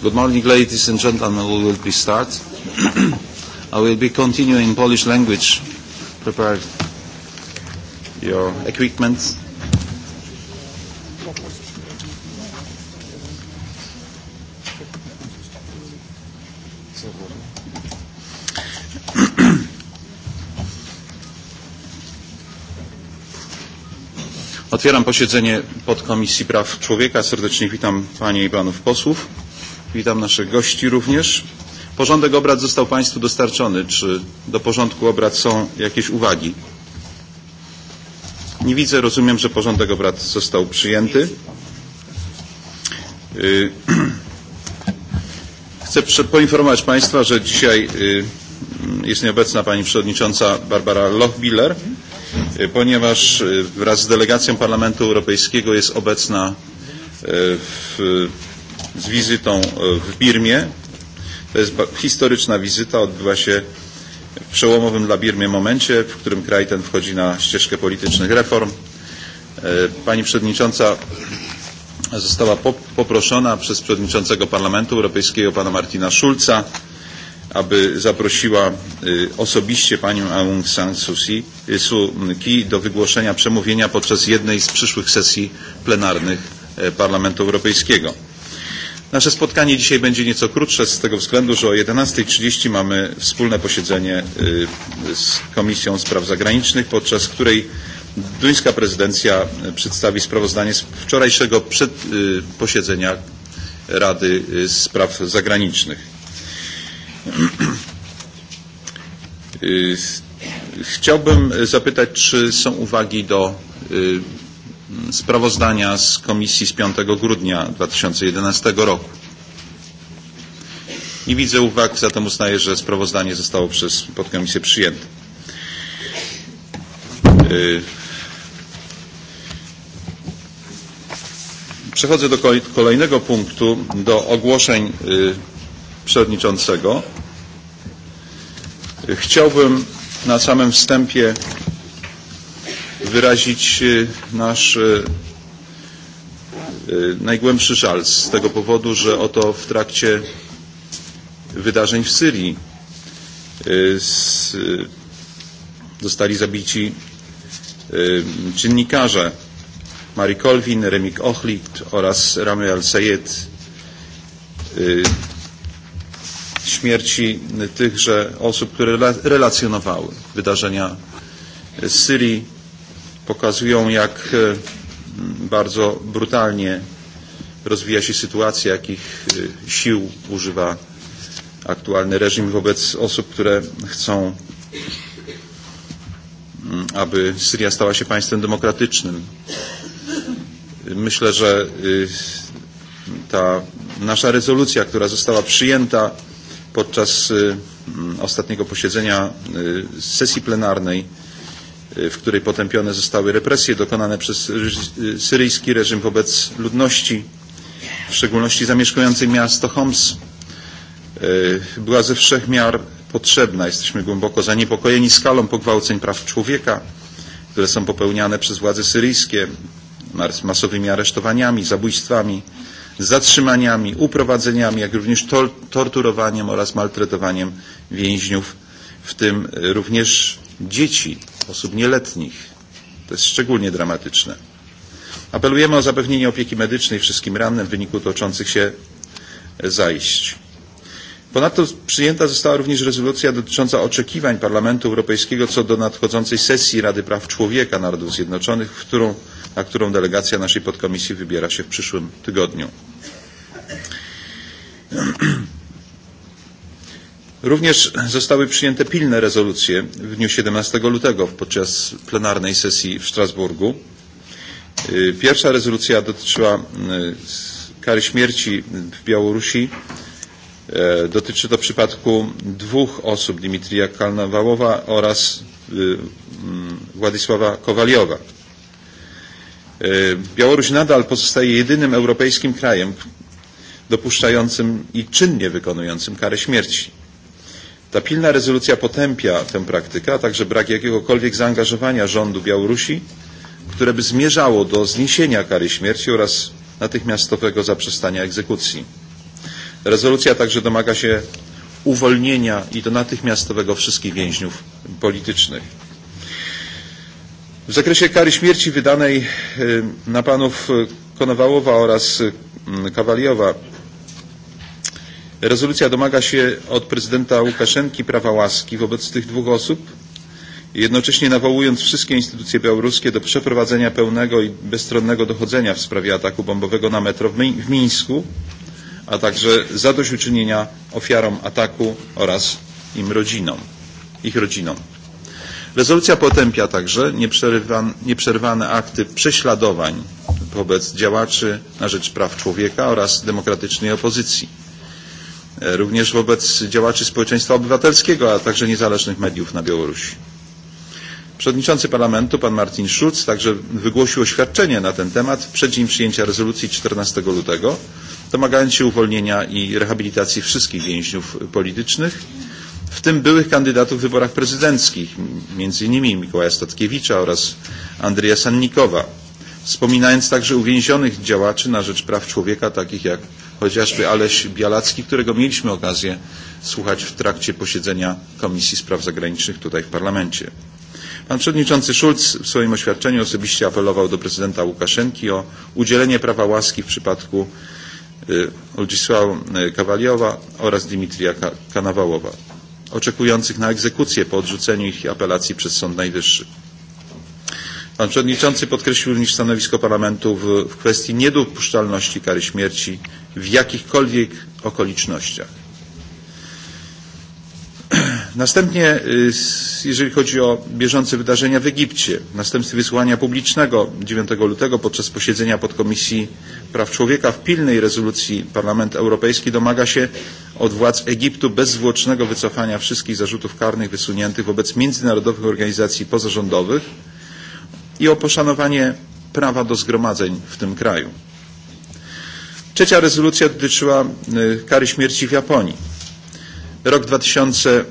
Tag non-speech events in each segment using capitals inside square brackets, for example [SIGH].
Good morning, ladies and gentlemen. We will be start. [CLEARS THROAT] I will be continuing Polish language. Prepare your equipment. Otwieram posiedzenie podkomisji praw człowieka. Serdecznie witam panie i panów posłów. Witam naszych gości również. Porządek obrad został Państwu dostarczony. Czy do porządku obrad są jakieś uwagi? Nie widzę. Rozumiem, że porządek obrad został przyjęty. [CLEARS THROAT] Chcę poinformować Państwa, że dzisiaj jest nieobecna Pani Przewodnicząca Barbara Lochbiller, ponieważ wraz z delegacją Parlamentu Europejskiego jest obecna w z wizytą w Birmie. To jest historyczna wizyta, odbywa się w przełomowym dla Birmie momencie, w którym kraj ten wchodzi na ścieżkę politycznych reform. Pani przewodnicząca została poproszona przez przewodniczącego Parlamentu Europejskiego pana Martina Schulza, aby zaprosiła osobiście panią Aung San Suu Kyi do wygłoszenia przemówienia podczas jednej z przyszłych sesji plenarnych Parlamentu Europejskiego. Nasze spotkanie dzisiaj będzie nieco krótsze z tego względu, że o 11.30 mamy wspólne posiedzenie z Komisją Spraw Zagranicznych, podczas której duńska prezydencja przedstawi sprawozdanie z wczorajszego przed posiedzenia Rady Spraw Zagranicznych. Chciałbym zapytać, czy są uwagi do sprawozdania z komisji z 5 grudnia 2011 roku. Nie widzę uwag, zatem uznaję, że sprawozdanie zostało przez podkomisję przyjęte. Przechodzę do kolejnego punktu, do ogłoszeń przewodniczącego. Chciałbym na samym wstępie wyrazić nasz najgłębszy żal z tego powodu, że oto w trakcie wydarzeń w Syrii zostali zabici dziennikarze Mari Colvin, Remik Ochlicht oraz Ramy Al-Sayed. Śmierci tychże osób, które relacjonowały wydarzenia z Syrii pokazują, jak bardzo brutalnie rozwija się sytuacja, jakich sił używa aktualny reżim wobec osób, które chcą, mm, aby Syria stała się państwem demokratycznym. Myślę, że ta nasza rezolucja, która została przyjęta podczas ostatniego posiedzenia sesji plenarnej, w której potępione zostały represje dokonane przez syryjski reżim wobec ludności, w szczególności zamieszkującej miasto Homs, była ze wszech miar potrzebna. Jesteśmy głęboko zaniepokojeni skalą pogwałceń praw człowieka, które są popełniane przez władze syryjskie, masowymi aresztowaniami, zabójstwami, zatrzymaniami, uprowadzeniami, jak również tor torturowaniem oraz maltretowaniem więźniów, w tym również dzieci osób nieletnich. To jest szczególnie dramatyczne. Apelujemy o zapewnienie opieki medycznej wszystkim rannym w wyniku toczących się zajść. Ponadto przyjęta została również rezolucja dotycząca oczekiwań Parlamentu Europejskiego co do nadchodzącej sesji Rady Praw Człowieka Narodów Zjednoczonych, którą, na którą delegacja naszej podkomisji wybiera się w przyszłym tygodniu. [CLEARS THROAT] Również zostały przyjęte pilne rezolucje w dniu 17 lutego podczas plenarnej sesji w Strasburgu. Pierwsza rezolucja dotyczyła kary śmierci w Białorusi. Dotyczy to przypadku dwóch osób, Dimitrija Kalnawałowa oraz mm, Władysława Kowaliowa. Białoruś nadal pozostaje jedynym europejskim krajem dopuszczającym i czynnie wykonującym karę śmierci. Ta pilna rezolucja potępia tę praktykę, a także brak jakiegokolwiek zaangażowania rządu Białorusi, które by zmierzało do zniesienia kary śmierci oraz natychmiastowego zaprzestania egzekucji. Rezolucja także domaga się uwolnienia i do natychmiastowego wszystkich więźniów politycznych. W zakresie kary śmierci wydanej na panów Konowałowa oraz Kawaliowa Rezolucja domaga się od prezydenta Łukaszenki prawa łaski wobec tych dwóch osób, jednocześnie nawołując wszystkie instytucje białoruskie do przeprowadzenia pełnego i bezstronnego dochodzenia w sprawie ataku bombowego na metro w, Mi w Mińsku, a także zadośćuczynienia ofiarom ataku oraz im rodzinom, ich rodzinom. Rezolucja potępia także nieprzerwane, nieprzerwane akty prześladowań wobec działaczy na rzecz praw człowieka oraz demokratycznej opozycji również wobec działaczy społeczeństwa obywatelskiego, a także niezależnych mediów na Białorusi. Przewodniczący Parlamentu, pan Martin Schulz, także wygłosił oświadczenie na ten temat przed dzień przyjęcia rezolucji 14 lutego, domagając się uwolnienia i rehabilitacji wszystkich więźniów politycznych, w tym byłych kandydatów w wyborach prezydenckich, m.in. Mikołaja Statkiewicza oraz Andrija Sannikowa, wspominając także uwięzionych działaczy na rzecz praw człowieka, takich jak chociażby Aleś Bialacki, którego mieliśmy okazję słuchać w trakcie posiedzenia Komisji Spraw Zagranicznych tutaj w parlamencie. Pan przewodniczący Schulz w swoim oświadczeniu osobiście apelował do prezydenta Łukaszenki o udzielenie prawa łaski w przypadku Uldzisława Kawaliowa oraz Dimitrija Kanawałowa, oczekujących na egzekucję po odrzuceniu ich apelacji przez Sąd Najwyższy. Pan Przewodniczący podkreślił również stanowisko Parlamentu w, w kwestii niedopuszczalności kary śmierci w jakichkolwiek okolicznościach. [CLEARS THROAT] Następnie, jeżeli chodzi o bieżące wydarzenia w Egipcie, w następstwie wysłuchania publicznego 9 lutego podczas posiedzenia podkomisji praw człowieka w pilnej rezolucji Parlament Europejski domaga się od władz Egiptu bezzwłocznego wycofania wszystkich zarzutów karnych wysuniętych wobec międzynarodowych organizacji pozarządowych, i o poszanowanie prawa do zgromadzeń w tym kraju. Trzecia rezolucja dotyczyła kary śmierci w Japonii. Rok 2000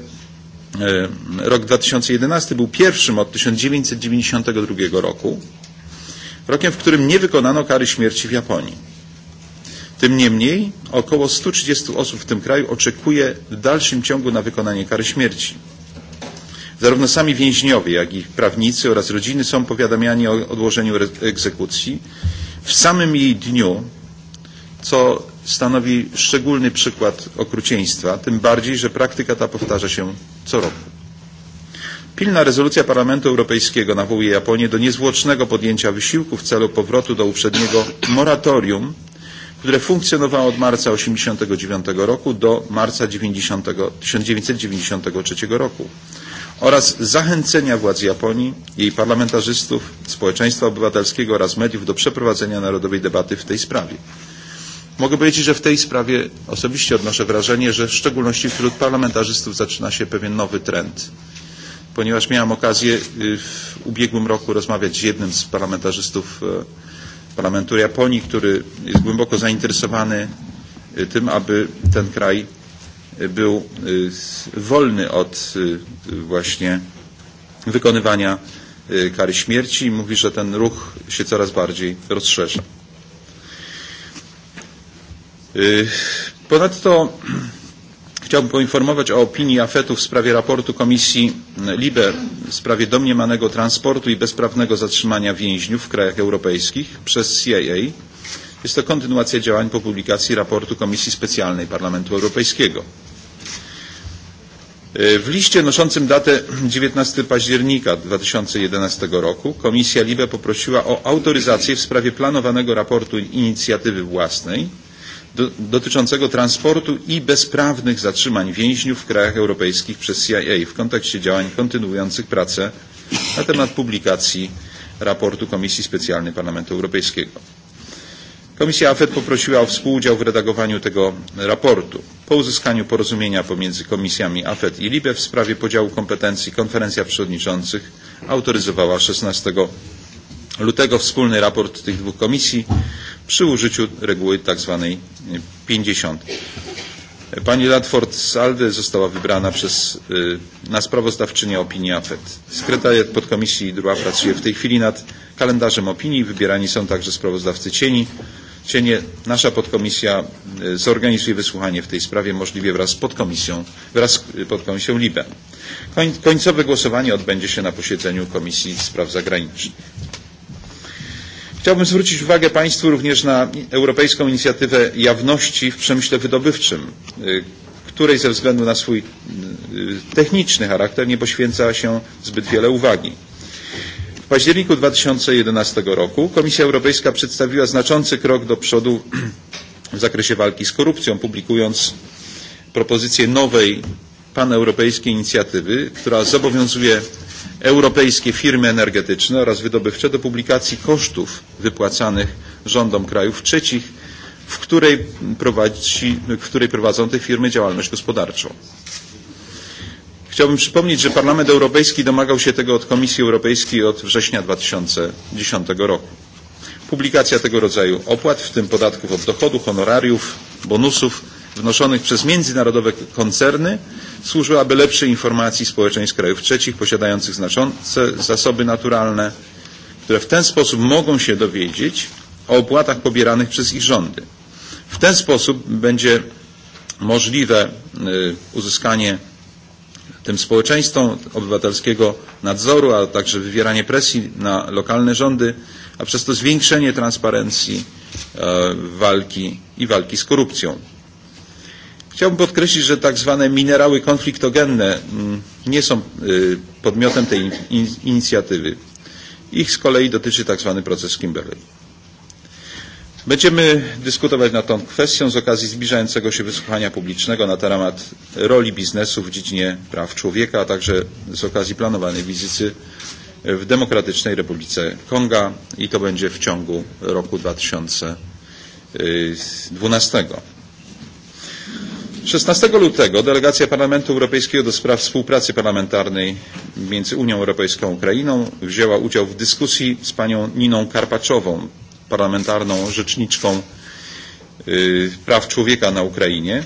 rok 2011 był pierwszym od 1992 roku, rokiem, w którym nie wykonano kary śmierci w Japonii. Tym niemniej około 130 osób w tym kraju oczekuje w dalszym ciągu na wykonanie kary śmierci. Zarówno sami więźniowie, jak i prawnicy oraz rodziny są powiadamiani o odłożeniu egzekucji w samym jej dniu, co stanowi szczególny przykład okrucieństwa, tym bardziej, że praktyka ta powtarza się co roku. Pilna rezolucja Parlamentu Europejskiego nawołuje Japonię do niezwłocznego podjęcia wysiłku w celu powrotu do uprzedniego moratorium, które funkcjonowało od marca 1989 roku do marca 90, 1993 roku oraz zachęcenia władz Japonii, jej parlamentarzystów, społeczeństwa obywatelskiego oraz mediów do przeprowadzenia narodowej debaty w tej sprawie. Mogę powiedzieć, że w tej sprawie osobiście odnoszę wrażenie, że w szczególności wśród parlamentarzystów zaczyna się pewien nowy trend. Ponieważ miałem okazję w ubiegłym roku rozmawiać z jednym z parlamentarzystów parlamentu Japonii, który jest głęboko zainteresowany tym, aby ten kraj był wolny od właśnie wykonywania kary śmierci i mówi, że ten ruch się coraz bardziej rozszerza. Ponadto chciałbym poinformować o opinii Afetu w sprawie raportu Komisji LIBE w sprawie domniemanego transportu i bezprawnego zatrzymania więźniów w krajach europejskich przez CIA. Jest to kontynuacja działań po publikacji raportu Komisji Specjalnej Parlamentu Europejskiego W liście noszącym datę 19 [CLEARS THROAT] października 2011 roku Komisja LIBE poprosiła o autoryzację w sprawie planowanego raportu inicjatywy własnej do, dotyczącego transportu i bezprawnych zatrzymań więźniów w krajach europejskich przez CIA w kontekście działań kontynuujących pracę na temat publikacji raportu Komisji Specjalnej Parlamentu Europejskiego. Komisja AFET poprosiła o współudział w redagowaniu tego raportu. Po uzyskaniu porozumienia pomiędzy komisjami AFET i LIBE w sprawie podziału kompetencji konferencja przewodniczących autoryzowała 16 lutego wspólny raport tych dwóch komisji przy użyciu reguły tzw. 50. Pani Latford z Aldy została wybrana przez, na sprawozdawczynię opinii AFET. Sekretariat podkomisji DRUA pracuje w tej chwili nad kalendarzem opinii. Wybierani są także sprawozdawcy cieni cienie nasza podkomisja zorganizuje wysłuchanie w tej sprawie możliwie wraz z podkomisją, wraz z podkomisją LIBE. Koń, końcowe głosowanie odbędzie się na posiedzeniu Komisji Spraw Zagranicznych. Chciałbym zwrócić uwagę Państwu również na Europejską Inicjatywę Jawności w Przemyśle Wydobywczym, której ze względu na swój techniczny charakter nie poświęca się zbyt wiele uwagi październiku 2011 roku Komisja Europejska przedstawiła znaczący krok do przodu [CLEARS THROAT] w zakresie walki z korupcją, publikując propozycję nowej paneuropejskiej inicjatywy, która zobowiązuje europejskie firmy energetyczne oraz wydobywcze do publikacji kosztów wypłacanych rządom krajów trzecich, w której, prowadzi, w której prowadzą te firmy działalność gospodarczą. Chciałbym przypomnieć, że Parlament Europejski domagał się tego od Komisji Europejskiej od września 2010 roku. Publikacja tego rodzaju opłat, w tym podatków od dochodu, honorariów, bonusów wnoszonych przez międzynarodowe koncerny służyłaby lepszej informacji społeczeństw krajów trzecich posiadających znaczące zasoby naturalne, które w ten sposób mogą się dowiedzieć o opłatach pobieranych przez ich rządy. W ten sposób będzie możliwe uzyskanie tym społeczeństwom obywatelskiego nadzoru, a także wywieranie presji na lokalne rządy, a przez to zwiększenie transparencji walki i walki z korupcją. Chciałbym podkreślić, że tak zwane minerały konfliktogenne mm, nie są podmiotem tej inicjatywy. Ich z kolei dotyczy tak zwany proces Kimberley. Będziemy dyskutować nad tą kwestią z okazji zbliżającego się wysłuchania publicznego na temat roli biznesu w dziedzinie praw człowieka, a także z okazji planowanej wizyty w Demokratycznej Republice Konga i to będzie w ciągu roku 2012. 16 lutego delegacja Parlamentu Europejskiego do spraw współpracy parlamentarnej między Unią Europejską a Ukrainą wzięła udział w dyskusji z panią Niną Karpaczową, parlamentarną rzeczniczką praw człowieka na Ukrainie.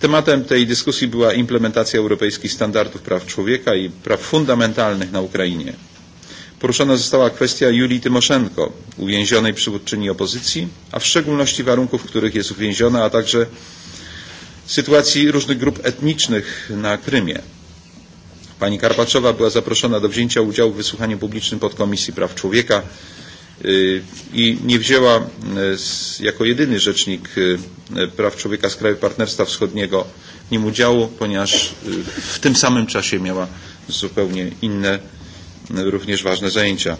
Tematem tej dyskusji była implementacja europejskich standardów praw człowieka i praw fundamentalnych na Ukrainie. Poruszona została kwestia Julii Tymoszenko, uwięzionej przywódczyni opozycji, a w szczególności warunków, w których jest uwięziona, a także sytuacji różnych grup etnicznych na Krymie. Pani Karpaczowa była zaproszona do wzięcia udziału w wysłuchaniu publicznym podkomisji praw człowieka i nie wzięła jako jedyny rzecznik praw człowieka z kraju partnerstwa wschodniego w nim udziału, ponieważ w tym samym czasie miała zupełnie inne, również ważne zajęcia.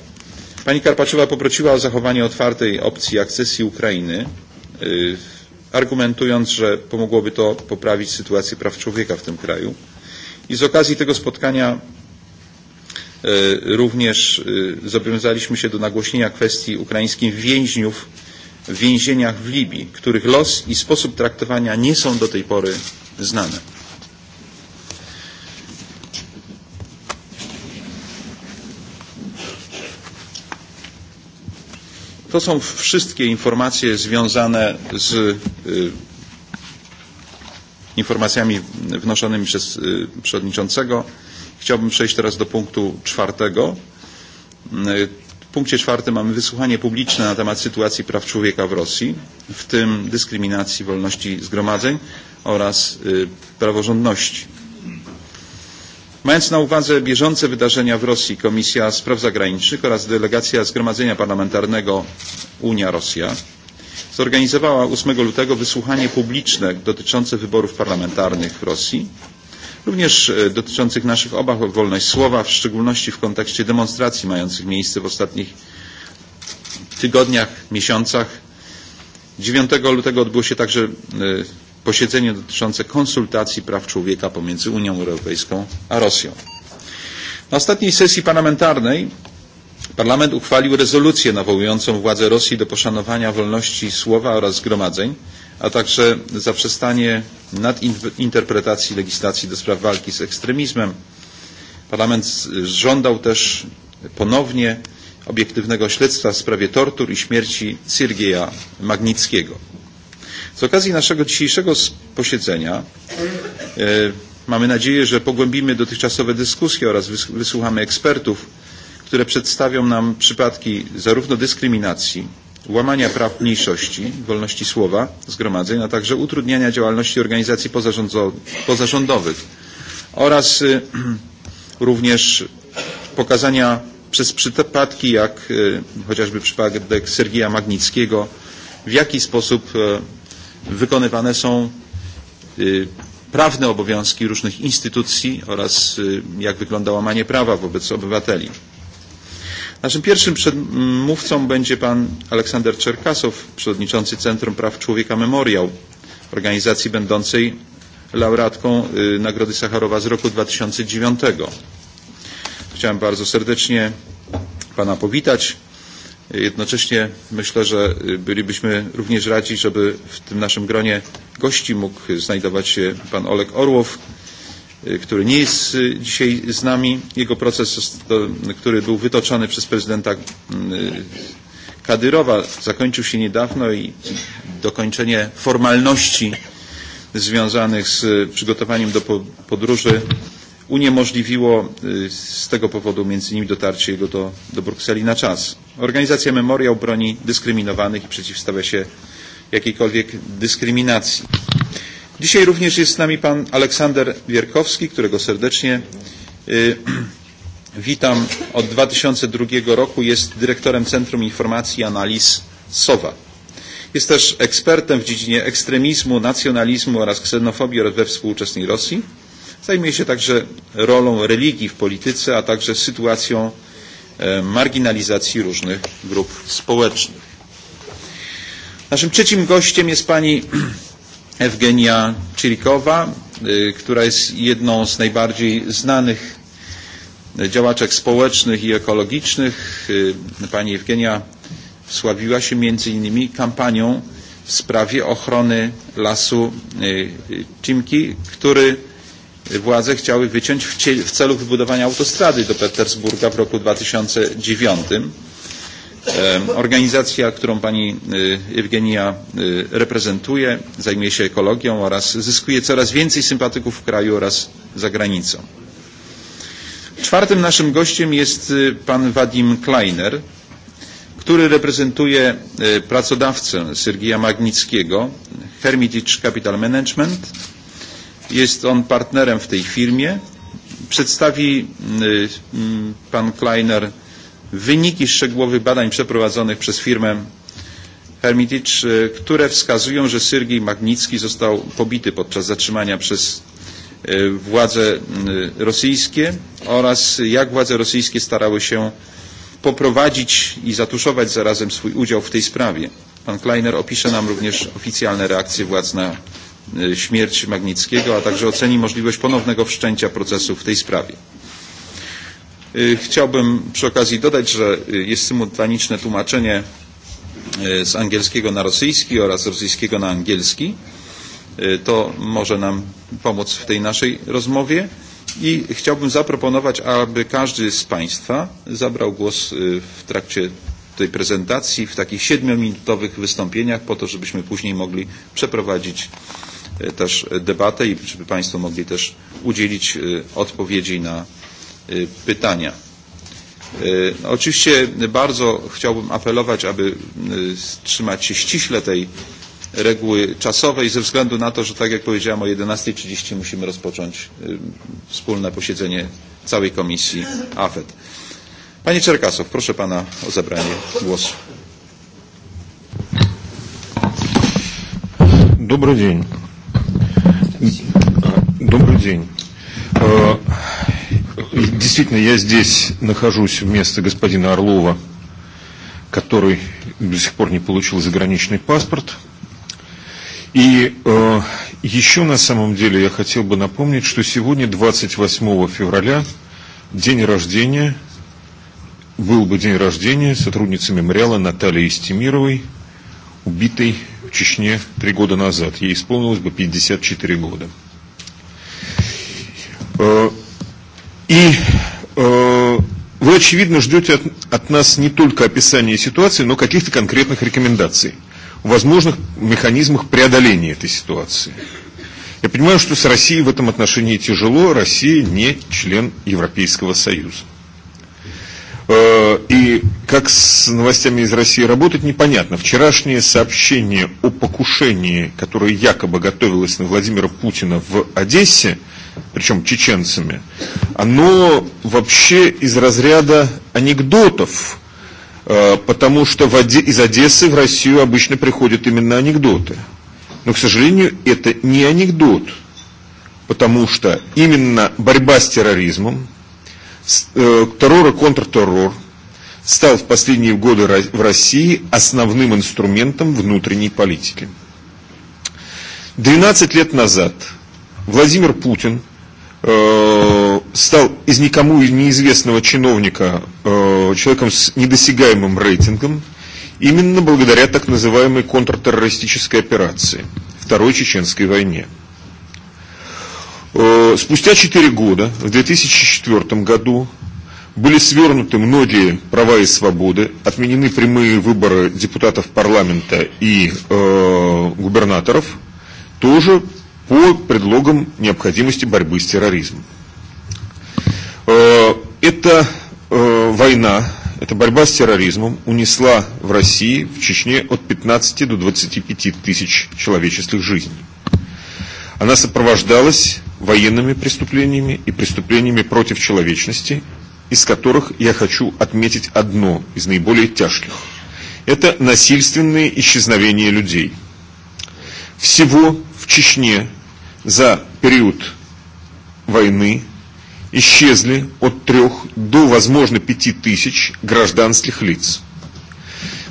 Pani Karpaczowa poprosiła o zachowanie otwartej opcji akcesji Ukrainy, argumentując, że pomogłoby to poprawić sytuację praw człowieka w tym kraju. I z okazji tego spotkania Również zobowiązaliśmy się do nagłośnienia kwestii ukraińskich więźniów w więzieniach w Libii, których los i sposób traktowania nie są do tej pory znane. To są wszystkie informacje związane z y, informacjami wnoszonymi przez y, przewodniczącego. Chciałbym przejść teraz do punktu czwartego. W punkcie czwartym mamy wysłuchanie publiczne na temat sytuacji praw człowieka w Rosji, w tym dyskryminacji wolności zgromadzeń oraz praworządności. Mając na uwadze bieżące wydarzenia w Rosji, Komisja Spraw Zagranicznych oraz delegacja Zgromadzenia Parlamentarnego Unia-Rosja zorganizowała 8 lutego wysłuchanie publiczne dotyczące wyborów parlamentarnych w Rosji również dotyczących naszych obaw o wolność słowa, w szczególności w kontekście demonstracji mających miejsce w ostatnich tygodniach, miesiącach. 9 lutego odbyło się także posiedzenie dotyczące konsultacji praw człowieka pomiędzy Unią Europejską a Rosją. Na ostatniej sesji parlamentarnej Parlament uchwalił rezolucję nawołującą władze Rosji do poszanowania wolności słowa oraz zgromadzeń, a także zaprzestanie nadinterpretacji legislacji do spraw walki z ekstremizmem. Parlament żądał też ponownie obiektywnego śledztwa w sprawie tortur i śmierci Siergieja Magnickiego. Z okazji naszego dzisiejszego posiedzenia e, mamy nadzieję, że pogłębimy dotychczasowe dyskusje oraz wysłuchamy ekspertów, które przedstawią nam przypadki zarówno dyskryminacji, łamania praw mniejszości, wolności słowa, zgromadzeń, a także utrudniania działalności organizacji pozarządowych oraz [CLEARS THROAT] również pokazania przez przypadki, jak chociażby przypadek Sergija Magnickiego, w jaki sposób wykonywane są prawne obowiązki różnych instytucji oraz jak wygląda łamanie prawa wobec obywateli. Naszym pierwszym przedmówcą będzie pan Aleksander Czerkasow, przewodniczący Centrum Praw Człowieka Memoriał, organizacji będącej laureatką Nagrody Sacharowa z roku 2009. Chciałem bardzo serdecznie pana powitać. Jednocześnie myślę, że bylibyśmy również radzi, żeby w tym naszym gronie gości mógł znajdować się pan Olek Orłow, który nie jest dzisiaj z nami. Jego proces, który był wytoczony przez prezydenta Kadyrowa, zakończył się niedawno i dokończenie formalności związanych z przygotowaniem do podróży uniemożliwiło z tego powodu między innymi dotarcie jego do, do Brukseli na czas. Organizacja Memoriał broni dyskryminowanych i przeciwstawia się jakiejkolwiek dyskryminacji. Dzisiaj również jest z nami pan Aleksander Wierkowski, którego serdecznie [CLEARS THROAT] witam. Od 2002 roku jest dyrektorem Centrum Informacji i Analiz SOWA. Jest też ekspertem w dziedzinie ekstremizmu, nacjonalizmu oraz ksenofobii we współczesnej Rosji. Zajmuje się także rolą religii w polityce, a także sytuacją marginalizacji różnych grup społecznych. Naszym trzecim gościem jest pani [CLEARS THROAT] Ewgenia Czirikowa, która jest jedną z najbardziej znanych działaczek społecznych i ekologicznych. Pani Ewgenia wsławiła się między innymi kampanią w sprawie ochrony lasu Cimki, który władze chciały wyciąć w celu wybudowania autostrady do Petersburga w roku 2009. Organizacja, którą pani Ewgenia reprezentuje, zajmuje się ekologią oraz zyskuje coraz więcej sympatyków w kraju oraz za granicą. Czwartym naszym gościem jest pan Wadim Kleiner, który reprezentuje pracodawcę Sergija Magnickiego, Hermitage Capital Management. Jest on partnerem w tej firmie. Przedstawi pan Kleiner wyniki szczegółowych badań przeprowadzonych przez firmę Hermitage, które wskazują, że Syrgij Magnicki został pobity podczas zatrzymania przez władze rosyjskie oraz jak władze rosyjskie starały się poprowadzić i zatuszować zarazem swój udział w tej sprawie. Pan Kleiner opisze nam również oficjalne reakcje władz na śmierć Magnickiego, a także oceni możliwość ponownego wszczęcia procesu w tej sprawie. Chciałbym przy okazji dodać, że jest symultaniczne tłumaczenie z angielskiego na rosyjski oraz rosyjskiego na angielski. To może nam pomóc w tej naszej rozmowie i chciałbym zaproponować, aby każdy z Państwa zabrał głos w trakcie tej prezentacji w takich siedmiominutowych wystąpieniach po to, żebyśmy później mogli przeprowadzić też debatę i żeby Państwo mogli też udzielić odpowiedzi na pytania. Oczywiście bardzo chciałbym apelować, aby trzymać się ściśle tej reguły czasowej ze względu na to, że tak jak powiedziałem o 11.30 musimy rozpocząć wspólne posiedzenie całej komisji AFED. Panie Czerkasow, proszę Pana o zabranie głosu. Добрый день. Добрый день действительно, я здесь нахожусь вместо господина Орлова, который до сих пор не получил заграничный паспорт. И э, еще на самом деле я хотел бы напомнить, что сегодня, 28 февраля, день рождения, был бы день рождения сотрудницы мемориала Натальи Истемировой, убитой в Чечне три года назад. Ей исполнилось бы 54 года. И э, вы, очевидно, ждете от, от нас не только описания ситуации, но каких-то конкретных рекомендаций о возможных механизмах преодоления этой ситуации. Я понимаю, что с Россией в этом отношении тяжело. Россия не член Европейского Союза. И как с новостями из России работать, непонятно. Вчерашнее сообщение о покушении, которое якобы готовилось на Владимира Путина в Одессе – причем чеченцами, оно вообще из разряда анекдотов, потому что в Оде... из Одессы в Россию обычно приходят именно анекдоты. Но, к сожалению, это не анекдот, потому что именно борьба с терроризмом, террор и контртеррор стал в последние годы в России основным инструментом внутренней политики. 12 лет назад Владимир Путин стал из никому неизвестного чиновника человеком с недосягаемым рейтингом именно благодаря так называемой контртеррористической операции Второй Чеченской войне. спустя 4 года, в 2004 году, были свернуты многие права и свободы, отменены прямые выборы депутатов парламента и э, губернаторов, тоже под предлогом необходимости борьбы с терроризмом. Эта война, эта борьба с терроризмом унесла в России, в Чечне от 15 до 25 тысяч человеческих жизней. Она сопровождалась военными преступлениями и преступлениями против человечности, из которых я хочу отметить одно из наиболее тяжких. Это насильственные исчезновения людей. Всего в Чечне за период войны исчезли от трех до, возможно, пяти тысяч гражданских лиц.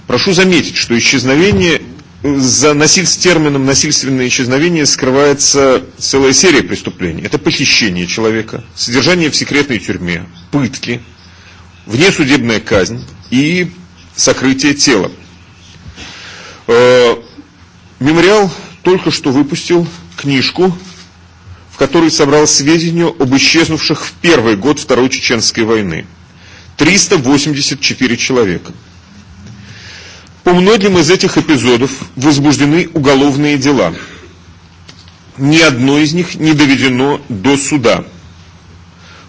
Прошу заметить, что исчезновение за насиль... с термином насильственное исчезновение скрывается целая серия преступлений. Это похищение человека, содержание в секретной тюрьме, пытки, внесудебная казнь и сокрытие тела. Мемориал только что выпустил книжку, в которой собрал сведения об исчезнувших в первый год Второй Чеченской войны. 384 человека. По многим из этих эпизодов возбуждены уголовные дела. Ни одно из них не доведено до суда.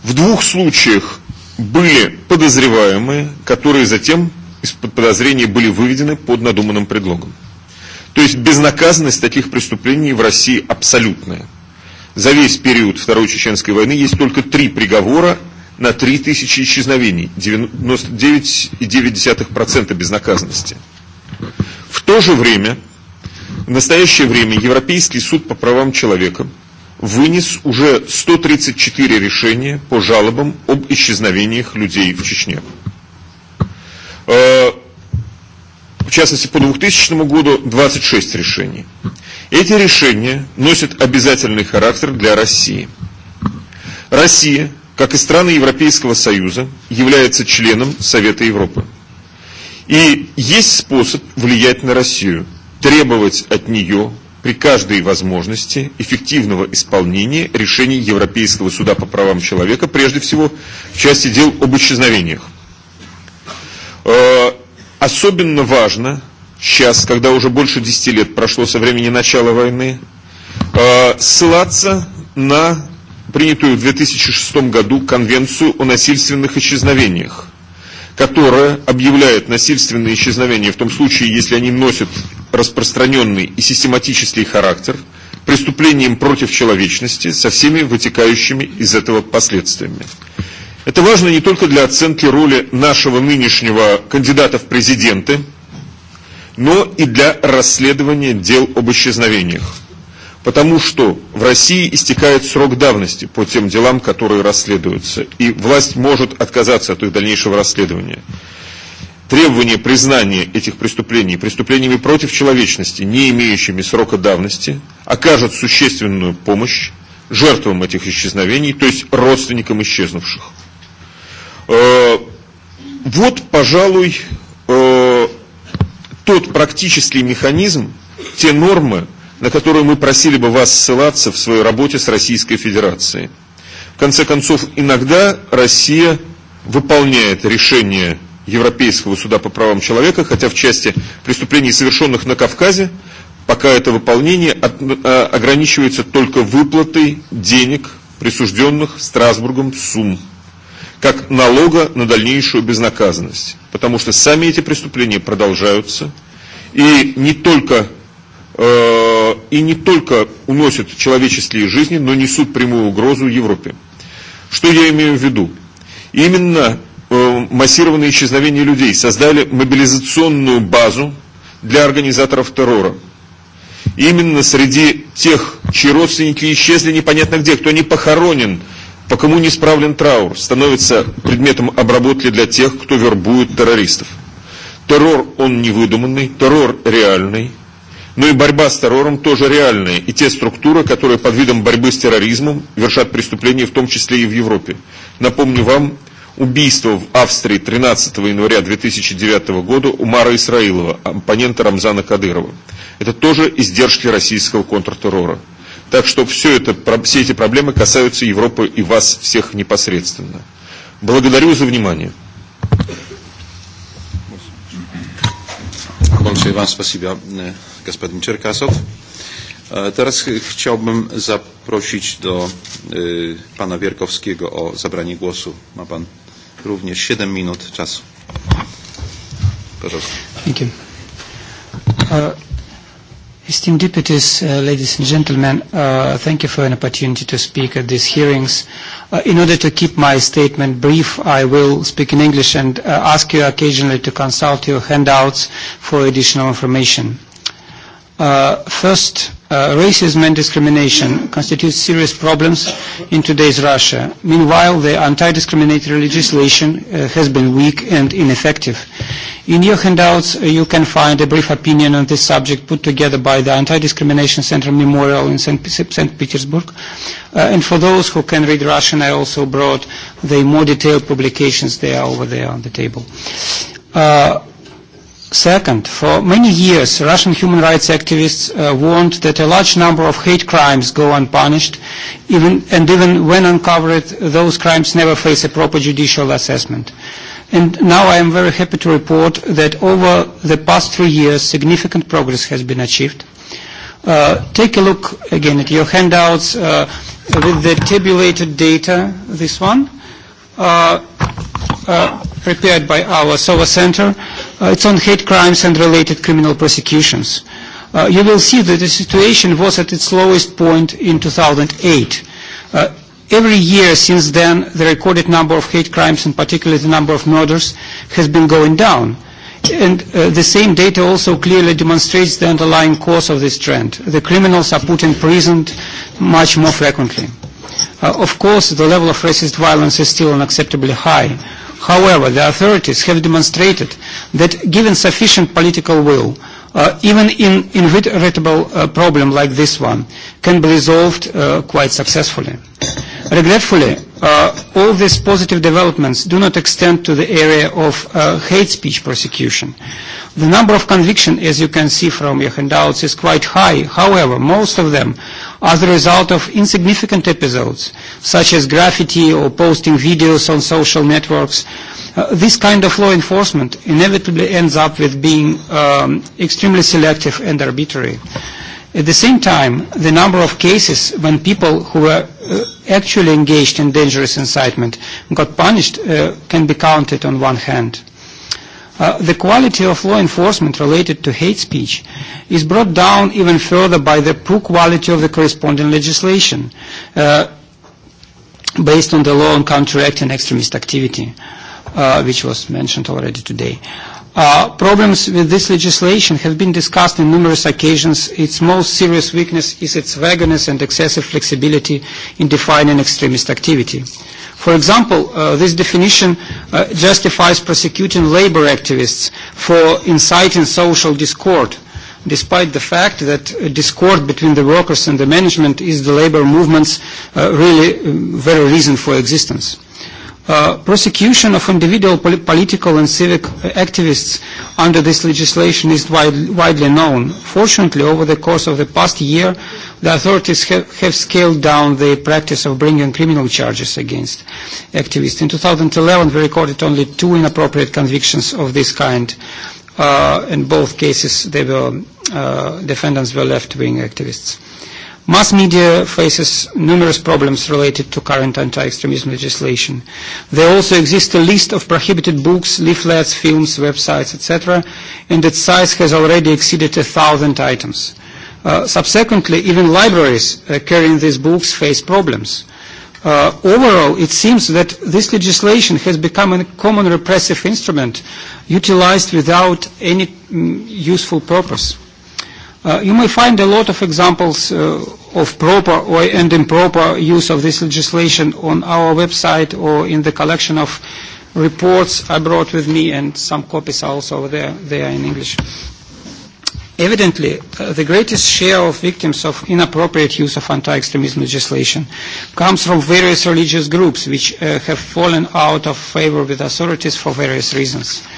В двух случаях были подозреваемые, которые затем из-под подозрения были выведены под надуманным предлогом. То есть безнаказанность таких преступлений в России абсолютная. За весь период Второй Чеченской войны есть только три приговора на 3000 исчезновений, 99,9% безнаказанности. В то же время, в настоящее время Европейский суд по правам человека вынес уже 134 решения по жалобам об исчезновениях людей в Чечне в частности по 2000 году 26 решений. Эти решения носят обязательный характер для России. Россия, как и страны Европейского Союза, является членом Совета Европы. И есть способ влиять на Россию, требовать от нее при каждой возможности эффективного исполнения решений Европейского суда по правам человека, прежде всего в части дел об исчезновениях. Особенно важно сейчас, когда уже больше 10 лет прошло со времени начала войны, ссылаться на принятую в 2006 году Конвенцию о насильственных исчезновениях, которая объявляет насильственные исчезновения в том случае, если они носят распространенный и систематический характер, преступлением против человечности со всеми вытекающими из этого последствиями. Это важно не только для оценки роли нашего нынешнего кандидата в президенты, но и для расследования дел об исчезновениях. Потому что в России истекает срок давности по тем делам, которые расследуются, и власть может отказаться от их дальнейшего расследования. Требование признания этих преступлений преступлениями против человечности, не имеющими срока давности, окажет существенную помощь жертвам этих исчезновений, то есть родственникам исчезнувших. Вот, пожалуй, тот практический механизм, те нормы, на которые мы просили бы вас ссылаться в своей работе с Российской Федерацией. В конце концов, иногда Россия выполняет решение Европейского суда по правам человека, хотя в части преступлений, совершенных на Кавказе, пока это выполнение от, а, ограничивается только выплатой денег, присужденных Страсбургом сумм как налога на дальнейшую безнаказанность. Потому что сами эти преступления продолжаются и не только, э, и не только уносят человеческие жизни, но несут прямую угрозу Европе. Что я имею в виду? Именно э, массированные исчезновения людей создали мобилизационную базу для организаторов террора. Именно среди тех, чьи родственники исчезли непонятно где, кто не похоронен – по кому не исправлен траур, становится предметом обработки для тех, кто вербует террористов. Террор, он не выдуманный, террор реальный, но и борьба с террором тоже реальная, и те структуры, которые под видом борьбы с терроризмом вершат преступления, в том числе и в Европе. Напомню вам убийство в Австрии 13 января 2009 года Умара Исраилова, оппонента Рамзана Кадырова. Это тоже издержки российского контртеррора. Так что все, это, все эти проблемы касаются Европы и вас всех непосредственно. Благодарю за внимание. Kończę Wam spasiba gospodin Czerkasow. Teraz chciałbym zaprosić do pana Wierkowskiego o zabranie głosu. Ma pan również 7 minut czasu. Proszę. Dziękuję. Esteemed deputies, uh, ladies and gentlemen, uh, thank you for an opportunity to speak at these hearings. Uh, in order to keep my statement brief, I will speak in English and uh, ask you occasionally to consult your handouts for additional information. Uh, first, uh, racism and discrimination constitute serious problems in today's Russia. Meanwhile, the anti-discriminatory legislation uh, has been weak and ineffective. In your handouts, uh, you can find a brief opinion on this subject put together by the Anti-Discrimination Center Memorial in St. St. Petersburg. Uh, and for those who can read Russian, I also brought the more detailed publications. there over there on the table. Uh, Second, for many years, Russian human rights activists uh, warned that a large number of hate crimes go unpunished, even, and even when uncovered, those crimes never face a proper judicial assessment. And now I am very happy to report that over the past three years, significant progress has been achieved. Uh, take a look again at your handouts uh, with the tabulated data, this one. Uh, Uh, prepared by our SOA Center. Uh, it's on hate crimes and related criminal prosecutions. Uh, you will see that the situation was at its lowest point in 2008. Uh, every year since then, the recorded number of hate crimes, and particularly the number of murders, has been going down. And uh, the same data also clearly demonstrates the underlying cause of this trend. The criminals are put in prison much more frequently. Uh, of course, the level of racist violence is still unacceptably high. However, the authorities have demonstrated that given sufficient political will, uh, even in inevitable uh, problem like this one can be resolved uh, quite successfully. Regretfully, uh, all these positive developments do not extend to the area of uh, hate speech prosecution. The number of convictions, as you can see from your handouts, is quite high. However, most of them as a result of insignificant episodes, such as graffiti or posting videos on social networks. Uh, this kind of law enforcement inevitably ends up with being um, extremely selective and arbitrary. At the same time, the number of cases when people who were uh, actually engaged in dangerous incitement got punished uh, can be counted on one hand. Uh, the quality of law enforcement related to hate speech is brought down even further by the poor quality of the corresponding legislation uh, based on the law on counteracting extremist activity, uh, which was mentioned already today. Uh, problems with this legislation have been discussed on numerous occasions. Its most serious weakness is its vagueness and excessive flexibility in defining extremist activity. Uh, For example, uh, this definition uh, justifies prosecuting labor activists for inciting social discord, despite the fact that discord between the workers and the management is the labor movement's uh, really um, very reason for existence. Uh, Uh, prosecution of individual pol political and civic uh, activists under this legislation is wide widely known. Fortunately, over the course of the past year, the authorities ha have scaled down the practice of bringing criminal charges against activists. In 2011, we recorded only two inappropriate convictions of this kind. Uh, in both cases, they were, uh, defendants were left-wing activists. Uh, Mass media faces numerous problems related to current anti-extremism legislation. There also exists a list of prohibited books, leaflets, films, websites, etc., and its size has already exceeded a thousand items. Uh, subsequently, even libraries uh, carrying these books face problems. Uh, overall, it seems that this legislation has become a common repressive instrument utilized without any mm, useful purpose. Uh, you may find a lot of examples uh, of proper or, and improper use of this legislation on our website or in the collection of reports I brought with me and some copies are also there, there in English. Evidently, uh, the greatest share of victims of inappropriate use of anti-extremism legislation comes from various religious groups which uh, have fallen out of favor with authorities for various reasons. Uh,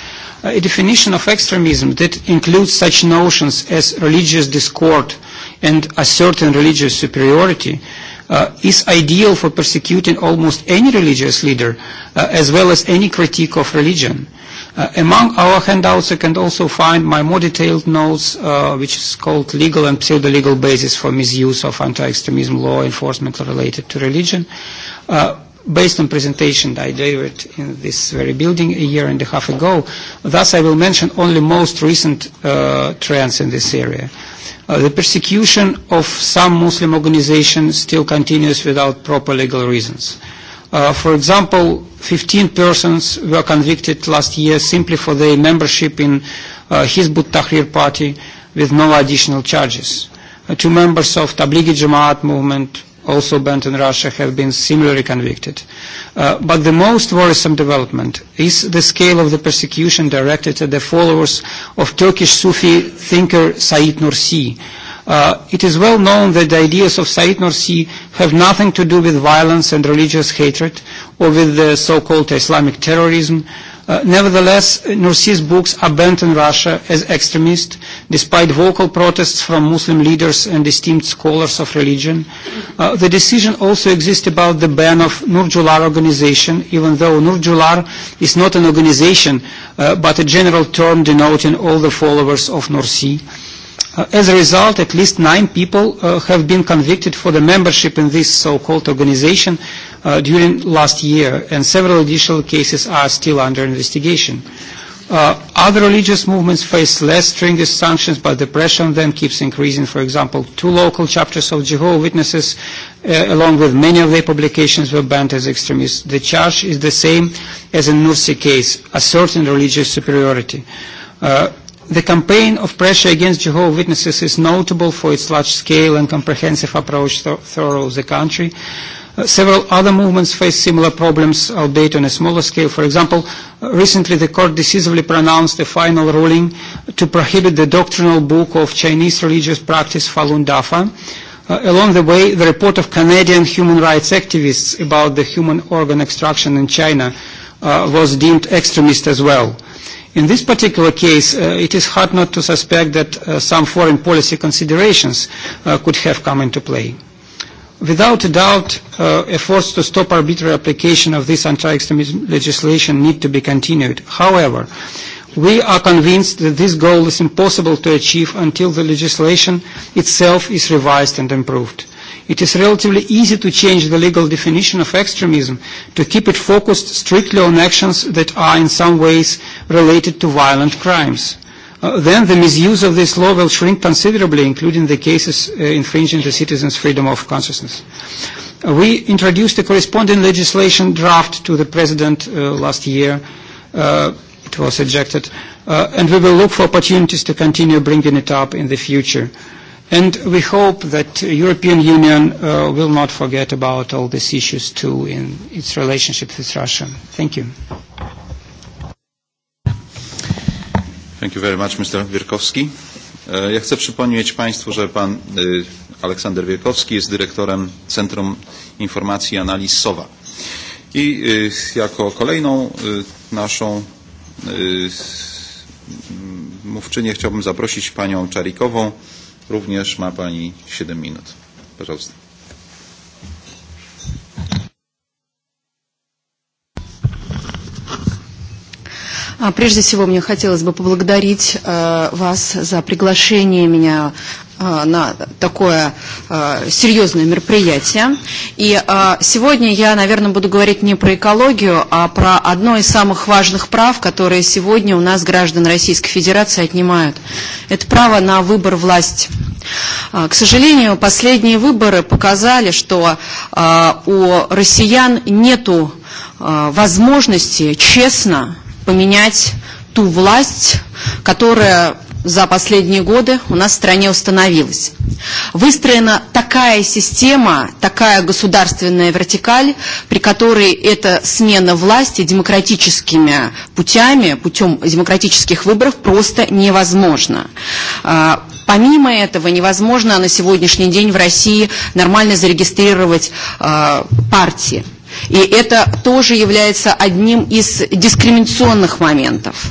a definition of extremism that includes such notions as religious discord and a certain religious superiority uh, is ideal for persecuting almost any religious leader uh, as well as any critique of religion. Uh, among our handouts, you can also find my more detailed notes, uh, which is called Legal and Pseudo-Legal Basis for Misuse of Anti-Extremism Law Enforcement Related to Religion. Uh, based on presentation I delivered in this very building a year and a half ago. Thus, I will mention only most recent uh, trends in this area. Uh, the persecution of some Muslim organizations still continues without proper legal reasons. Uh, for example, 15 persons were convicted last year simply for their membership in uh, Hizbut Tahrir party with no additional charges. Uh, two members of Tablighi Jamaat movement, also banned in Russia have been similarly convicted. Uh, but the most worrisome development is the scale of the persecution directed at the followers of Turkish Sufi thinker Said Nursi. Uh, it is well known that the ideas of Said Nursi have nothing to do with violence and religious hatred or with the so-called Islamic terrorism, uh, Uh, nevertheless, Nursi's books are banned in Russia as extremist, despite vocal protests from Muslim leaders and esteemed scholars of religion. Uh, the decision also exists about the ban of Nurjular organization, even though Nurjular is not an organization, uh, but a general term denoting all the followers of Nursi. Uh, as a result, at least nine people uh, have been convicted for the membership in this so-called organization, uh, during last year, and several additional cases are still under investigation. Uh, other religious movements face less stringent sanctions, but the pressure on them keeps increasing. For example, two local chapters of Jehovah Witnesses, uh, along with many of their publications, were banned as extremists. The charge is the same as in Nursi case, asserting religious superiority. Uh, the campaign of pressure against Jehovah's Witnesses is notable for its large scale and comprehensive approach th throughout the country. Uh, Uh, several other movements face similar problems, albeit on a smaller scale. For example, uh, recently the court decisively pronounced a final ruling to prohibit the doctrinal book of Chinese religious practice Falun Dafa. Uh, along the way, the report of Canadian human rights activists about the human organ extraction in China uh, was deemed extremist as well. In this particular case, uh, it is hard not to suspect that uh, some foreign policy considerations uh, could have come into play without a doubt, uh, efforts to stop arbitrary application of this anti-extremism legislation need to be continued. However, we are convinced that this goal is impossible to achieve until the legislation itself is revised and improved. It is relatively easy to change the legal definition of extremism to keep it focused strictly on actions that are in some ways related to violent crimes. Uh, then the misuse of this law will shrink considerably, including the cases uh, infringing the citizens' freedom of consciousness. Uh, we introduced a corresponding legislation draft to the President uh, last year. Uh, it was rejected. Uh, and we will look for opportunities to continue bringing it up in the future. And we hope that the European Union uh, will not forget about all these issues too in its relationship with Russia. Thank you. Thank you very much, Mr. Wierkowski. Ja chcę przypomnieć Państwu, że Pan Aleksander Wierkowski jest dyrektorem Centrum Informacji i Analiz SOWA. I jako kolejną naszą mówczynię chciałbym zaprosić Panią Czarikową. Również ma Pani 7 minut. Пожалуйста. Прежде всего, мне хотелось бы поблагодарить вас за приглашение меня на такое серьезное мероприятие. И сегодня я, наверное, буду говорить не про экологию, а про одно из самых важных прав, которые сегодня у нас граждан Российской Федерации отнимают. Это право на выбор власти. К сожалению, последние выборы показали, что у россиян нет возможности честно поменять ту власть, которая за последние годы у нас в стране установилась. Выстроена такая система, такая государственная вертикаль, при которой эта смена власти демократическими путями, путем демократических выборов просто невозможна. Помимо этого, невозможно на сегодняшний день в России нормально зарегистрировать партии. И это тоже является одним из дискриминационных моментов.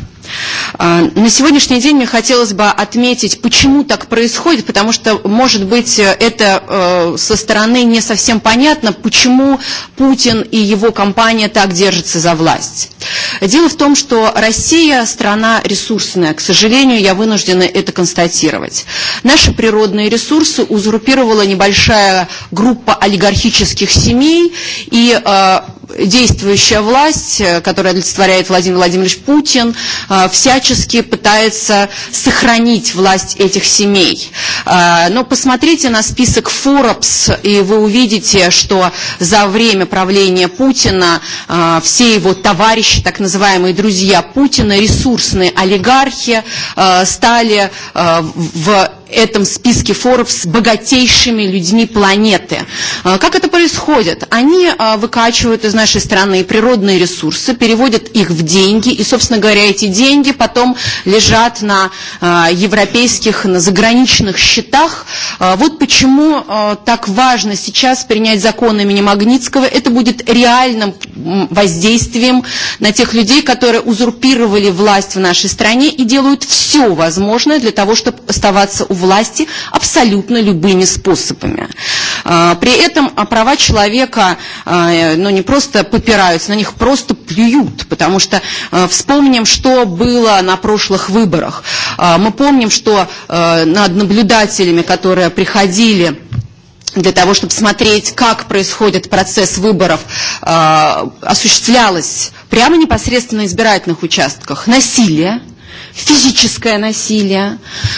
На сегодняшний день мне хотелось бы отметить, почему так происходит, потому что, может быть, это со стороны не совсем понятно, почему Путин и его компания так держатся за власть. Дело в том, что Россия страна ресурсная. К сожалению, я вынуждена это констатировать. Наши природные ресурсы узурпировала небольшая группа олигархических семей, и действующая власть, которая олицетворяет Владимир Владимирович Путин, всячески пытается сохранить власть этих семей. Но посмотрите на список Forbes, и вы увидите, что за время правления Путина все его товарищи, так называемые друзья Путина, ресурсные олигархи, стали в этом списке форов с богатейшими людьми планеты. Как это происходит? Они выкачивают из нашей страны природные ресурсы, переводят их в деньги, и, собственно говоря, эти деньги потом лежат на европейских, на заграничных счетах. Вот почему так важно сейчас принять закон имени Магнитского. Это будет реальным воздействием на тех людей, которые узурпировали власть в нашей стране и делают все возможное для того, чтобы оставаться у власти абсолютно любыми способами. При этом права человека ну, не просто попираются, на них просто плюют, потому что вспомним, что было на прошлых выборах. Мы помним, что над наблюдателями, которые приходили для того, чтобы смотреть, как происходит процесс выборов, осуществлялось прямо непосредственно на избирательных участках насилие, физическое насилие.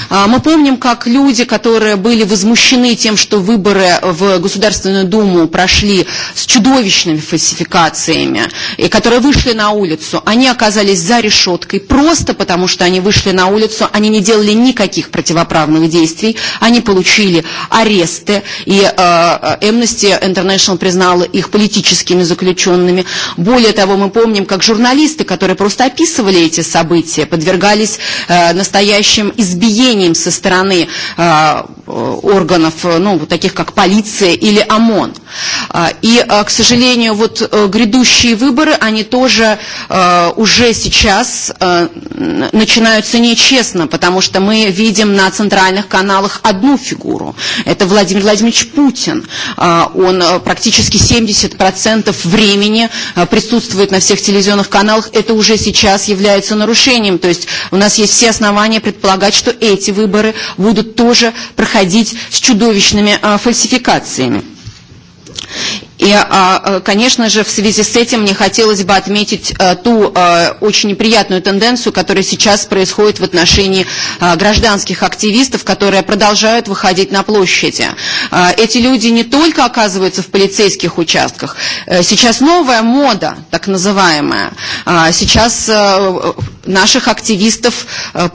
Мы помним, как люди, которые были возмущены тем, что выборы в Государственную Думу прошли с чудовищными фальсификациями, и которые вышли на улицу, они оказались за решеткой просто потому, что они вышли на улицу, они не делали никаких противоправных действий, они получили аресты, и Amnesty International признала их политическими заключенными. Более того, мы помним, как журналисты, которые просто описывали эти события, подвергались являлись настоящим избиением со стороны органов, ну, таких как полиция или ОМОН. И, к сожалению, вот грядущие выборы, они тоже уже сейчас начинаются нечестно, потому что мы видим на центральных каналах одну фигуру. Это Владимир Владимирович Путин. Он практически 70% времени присутствует на всех телевизионных каналах. Это уже сейчас является нарушением. То есть У нас есть все основания предполагать, что эти выборы будут тоже проходить с чудовищными э, фальсификациями. И, конечно же, в связи с этим мне хотелось бы отметить ту очень неприятную тенденцию, которая сейчас происходит в отношении гражданских активистов, которые продолжают выходить на площади. Эти люди не только оказываются в полицейских участках. Сейчас новая мода, так называемая. Сейчас наших активистов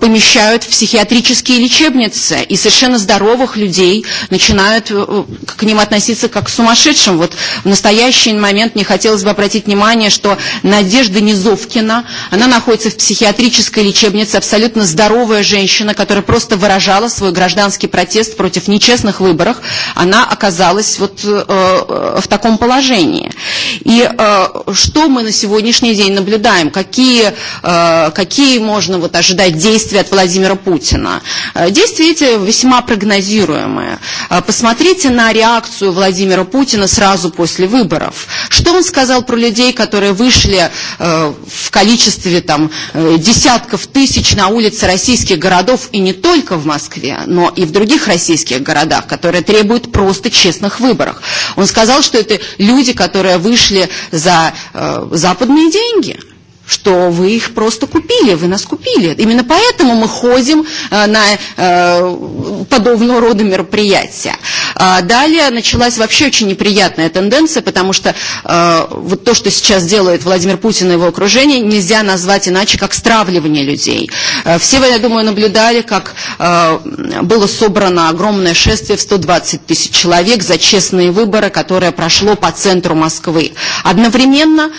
помещают в психиатрические лечебницы, и совершенно здоровых людей начинают к ним относиться как к сумасшедшим. Вот В настоящий момент мне хотелось бы обратить внимание, что Надежда Низовкина, она находится в психиатрической лечебнице, абсолютно здоровая женщина, которая просто выражала свой гражданский протест против нечестных выборов. Она оказалась вот э, в таком положении. И э, что мы на сегодняшний день наблюдаем? Какие, э, какие можно вот ожидать действия от Владимира Путина? Действия эти весьма прогнозируемые. Посмотрите на реакцию Владимира Путина сразу после после выборов. Что он сказал про людей, которые вышли э, в количестве там, десятков тысяч на улицы российских городов и не только в Москве, но и в других российских городах, которые требуют просто честных выборов. Он сказал, что это люди, которые вышли за э, западные деньги – что вы их просто купили, вы нас купили. Именно поэтому мы ходим на подобного рода мероприятия. далее началась вообще очень неприятная тенденция, потому что вот то, что сейчас делает Владимир Путин и его окружение, нельзя назвать иначе, как стравливание людей. все вы, я думаю, наблюдали, как было собрано огромное шествие в 120 тысяч человек за честные выборы, которое прошло по центру Москвы. Одновременно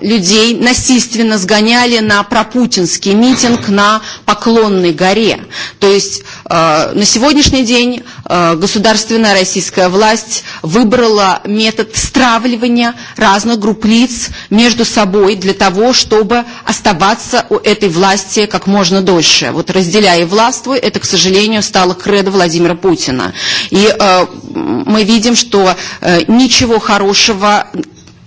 людей насильно насильственно сгоняли на пропутинский митинг на Поклонной горе. То есть э, на сегодняшний день э, государственная российская власть выбрала метод стравливания разных групп лиц между собой для того, чтобы оставаться у этой власти как можно дольше. Вот разделяя властву, это, к сожалению, стало кредо Владимира Путина. И э, мы видим, что э, ничего хорошего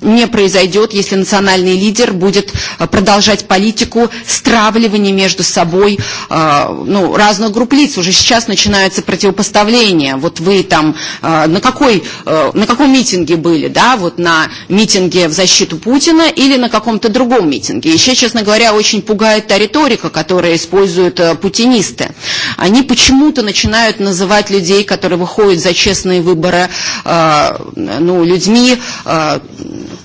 не произойдет, если национальный лидер будет продолжать политику стравливания между собой ну, разных групп лиц. Уже сейчас начинаются противопоставления. Вот вы там на, какой, на каком митинге были, да, вот на митинге в защиту Путина или на каком-то другом митинге. Еще, честно говоря, очень пугает та риторика, которую используют путинисты. Они почему-то начинают называть людей, которые выходят за честные выборы, ну, людьми,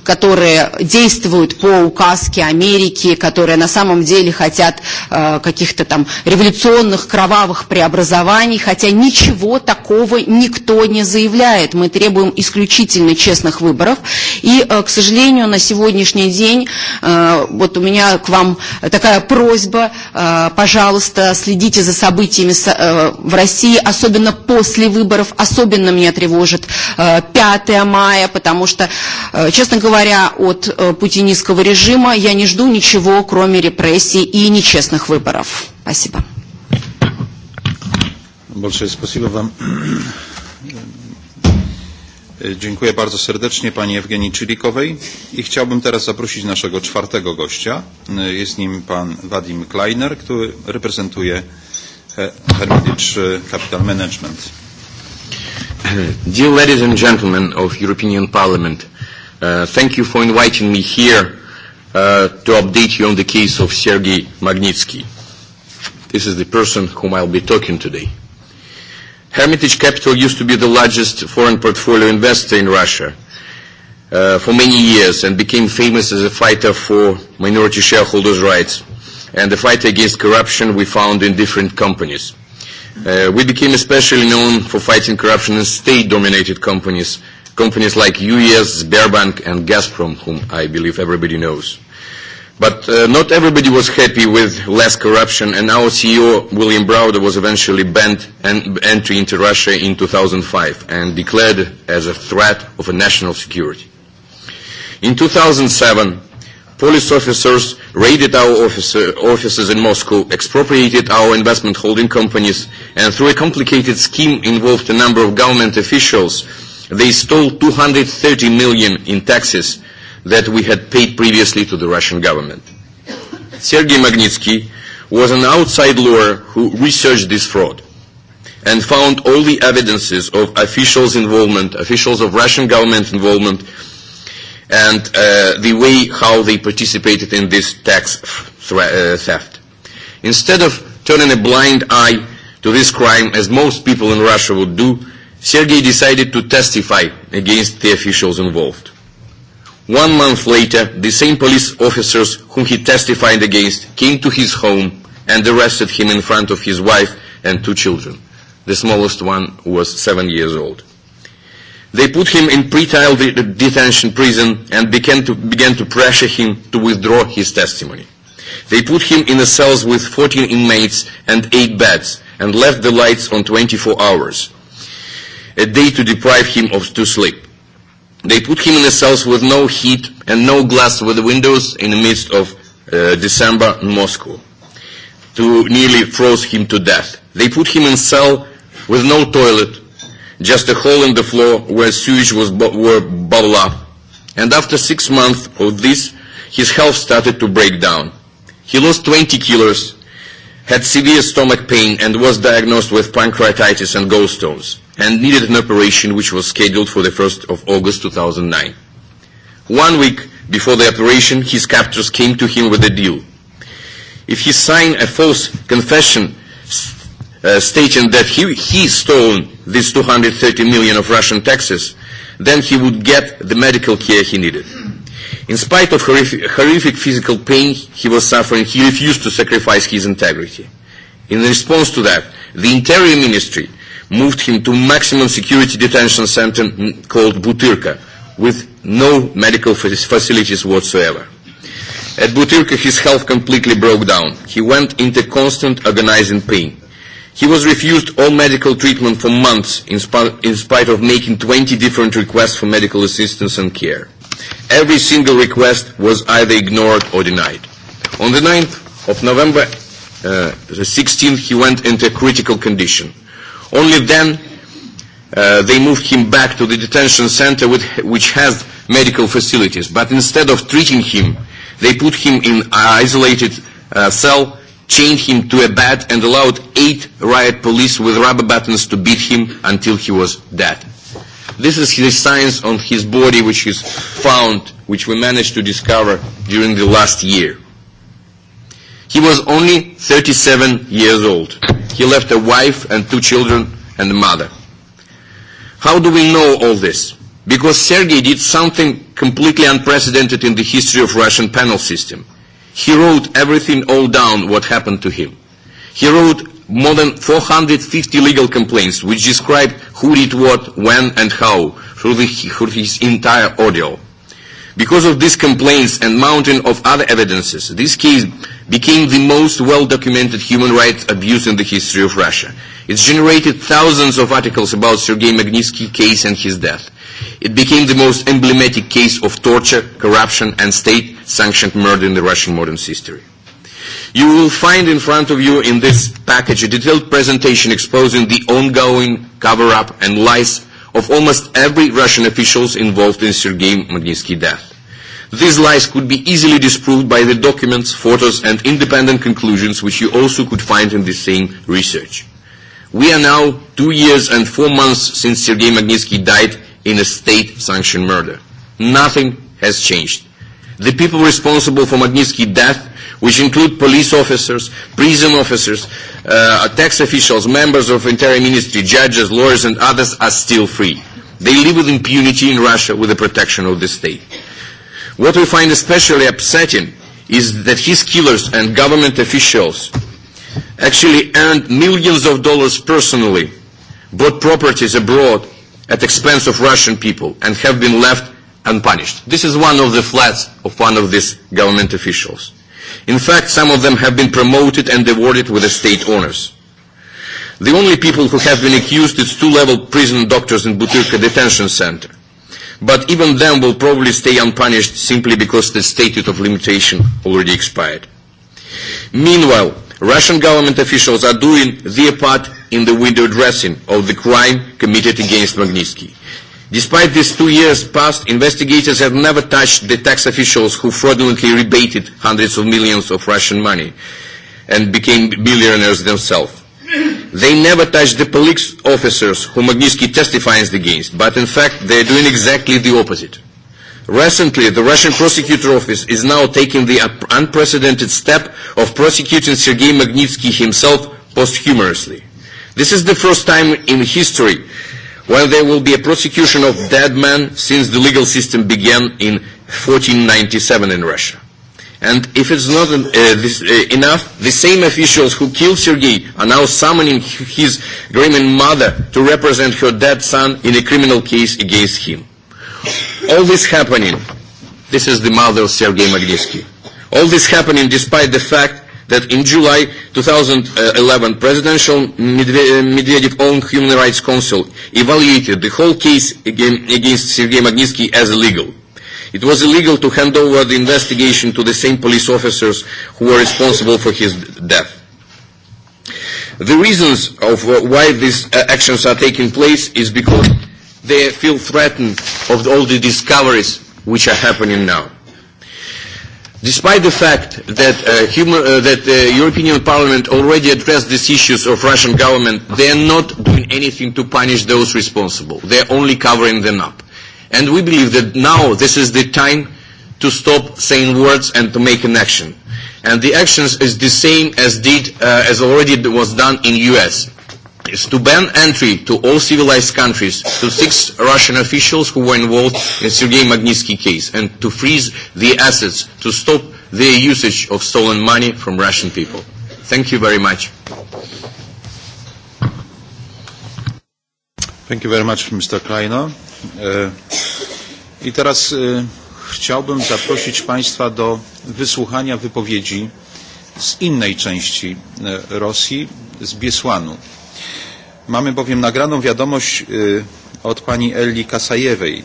которые действуют по указке Америки, которые на самом деле хотят э, каких-то там революционных кровавых преобразований, хотя ничего такого никто не заявляет. Мы требуем исключительно честных выборов. И, э, к сожалению, на сегодняшний день э, вот у меня к вам такая просьба, э, пожалуйста, следите за событиями с, э, в России, особенно после выборов, особенно меня тревожит э, 5 мая, потому что, э, честно говоря, от э, путинистского режима я не жду ничего, кроме репрессий и нечестных выборов. Спасибо. Большое спасибо вам. Э, dziękuję bardzo serdecznie pani Ewgenii Czylikowej i chciałbym teraz zaprosić naszego czwartego gościa. Jest nim pan Wadim Kleiner, który reprezentuje Hermitage Capital Management. Dear ladies and gentlemen of European Parliament, Uh, thank you for inviting me here uh, to update you on the case of Sergei Magnitsky. This is the person whom I'll be talking today. Hermitage Capital used to be the largest foreign portfolio investor in Russia uh, for many years and became famous as a fighter for minority shareholders' rights and the fight against corruption we found in different companies. Uh, we became especially known for fighting corruption in state-dominated companies companies like UES, Sberbank and Gazprom, whom I believe everybody knows. But uh, not everybody was happy with less corruption, and our CEO, William Browder, was eventually banned and entry into Russia in 2005 and declared as a threat of a national security. In 2007, police officers raided our uh, offices in Moscow, expropriated our investment holding companies, and through a complicated scheme involved a number of government officials, They stole 230 million in taxes that we had paid previously to the Russian government. Sergei Magnitsky was an outside lawyer who researched this fraud and found all the evidences of officials' involvement, officials of Russian government involvement, and uh, the way how they participated in this tax thre- uh, theft. Instead of turning a blind eye to this crime, as most people in Russia would do, Sergei decided to testify against the officials involved. One month later, the same police officers whom he testified against came to his home and arrested him in front of his wife and two children. The smallest one was seven years old. They put him in pretrial de- detention prison and began to, began to pressure him to withdraw his testimony. They put him in a cells with 14 inmates and eight beds and left the lights on 24 hours a day to deprive him of to sleep. They put him in the cells with no heat and no glass with the windows in the midst of uh, December in Moscow to nearly froze him to death. They put him in cell with no toilet, just a hole in the floor where sewage was bu- were bubbled up. And after six months of this, his health started to break down. He lost 20 kilos, had severe stomach pain, and was diagnosed with pancreatitis and gallstones and needed an operation which was scheduled for the 1st of August 2009. One week before the operation, his captors came to him with a deal. If he signed a false confession uh, stating that he, he stole these 230 million of Russian taxes, then he would get the medical care he needed. In spite of horrific, horrific physical pain he was suffering, he refused to sacrifice his integrity. In response to that, the Interior Ministry moved him to maximum security detention center called Butyrka with no medical facilities whatsoever. At Butyrka his health completely broke down. He went into constant agonizing pain. He was refused all medical treatment for months in, sp- in spite of making 20 different requests for medical assistance and care. Every single request was either ignored or denied. On the 9th of November, uh, the 16th, he went into critical condition. Only then uh, they moved him back to the detention center with, which has medical facilities. But instead of treating him, they put him in an isolated uh, cell, chained him to a bed and allowed eight riot police with rubber buttons to beat him until he was dead. This is the signs on his body which is found, which we managed to discover during the last year. He was only 37 years old. He left a wife and two children and a mother. How do we know all this? Because Sergei did something completely unprecedented in the history of Russian penal system. He wrote everything all down what happened to him. He wrote more than 450 legal complaints which described who did what, when and how through, the, through his entire audio. Because of these complaints and mountain of other evidences, this case became the most well-documented human rights abuse in the history of Russia. It's generated thousands of articles about Sergei Magnitsky case and his death. It became the most emblematic case of torture, corruption, and state-sanctioned murder in the Russian modern history. You will find in front of you in this package a detailed presentation exposing the ongoing cover-up and lies of almost every Russian officials involved in Sergei Magnitsky death. These lies could be easily disproved by the documents, photos, and independent conclusions which you also could find in the same research. We are now two years and four months since Sergei Magnitsky died in a state-sanctioned murder. Nothing has changed. The people responsible for Magnitsky's death which include police officers, prison officers, uh, tax officials, members of interior ministry, judges, lawyers, and others, are still free. They live with impunity in Russia with the protection of the state. What we find especially upsetting is that his killers and government officials actually earned millions of dollars personally, bought properties abroad at expense of Russian people, and have been left unpunished. This is one of the flats of one of these government officials. In fact, some of them have been promoted and awarded with state honors. The only people who have been accused is two-level prison doctors in Butyrka detention center. But even them will probably stay unpunished simply because the statute of limitation already expired. Meanwhile, Russian government officials are doing their part in the window dressing of the crime committed against Magnitsky. Despite these two years past, investigators have never touched the tax officials who fraudulently rebated hundreds of millions of Russian money and became billionaires themselves. They never touched the police officers who Magnitsky testifies against, but in fact they are doing exactly the opposite. Recently, the Russian prosecutor office is now taking the unprecedented step of prosecuting Sergei Magnitsky himself posthumously. This is the first time in history when there will be a prosecution of dead men since the legal system began in 1497 in Russia. And if it's not uh, this, uh, enough, the same officials who killed Sergei are now summoning his grandmother to represent her dead son in a criminal case against him. All this happening, this is the mother of Sergei Magnitsky. All this happening despite the fact that in July 2011 Presidential Medvedev own Human Rights Council evaluated the whole case against Sergei Magnitsky as illegal. It was illegal to hand over the investigation to the same police officers who were responsible for his death. The reasons of why these uh, actions are taking place is because they feel threatened of all the discoveries which are happening now. Despite the fact that, uh, human, uh, that the uh, European Parliament already addressed these issues of Russian government, they are not doing anything to punish those responsible. They are only covering them up. And we believe that now this is the time to stop saying words and to make an action. And the actions is the same as did, uh, as already was done in US is to ban entry to all civilized countries to six Russian officials who were involved in Sergei Magnitsky case and to freeze the assets to stop their usage of stolen money from Russian people. Thank you very much. Thank you very much, Mr. Kleiner. I teraz chciałbym zaprosić Państwa do wysłuchania wypowiedzi z innej części Rosji, z Biesłanu. Mamy bowiem nagraną wiadomość od pani Elli Kasajewej,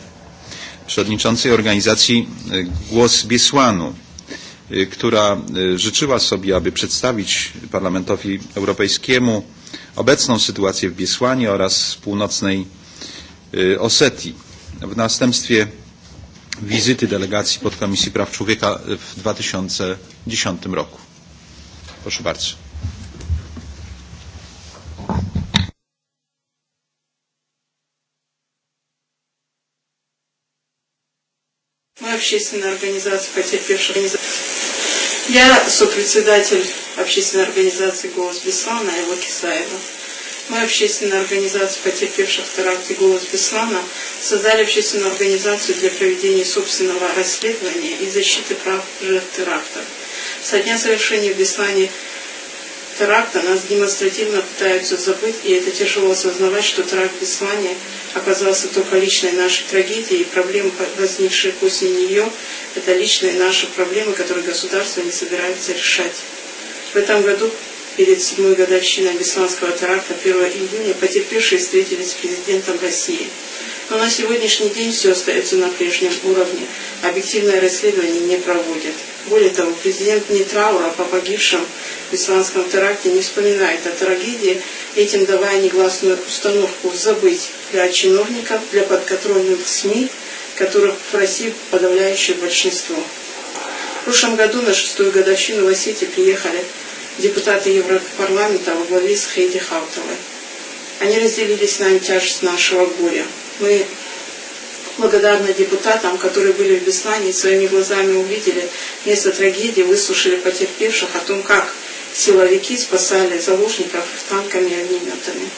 przewodniczącej organizacji Głos Biesłanu, która życzyła sobie, aby przedstawić Parlamentowi Europejskiemu obecną sytuację w Biesłanie oraz północnej Osetii. W następstwie wizyty delegacji Podkomisji Praw Człowieka w 2010 roku. Proszę bardzo. общественной организации, потерпевшей организации. Я сопредседатель общественной организации «Голос Беслана» Айла Кисаева. Мы, общественная организация потерпевших теракты «Голос Беслана», создали общественную организацию для проведения собственного расследования и защиты прав жертв терактов. Со дня совершения в Беслане теракта нас демонстративно пытаются забыть, и это тяжело осознавать, что теракт в Исландии оказался только личной нашей трагедией, и проблемы, возникшие после нее, это личные наши проблемы, которые государство не собирается решать. В этом году перед седьмой годовщиной Бесланского теракта 1 июня потерпевшие встретились с президентом России. Но на сегодняшний день все остается на прежнем уровне. Объективное расследование не проводят. Более того, президент не траура по погибшим исландском теракте не вспоминает о трагедии, этим давая негласную установку забыть для чиновников, для подконтрольных СМИ, которых в России подавляющее большинство. В прошлом году на шестую годовщину в Осетии приехали депутаты Европарламента во главе с Хейди Хаутовой. Они разделили с нами тяжесть нашего горя. Мы благодарны депутатам, которые были в Беслане и своими глазами увидели место трагедии, выслушали потерпевших о том, как силовики спасали заложников танками и огнеметами.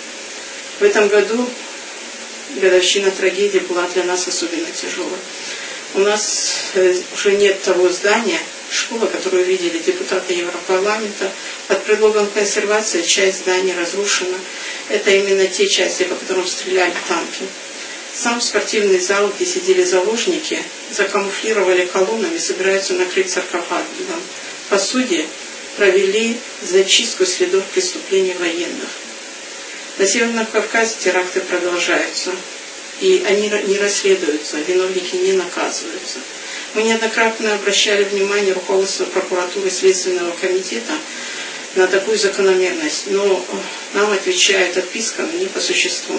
В этом году годовщина трагедии была для нас особенно тяжелой. У нас уже нет того здания, школа, которую видели депутаты Европарламента. Под предлогом консервации часть здания разрушена. Это именно те части, по которым стреляли танки. Сам спортивный зал, где сидели заложники, закамуфлировали колоннами, собираются накрыть саркофагом. По сути, провели зачистку следов преступлений военных. На Северном Кавказе теракты продолжаются, и они не расследуются, виновники не наказываются. Мы неоднократно обращали внимание руководства прокуратуры Следственного комитета на такую закономерность, но нам отвечают отписками не по существу.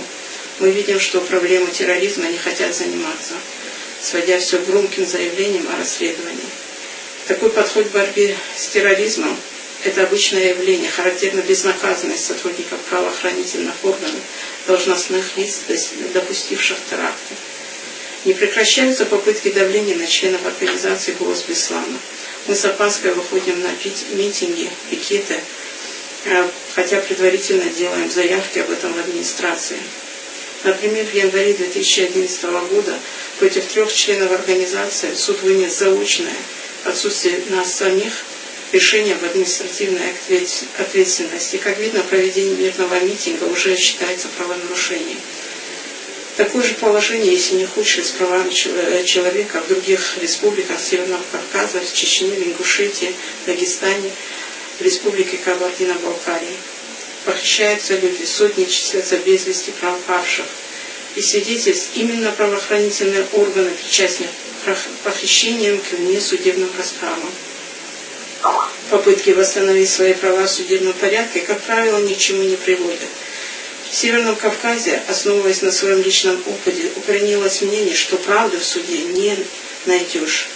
Мы видим, что проблемы терроризма не хотят заниматься, сводя все громким заявлением о расследовании. Такой подход в борьбе с терроризмом – это обычное явление, характерно безнаказанность сотрудников правоохранительных органов, должностных лиц, допустивших теракты. Не прекращаются попытки давления на членов организации «Голос Беслана». Мы с опаской выходим на митинги, пикеты, хотя предварительно делаем заявки об этом в администрации. Например, в январе 2011 года против трех членов организации суд вынес заочное отсутствие нас самих, решения в административной ответственности. Как видно, проведение мирного митинга уже считается правонарушением. Такое же положение, если не худшее, с правами человека в других республиках Северного Кавказа, в Чечне, в Ингушетии, в Дагестане, в республике Кабардино-Балкарии. Похищаются люди, сотни числятся без вести пропавших. И свидетельств именно правоохранительные органы, причастные похищением к вне судебным расправам. Попытки восстановить свои права в судебном порядке, как правило, ни к чему не приводят. В Северном Кавказе, основываясь на своем личном опыте, укоренилось мнение, что правды в суде не найдешь.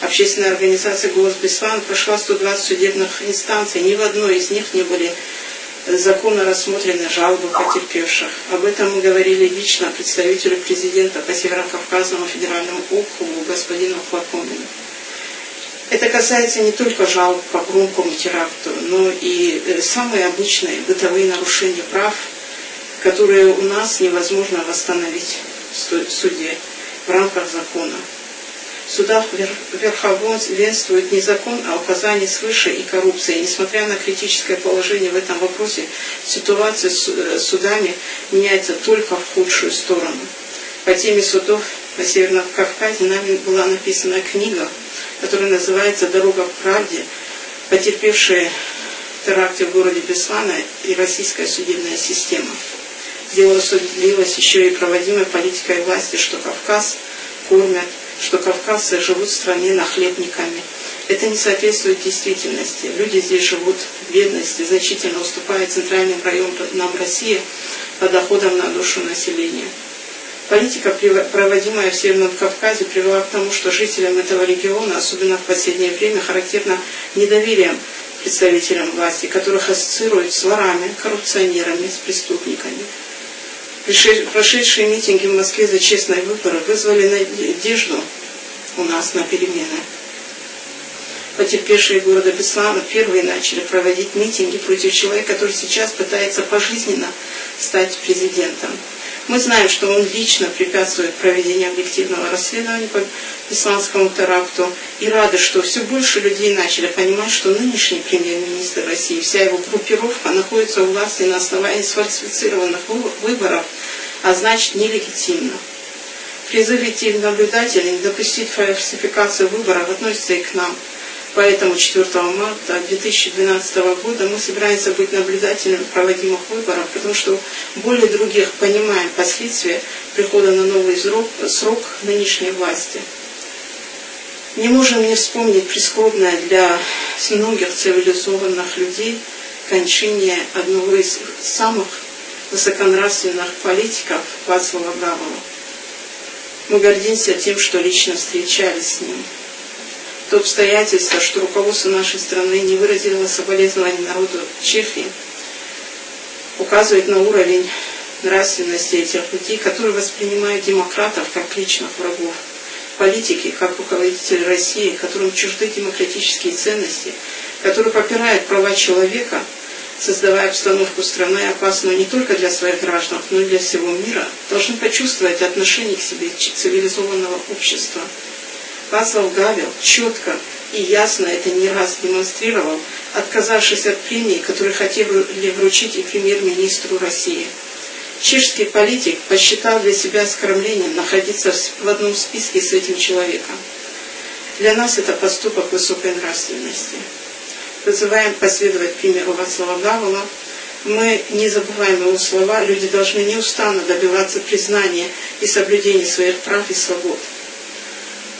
Общественная организация «Голос Беслан» прошла 120 судебных инстанций, ни в одной из них не были закона рассмотрены жалобы потерпевших. Об этом мы говорили лично представителю президента по Северокавказному федеральному округу господину Хлопомину. Это касается не только жалоб по громкому теракту, но и самые обычные бытовые нарушения прав, которые у нас невозможно восстановить в суде в рамках закона судах верховенствует не закон а указание свыше и коррупции. Несмотря на критическое положение в этом вопросе, ситуация с судами меняется только в худшую сторону. По теме судов на Северном Кавказе нами была написана книга, которая называется «Дорога к правде», потерпевшие теракты в городе Беслана и российская судебная система. Дело судилось еще и проводимой политикой власти, что Кавказ кормят что кавказцы живут в стране нахлебниками. Это не соответствует действительности. Люди здесь живут в бедности, значительно уступая центральным районам России по доходам на душу населения. Политика, проводимая в Северном Кавказе, привела к тому, что жителям этого региона, особенно в последнее время, характерно недоверием представителям власти, которых ассоциируют с ворами, коррупционерами, с преступниками. Прошедшие митинги в Москве за честные выборы вызвали надежду у нас на перемены. Потерпевшие города Беслана первые начали проводить митинги против человека, который сейчас пытается пожизненно стать президентом. Мы знаем, что он лично препятствует проведению объективного расследования исламскому теракту. И рада, что все больше людей начали понимать, что нынешний премьер-министр России, вся его группировка находится у власти на основании сфальсифицированных выборов, а значит нелегитимно. Призыв идти в наблюдателей, не допустить фальсификации выборов относится и к нам. Поэтому 4 марта 2012 года мы собираемся быть наблюдателями проводимых выборов, потому что более других понимаем последствия прихода на новый срок, срок нынешней власти не можем не вспомнить прискорбное для многих цивилизованных людей кончине одного из самых высоконравственных политиков Вацлава Гавала. Мы гордимся тем, что лично встречались с ним. То обстоятельство, что руководство нашей страны не выразило соболезнования народу Чехии, указывает на уровень нравственности этих людей, которые воспринимают демократов как личных врагов политики, как руководитель России, которым чужды демократические ценности, который попирает права человека, создавая обстановку страны, опасную не только для своих граждан, но и для всего мира, должны почувствовать отношение к себе цивилизованного общества. Вацлав Гавел четко и ясно это не раз демонстрировал, отказавшись от премии, которую хотели вручить и премьер-министру России. Чешский политик посчитал для себя скромлением находиться в одном списке с этим человеком. Для нас это поступок высокой нравственности. Призываем последовать примеру Вацлава Гавала. Мы не забываем его слова. Люди должны неустанно добиваться признания и соблюдения своих прав и свобод.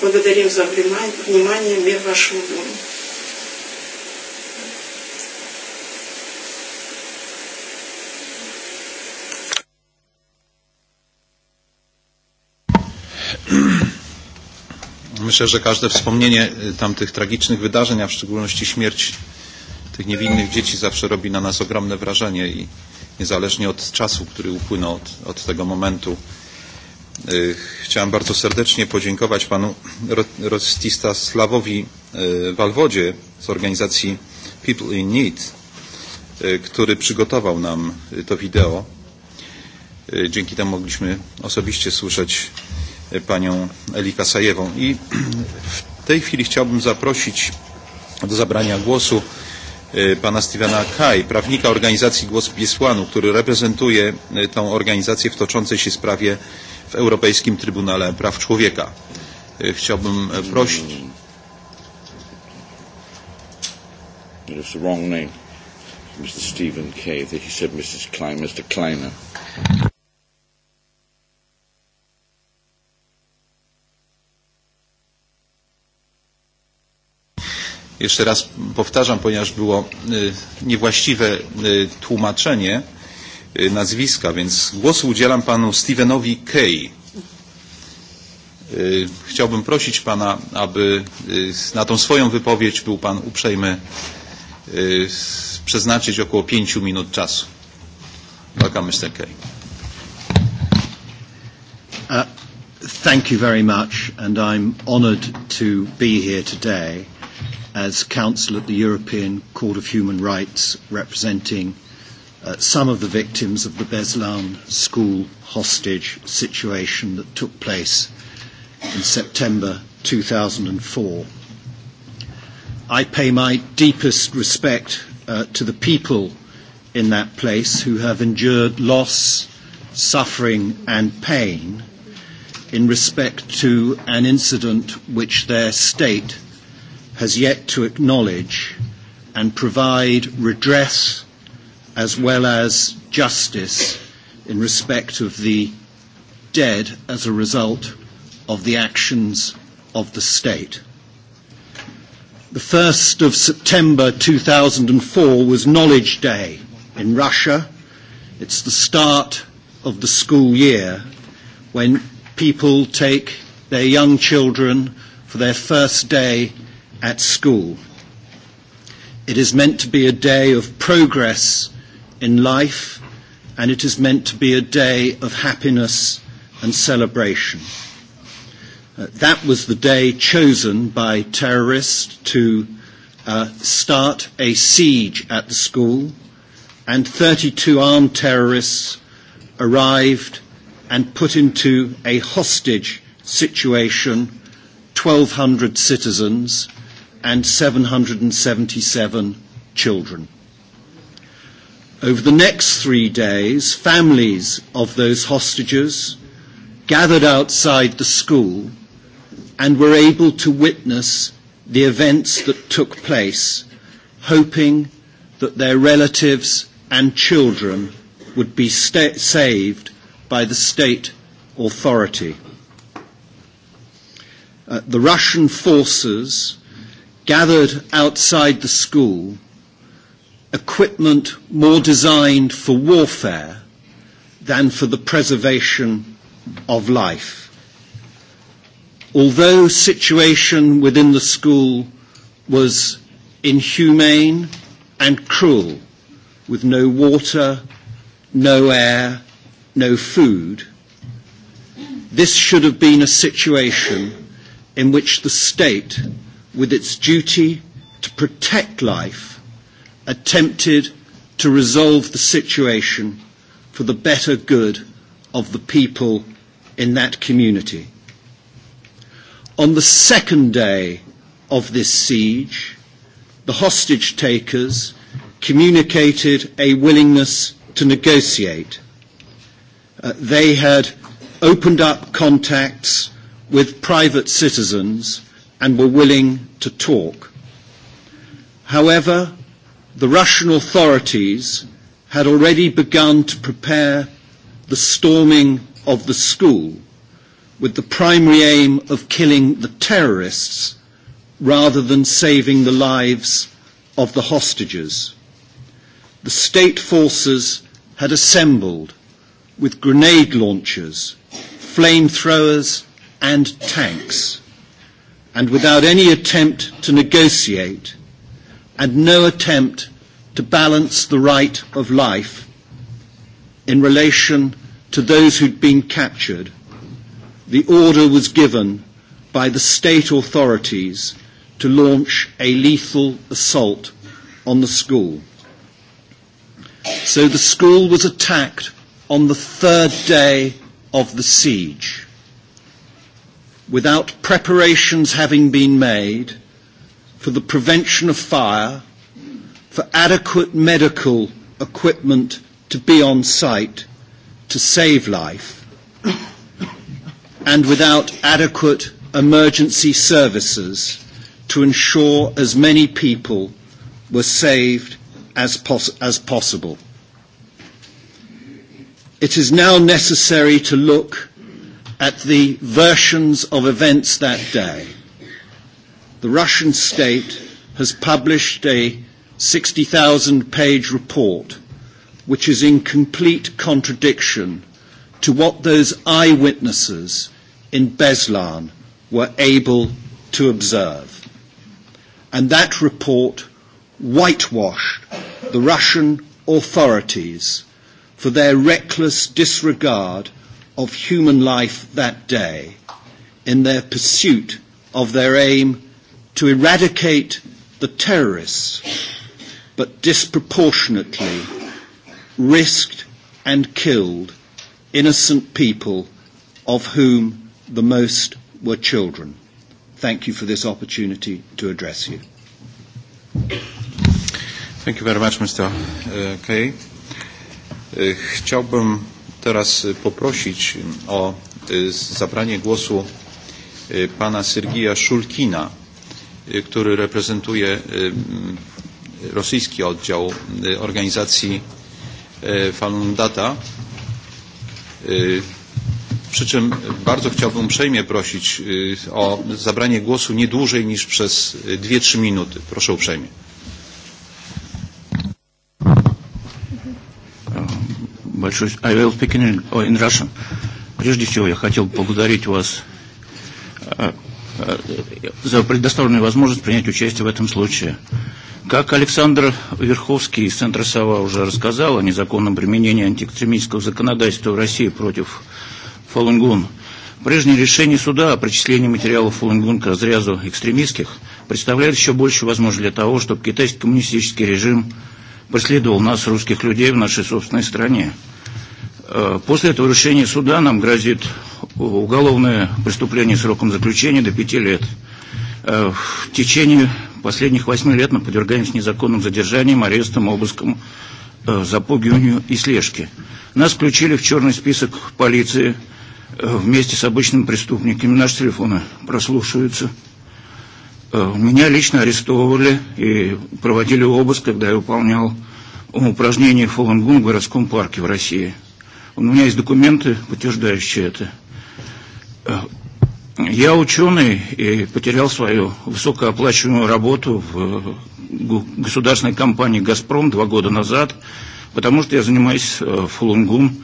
Благодарим за внимание. Мир вашему дому. myślę, że każde wspomnienie tamtych tragicznych wydarzeń, a w szczególności śmierć tych niewinnych dzieci zawsze robi na nas ogromne wrażenie i niezależnie od czasu, który upłynął od, od tego momentu, chciałem bardzo serdecznie podziękować panu Rostista Slawowi Walwodzie z organizacji People in Need, który przygotował nam to wideo. Dzięki temu mogliśmy osobiście słyszeć panią Elika Sajewą. I w tej chwili chciałbym zaprosić do zabrania głosu pana Stevena Kaj, prawnika organizacji Głos Biesłanu, który reprezentuje tą organizację w toczącej się sprawie w Europejskim Trybunale Praw Człowieka. Chciałbym prosić... It's the wrong name. Mr. Stephen Kay. He said Mrs. Klein, Mr. Kleiner. Jeszcze raz powtarzam, ponieważ było niewłaściwe tłumaczenie nazwiska, więc głosu udzielam panu Stevenowi Kay. Chciałbym prosić pana, aby na tą swoją wypowiedź był pan uprzejmy przeznaczyć około pięciu minut czasu. Welcome, Mr. Kay. Uh, thank you very much, and I'm honored to be here today as counsel at the European Court of Human Rights, representing uh, some of the victims of the Beslan school hostage situation that took place in September 2004. I pay my deepest respect uh, to the people in that place who have endured loss, suffering, and pain in respect to an incident which their state has yet to acknowledge and provide redress as well as justice in respect of the dead as a result of the actions of the state. The 1st of September 2004 was Knowledge Day in Russia. It's the start of the school year when people take their young children for their first day at school. It is meant to be a day of progress in life, and it is meant to be a day of happiness and celebration. Uh, that was the day chosen by terrorists to uh, start a siege at the school, and 32 armed terrorists arrived and put into a hostage situation 1,200 citizens, and 777 children. Over the next three days, families of those hostages gathered outside the school and were able to witness the events that took place, hoping that their relatives and children would be saved by the state authority. Uh, the Russian forces gathered outside the school, equipment more designed for warfare than for the preservation of life. Although situation within the school was inhumane and cruel, with no water, no air, no food, this should have been a situation in which the state with its duty to protect life, attempted to resolve the situation for the better good of the people in that community. On the second day of this siege, the hostage takers communicated a willingness to negotiate. Uh, they had opened up contacts with private citizens and were willing to talk. However, the Russian authorities had already begun to prepare the storming of the school with the primary aim of killing the terrorists rather than saving the lives of the hostages. The state forces had assembled with grenade launchers, flamethrowers and tanks and without any attempt to negotiate and no attempt to balance the right of life in relation to those who'd been captured, the order was given by the state authorities to launch a lethal assault on the school. So the school was attacked on the third day of the siege without preparations having been made for the prevention of fire, for adequate medical equipment to be on site to save life, and without adequate emergency services to ensure as many people were saved as, pos- as possible. It is now necessary to look at the versions of events that day, the Russian state has published a 60,000 page report which is in complete contradiction to what those eyewitnesses in Beslan were able to observe. And that report whitewashed the Russian authorities for their reckless disregard of human life that day in their pursuit of their aim to eradicate the terrorists, but disproportionately risked and killed innocent people, of whom the most were children. Thank you for this opportunity to address you. Thank you very much, Mr. Uh, Kay. Uh, chciałbym teraz poprosić o zabranie głosu pana Sergija Szulkina, który reprezentuje rosyjski oddział organizacji Falun Data. Przy czym bardzo chciałbym uprzejmie prosić o zabranie głosu nie dłużej niż przez 2-3 minuty. Proszę uprzejmie. большое... I will speak in, oh, in Russian. Прежде всего, я хотел поблагодарить вас за предоставленную возможность принять участие в этом случае. Как Александр Верховский из Центра САВА уже рассказал о незаконном применении антиэкстремистского законодательства в России против Фалунгун, прежнее решение суда о причислении материалов Фалунгун к разрезу экстремистских представляет еще больше возможность для того, чтобы китайский коммунистический режим преследовал нас, русских людей, в нашей собственной стране. После этого решения суда нам грозит уголовное преступление сроком заключения до пяти лет. В течение последних восьми лет мы подвергаемся незаконным задержаниям, арестам, обыскам, запугиванию и слежке. Нас включили в черный список полиции вместе с обычными преступниками. Наши телефоны прослушиваются – Меня лично арестовывали и проводили обыск, когда я выполнял упражнение Фолангун в городском парке в России. У меня есть документы, подтверждающие это. Я ученый и потерял свою высокооплачиваемую работу в государственной компании «Газпром» два года назад, потому что я занимаюсь фолунгун,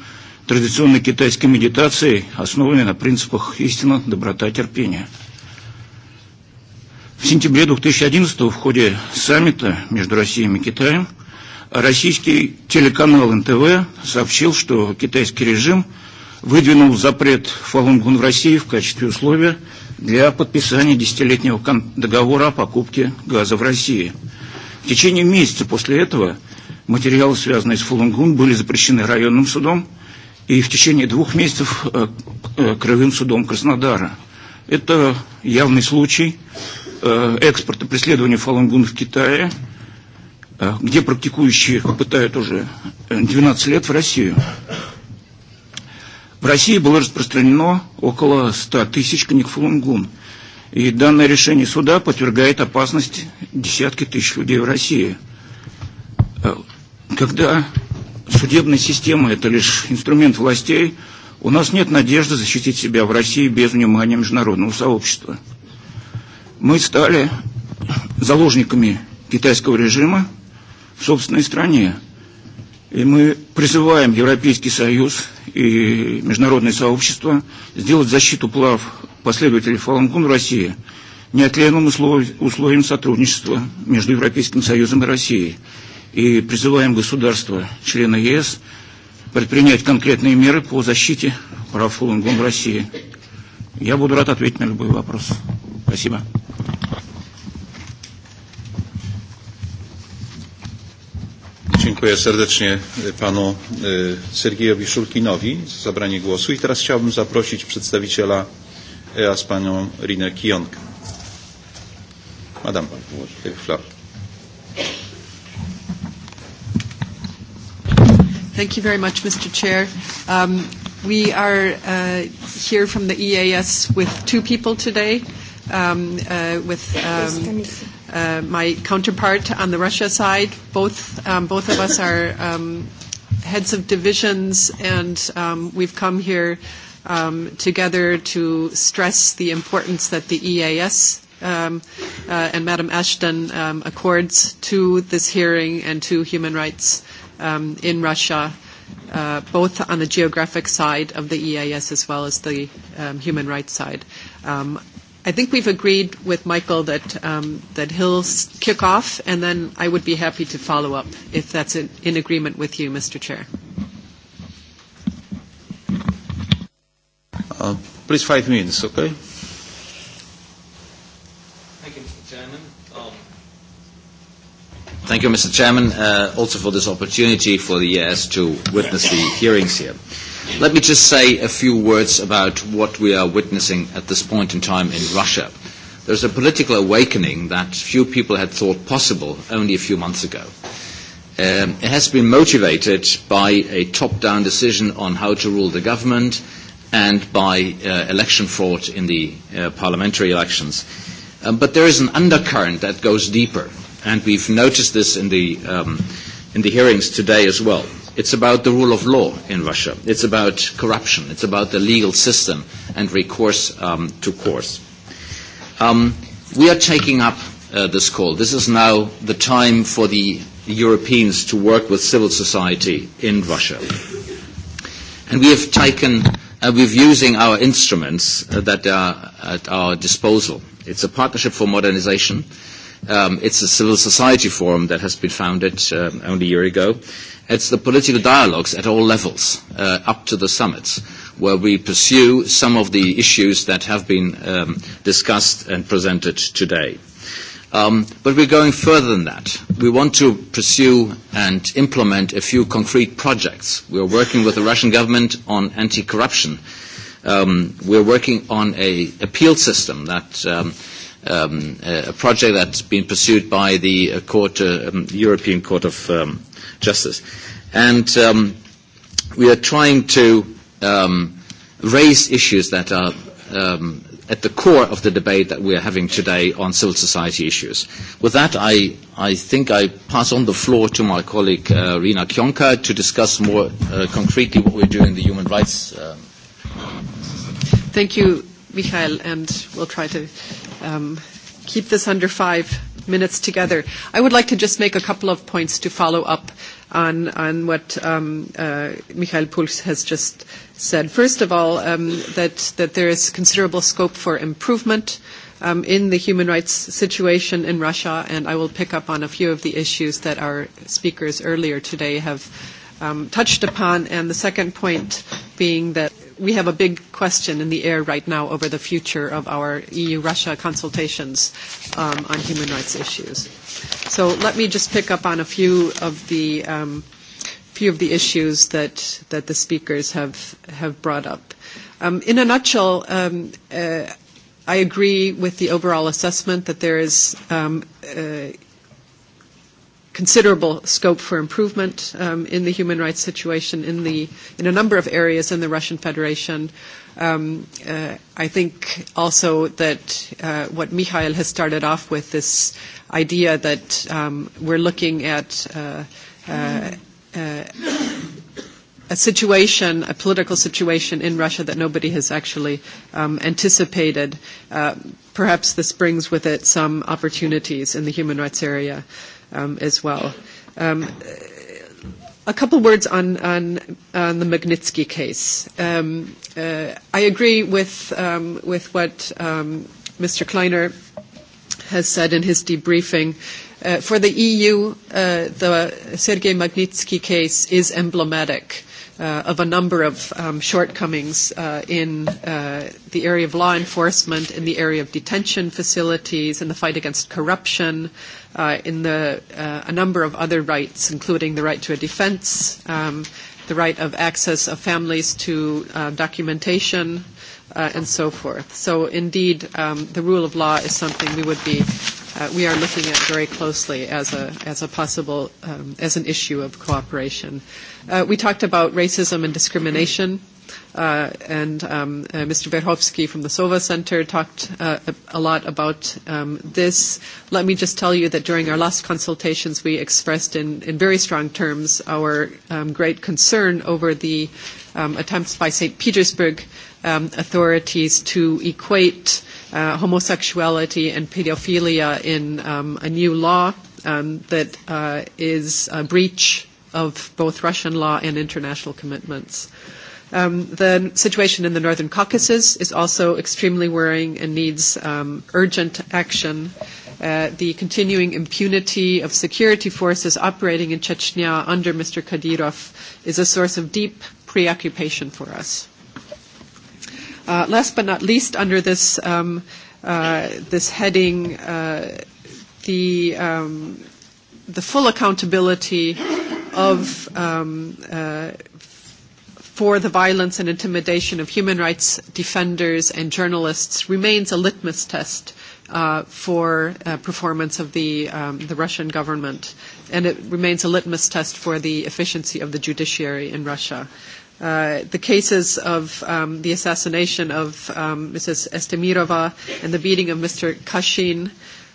традиционной китайской медитацией, основанной на принципах истины, доброта, терпения. В сентябре 2011 в ходе саммита между Россией и Китаем российский телеканал НТВ сообщил, что китайский режим выдвинул запрет Фалунгун в России в качестве условия для подписания десятилетнего договора о покупке газа в России. В течение месяца после этого материалы, связанные с Фалунгун, были запрещены районным судом и в течение двух месяцев Крывым судом Краснодара. Это явный случай э, экспорта преследования фалангун в Китае, где практикующие пытают уже 12 лет в Россию. В России было распространено около 100 тысяч книг фалангун. И данное решение суда подвергает опасность десятки тысяч людей в России. Когда судебная система – это лишь инструмент властей, у нас нет надежды защитить себя в России без внимания международного сообщества – мы стали заложниками китайского режима в собственной стране. И мы призываем Европейский Союз и международное сообщество сделать защиту плав последователей Фалангун в России неотленным условием сотрудничества между Европейским Союзом и Россией. И призываем государства, члены ЕС, предпринять конкретные меры по защите прав Фалангун в России. Я буду рад ответить на любой вопрос. Спасибо. Dziękuję serdecznie panu Sergiejowi Szulkinowi za zabranie głosu i teraz chciałbym zaprosić przedstawiciela EAS panią Rinę Kijonkę. Madame, Flor. Thank you very much, Mr. Chair. Um, we are uh, here from the EAS with two people today um, uh, with um, uh, my counterpart on the Russia side. Both, um, both of us are um, heads of divisions, and um, we've come here um, together to stress the importance that the EAS um, uh, and Madam Ashton um, accords to this hearing and to human rights um, in Russia. Uh, both on the geographic side of the EAS as well as the um, human rights side. Um, I think we've agreed with Michael that um, that he'll kick off, and then I would be happy to follow up if that's in, in agreement with you, Mr. Chair. Uh, please, five minutes, okay? Thank you, Mr. Chairman. Um, Thank you, Mr. Chairman, uh, also for this opportunity for the ES to witness the hearings here. Let me just say a few words about what we are witnessing at this point in time in Russia. There's a political awakening that few people had thought possible only a few months ago. Um, it has been motivated by a top-down decision on how to rule the government and by uh, election fraud in the uh, parliamentary elections. Um, but there is an undercurrent that goes deeper, and we've noticed this in the, um, in the hearings today as well. It's about the rule of law in Russia. It's about corruption. It's about the legal system and recourse um, to courts. Um, we are taking up uh, this call. This is now the time for the Europeans to work with civil society in Russia. And we have taken, uh, we're using our instruments uh, that are at our disposal. It's a partnership for modernization. Um, it's a civil society forum that has been founded uh, only a year ago. It's the political dialogues at all levels, uh, up to the summits, where we pursue some of the issues that have been um, discussed and presented today. Um, but we're going further than that. We want to pursue and implement a few concrete projects. We are working with the Russian government on anti-corruption. Um, we're working on an appeal system that um, – um, uh, a project that's been pursued by the uh, court, uh, um, European Court of um, Justice. And um, we are trying to um, raise issues that are um, at the core of the debate that we are having today on civil society issues. With that, I, I think I pass on the floor to my colleague uh, Rina Kionka to discuss more uh, concretely what we're doing in the human rights. Um. Thank you. Michael, and we'll try to um, keep this under five minutes together. I would like to just make a couple of points to follow up on, on what um, uh, Michael Puls has just said. First of all, um, that, that there is considerable scope for improvement um, in the human rights situation in Russia, and I will pick up on a few of the issues that our speakers earlier today have um, touched upon, and the second point being that we have a big question in the air right now over the future of our EU-Russia consultations um, on human rights issues. So let me just pick up on a few of the um, few of the issues that that the speakers have have brought up. Um, in a nutshell, um, uh, I agree with the overall assessment that there is. Um, uh, considerable scope for improvement um, in the human rights situation in, the, in a number of areas in the Russian Federation. Um, uh, I think also that uh, what Mikhail has started off with, this idea that um, we're looking at uh, uh, uh a situation, a political situation in Russia that nobody has actually um, anticipated. Uh, perhaps this brings with it some opportunities in the human rights area um, as well. Um, a couple words on, on, on the Magnitsky case. Um, uh, I agree with, um, with what um, Mr. Kleiner has said in his debriefing. Uh, for the EU, uh, the Sergei Magnitsky case is emblematic uh, of a number of um, shortcomings uh, in uh, the area of law enforcement, in the area of detention facilities, in the fight against corruption, uh, in the, uh, a number of other rights, including the right to a defense, um, the right of access of families to uh, documentation, uh, and so forth. So indeed, um, the rule of law is something we would be uh, we are looking at very closely as a, as a possible, um, as an issue of cooperation. Uh, we talked about racism and discrimination. Uh, and um, uh, Mr. Verhovsky from the SOVA Center talked uh, a lot about um, this. Let me just tell you that during our last consultations, we expressed in, in very strong terms our um, great concern over the um, attempts by St. Petersburg um, authorities to equate Uh, homosexuality and pedophilia in um, a new law um, that uh, is a breach of both Russian law and international commitments. Um, the situation in the Northern Caucasus is also extremely worrying and needs um, urgent action. Uh, the continuing impunity of security forces operating in Chechnya under Mr. Kadyrov is a source of deep preoccupation for us. Uh, last but not least, under this, um, uh, this heading, uh, the, um, the full accountability of um, uh, for the violence and intimidation of human rights defenders and journalists remains a litmus test uh, for uh, performance of the, um, the Russian government, and it remains a litmus test for the efficiency of the judiciary in Russia. Uh, the cases of um, the assassination of um, Mrs. Estemirova and the beating of Mr. Kashin,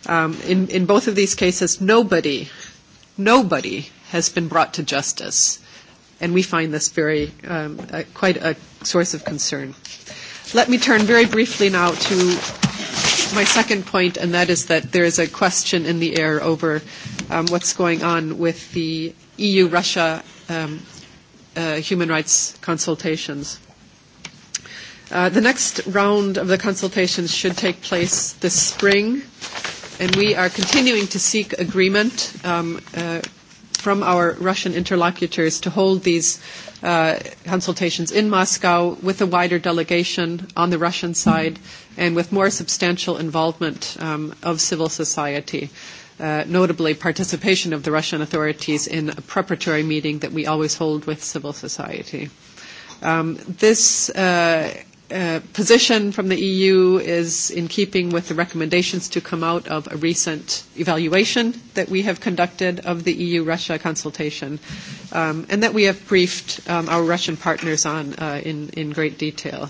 um, in, in both of these cases, nobody, nobody has been brought to justice. And we find this very, um, quite a source of concern. Let me turn very briefly now to my second point, and that is that there is a question in the air over um, what's going on with the EU-Russia um, uh, human rights consultations. Uh, the next round of the consultations should take place this spring, and we are continuing to seek agreement um, uh, from our Russian interlocutors to hold these uh, consultations in Moscow with a wider delegation on the Russian side and with more substantial involvement um, of civil society. Uh, uh, notably participation of the Russian authorities in a preparatory meeting that we always hold with civil society. Um, this uh, uh, position from the EU is in keeping with the recommendations to come out of a recent evaluation that we have conducted of the EU-Russia consultation, um, and that we have briefed um, our Russian partners on uh, in, in great detail.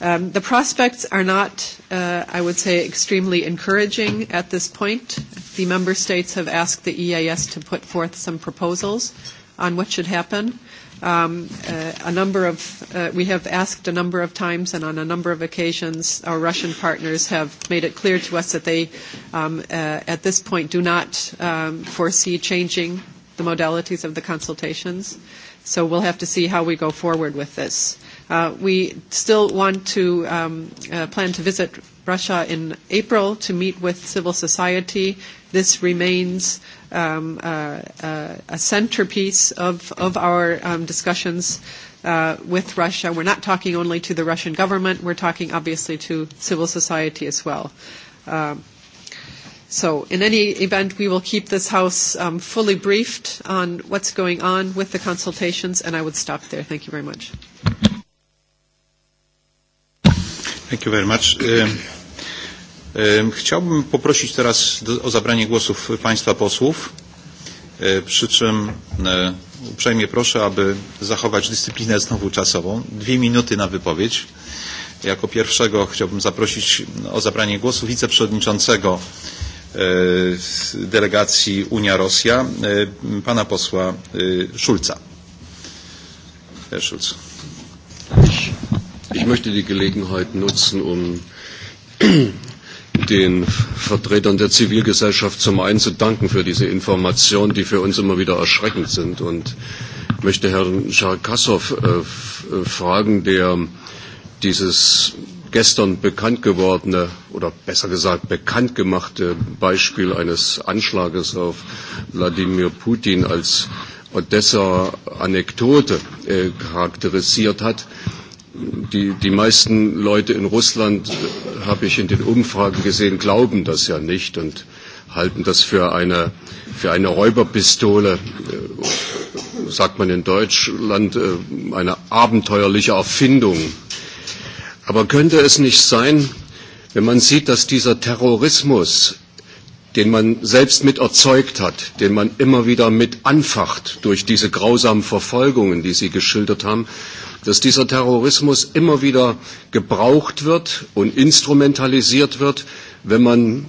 Um, the prospects are not, uh, I would say, extremely encouraging at this point. The member states have asked the EAS to put forth some proposals on what should happen. Um, uh, a number of, uh, we have asked a number of times and on a number of occasions our Russian partners have made it clear to us that they um, uh, at this point do not um, foresee changing the modalities of the consultations. So we'll have to see how we go forward with this. Uh, we still want to um, uh, plan to visit Russia in April to meet with civil society. This remains um, uh, uh a centerpiece of, of our um, discussions uh, with Russia. We're not talking only to the Russian government, we're talking obviously to civil society as well. Um, so in any event, we will keep this House um, fully briefed on what's going on with the consultations, and I would stop there. Thank you very much. Thank you very much. Chciałbym poprosić teraz o zabranie głosów Państwa posłów, przy czym uprzejmie proszę, aby zachować dyscyplinę znowu czasową. Dwie minuty na wypowiedź. Jako pierwszego chciałbym zaprosić o zabranie głosu wiceprzewodniczącego delegacji Unia-Rosja, pana posła Szulca. Herr Ich möchte die Gelegenheit nutzen, um [CLEARS THROAT] den Vertretern der Zivilgesellschaft zum einen zu danken für diese Informationen, die für uns immer wieder erschreckend sind. Und ich möchte Herrn Scharkassow äh, äh, fragen, der dieses gestern bekannt gewordene oder besser gesagt bekannt gemachte Beispiel eines Anschlages auf Wladimir Putin als Odessa-Anekdote äh, charakterisiert hat. Äh, die, die meisten Leute in Russland, äh, habe ich in den Umfragen gesehen, glauben das ja nicht und halten das für eine, für eine Räuberpistole, äh, sagt man in Deutschland, äh, eine abenteuerliche Erfindung. Aber könnte es nicht sein, wenn man sieht, dass dieser Terrorismus, den man selbst mit erzeugt hat, den man immer wieder mit anfacht durch diese grausamen Verfolgungen, die Sie geschildert haben, dass dieser Terrorismus immer wieder gebraucht wird und instrumentalisiert wird, wenn man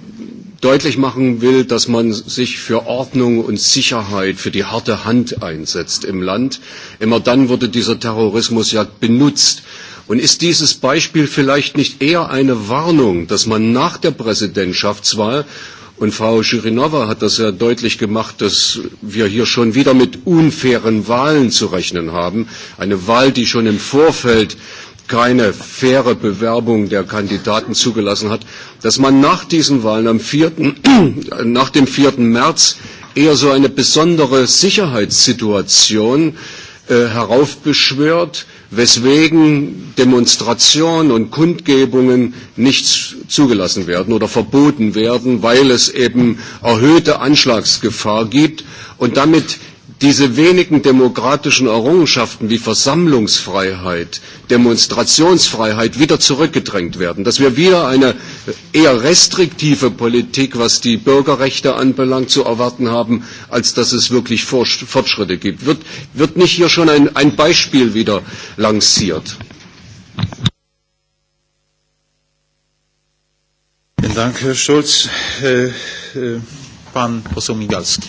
deutlich machen will, dass man sich für Ordnung und Sicherheit, für die harte Hand einsetzt im Land. Immer dann wurde dieser Terrorismus ja benutzt. Und ist dieses Beispiel vielleicht nicht eher eine Warnung, dass man nach der Präsidentschaftswahl Und Frau Schirinova hat das ja deutlich gemacht, dass wir hier schon wieder mit unfairen Wahlen zu rechnen haben. Eine Wahl, die schon im Vorfeld keine faire Bewerbung der Kandidaten zugelassen hat, dass man nach diesen Wahlen am 4., [CLEARS THROAT] nach dem 4. März eher so eine besondere Sicherheitssituation äh, Äh, heraufbeschwört, weswegen Demonstrationen und Kundgebungen nicht zugelassen werden oder verboten werden, weil es eben erhöhte Anschlagsgefahr gibt und damit diese wenigen demokratischen Errungenschaften wie Versammlungsfreiheit, Demonstrationsfreiheit wieder zurückgedrängt werden, dass wir wieder eine eher restriktive Politik, was die Bürgerrechte anbelangt, zu erwarten haben, als dass es wirklich Fortschritte gibt. Wird, wird nicht hier schon ein, ein Beispiel wieder lanciert? Vielen Dank, Herr Schulz. Herr, äh, Herr, äh, pan poseł Migalski.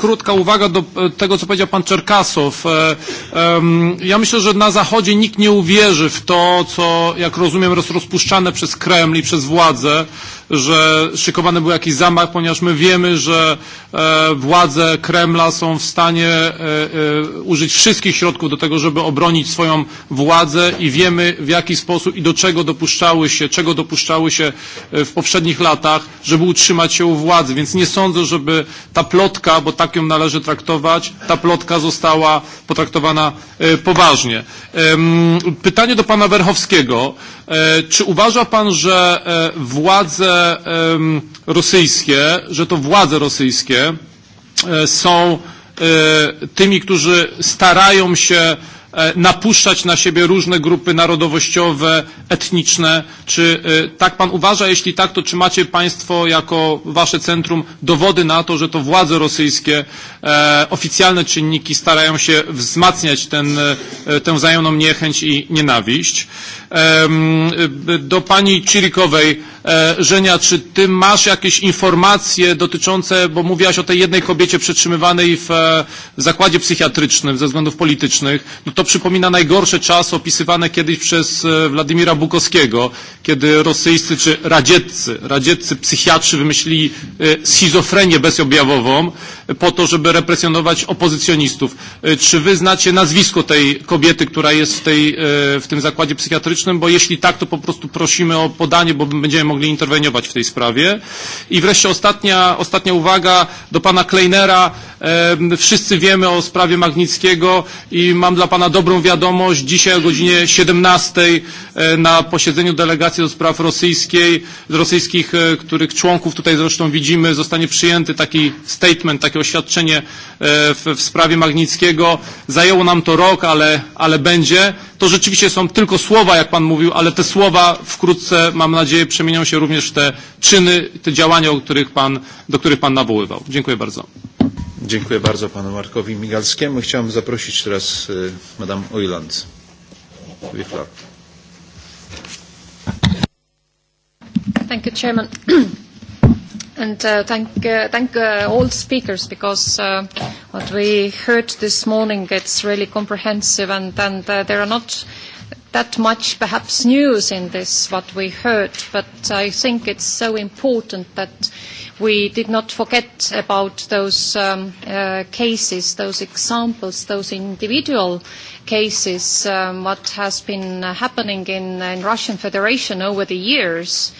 krótka uwaga do tego, co powiedział pan Czerkasow. Ja myślę, że na Zachodzie nikt nie uwierzy w to, co, jak rozumiem, jest rozpuszczane przez Kreml i przez władze, że szykowany był jakiś zamach, ponieważ my wiemy, że władze Kremla są w stanie użyć wszystkich środków do tego, żeby obronić swoją władzę i wiemy w jaki sposób i do czego dopuszczały się, czego dopuszczały się w poprzednich latach, żeby utrzymać się u władzy. Więc nie sądzę, żeby ta plotka, bo tak tak ją należy traktować. Ta plotka została potraktowana poważnie. Pytanie do pana Werchowskiego. Czy uważa pan, że władze rosyjskie, że to władze rosyjskie są tymi, którzy starają się napuszczać na siebie różne grupy narodowościowe, etniczne. Czy tak pan uważa? Jeśli tak, to czy macie państwo jako wasze centrum dowody na to, że to władze rosyjskie, oficjalne czynniki starają się wzmacniać ten, tę wzajemną niechęć i nienawiść? Do pani Cirikowej. Żenia, czy ty masz jakieś informacje dotyczące, bo mówiłaś o tej jednej kobiecie przetrzymywanej w, zakładzie psychiatrycznym ze względów politycznych. No to przypomina najgorsze czasy opisywane kiedyś przez Władimira Bukowskiego, kiedy rosyjscy czy radzieccy, radzieccy psychiatrzy wymyślili schizofrenię bezobjawową po to, żeby represjonować opozycjonistów. Czy wy znacie nazwisko tej kobiety, która jest w, tej, w tym zakładzie psychiatrycznym? Bo jeśli tak, to po prostu prosimy o podanie, bo będziemy mogli mogli interweniować w tej sprawie. I wreszcie ostatnia, ostatnia uwaga do pana Kleinera. wszyscy wiemy o sprawie Magnickiego i mam dla pana dobrą wiadomość. Dzisiaj o godzinie 17 na posiedzeniu delegacji do spraw rosyjskiej, z rosyjskich, których członków tutaj zresztą widzimy, zostanie przyjęty taki statement, takie oświadczenie w, w sprawie Magnickiego. Zajęło nam to rok, ale, ale będzie. To rzeczywiście są tylko słowa, jak pan mówił, ale te słowa wkrótce, mam nadzieję, przemienią się również te czyny, te działania, o których pan, do których Pan nawoływał. Dziękuję bardzo. Dziękuję bardzo Panu Markowi Migalskiemu. Chciałbym zaprosić teraz y, Madame Oiland. Thank you, Chairman. [CLEARS THROAT] And uh, thank, uh, thank uh, all speakers because uh, what we heard this morning it's really comprehensive and, and uh, there are not uh, that much perhaps news in this, what we heard, but I think it's so important that we did not forget about those um, uh, cases, those examples, those individual cases, um, what has been happening in, in Russian Federation over the years.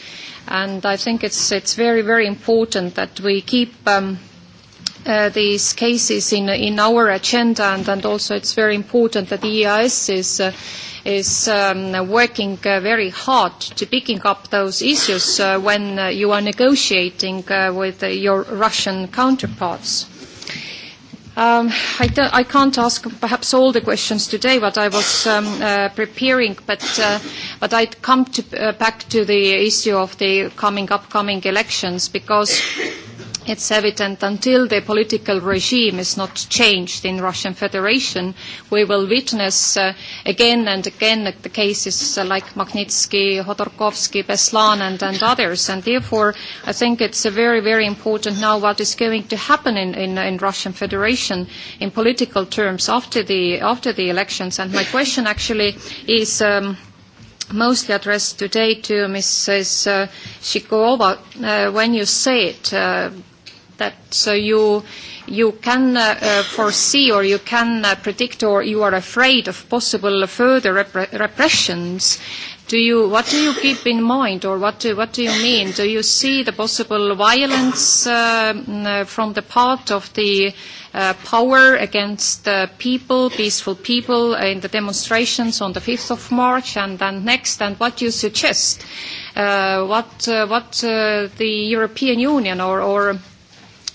And I think it's, it's very, very important that we keep um, Uh, these cases in, our agenda, and, also it's very important that the EIS is, uh, um, working uh, very hard to picking up those issues when you are negotiating with your Russian counterparts. Um, I, can't ask perhaps all the questions today what I was um, preparing, but, I'd come back to the issue of the coming upcoming elections because it's evident until the political regime is not changed in Russian Federation, we will witness uh, again and again the cases uh, like Magnitsky, Hodorkovsky, Beslan and, and others. And therefore, I think it's uh, very, very important now what is going to happen in, in, in Russian Federation in political terms after the, after the elections. And my question actually is... Um, mostly addressed today to Mrs. Uh, Shikova. Uh, when you said uh, that so you you can uh, uh, foresee or you can uh, predict or you are afraid of possible further repre repressions do you what do you keep in mind or what do, what do you mean do you see the possible violence uh, mm, uh from the part of the uh, power against uh, people peaceful people in the demonstrations on the 5th of March and then next and what you suggest uh, what uh, what uh, the European Union or, or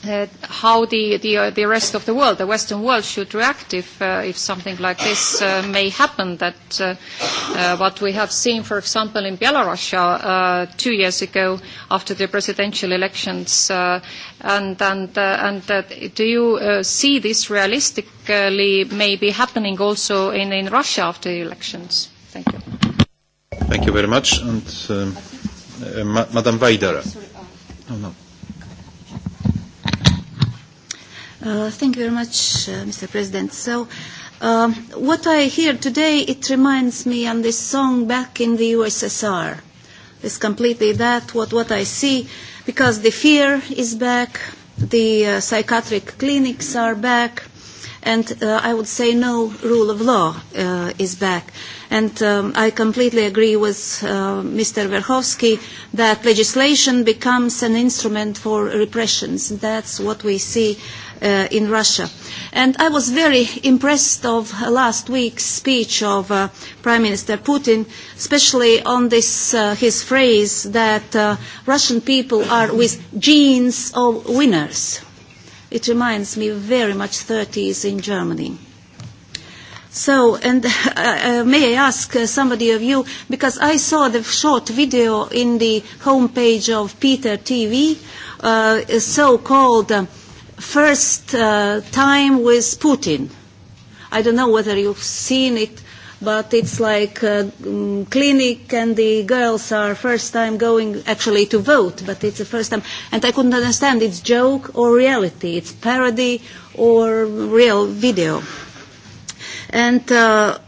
Uh, how the, the, uh, the rest of the world, the Western world, should react if, uh, if something like this uh, may happen. That uh, uh, what we have seen, for example, in Belarus uh, two years ago after the presidential elections, uh, and, and, uh, and uh, do you uh, see this realistically maybe happening also in, in Russia after the elections? Thank you. Thank you very much, and um, uh, Madam Vaidara. Sorry, uh, oh, no. Uh, thank you very much, uh, Mr. President. So, uh, what I hear today, it reminds me on this song back in the USSR. It's completely that, what, what I see, because the fear is back, the uh, psychiatric clinics are back, and uh, I would say no rule of law uh, is back. And um, I completely agree with uh, Mr. Verhofsky that legislation becomes an instrument for repressions. That's what we see uh, in Russia. And I was very impressed of last week's speech of uh, Prime Minister Putin, especially on this, uh, his phrase that uh, Russian people are with genes of winners. It reminds me very much 30s in Germany. So, and [LAUGHS] uh, uh, may I ask uh, somebody of you, because I saw the short video in the homepage of Peter TV, uh, so-called uh, first uh, time with Putin. I don't know whether you've seen it, but it's like a uh, um, mm, clinic and the girls are first time going actually to vote, but it's the first time. And I couldn't understand, it's joke or reality, it's parody or real video. And uh,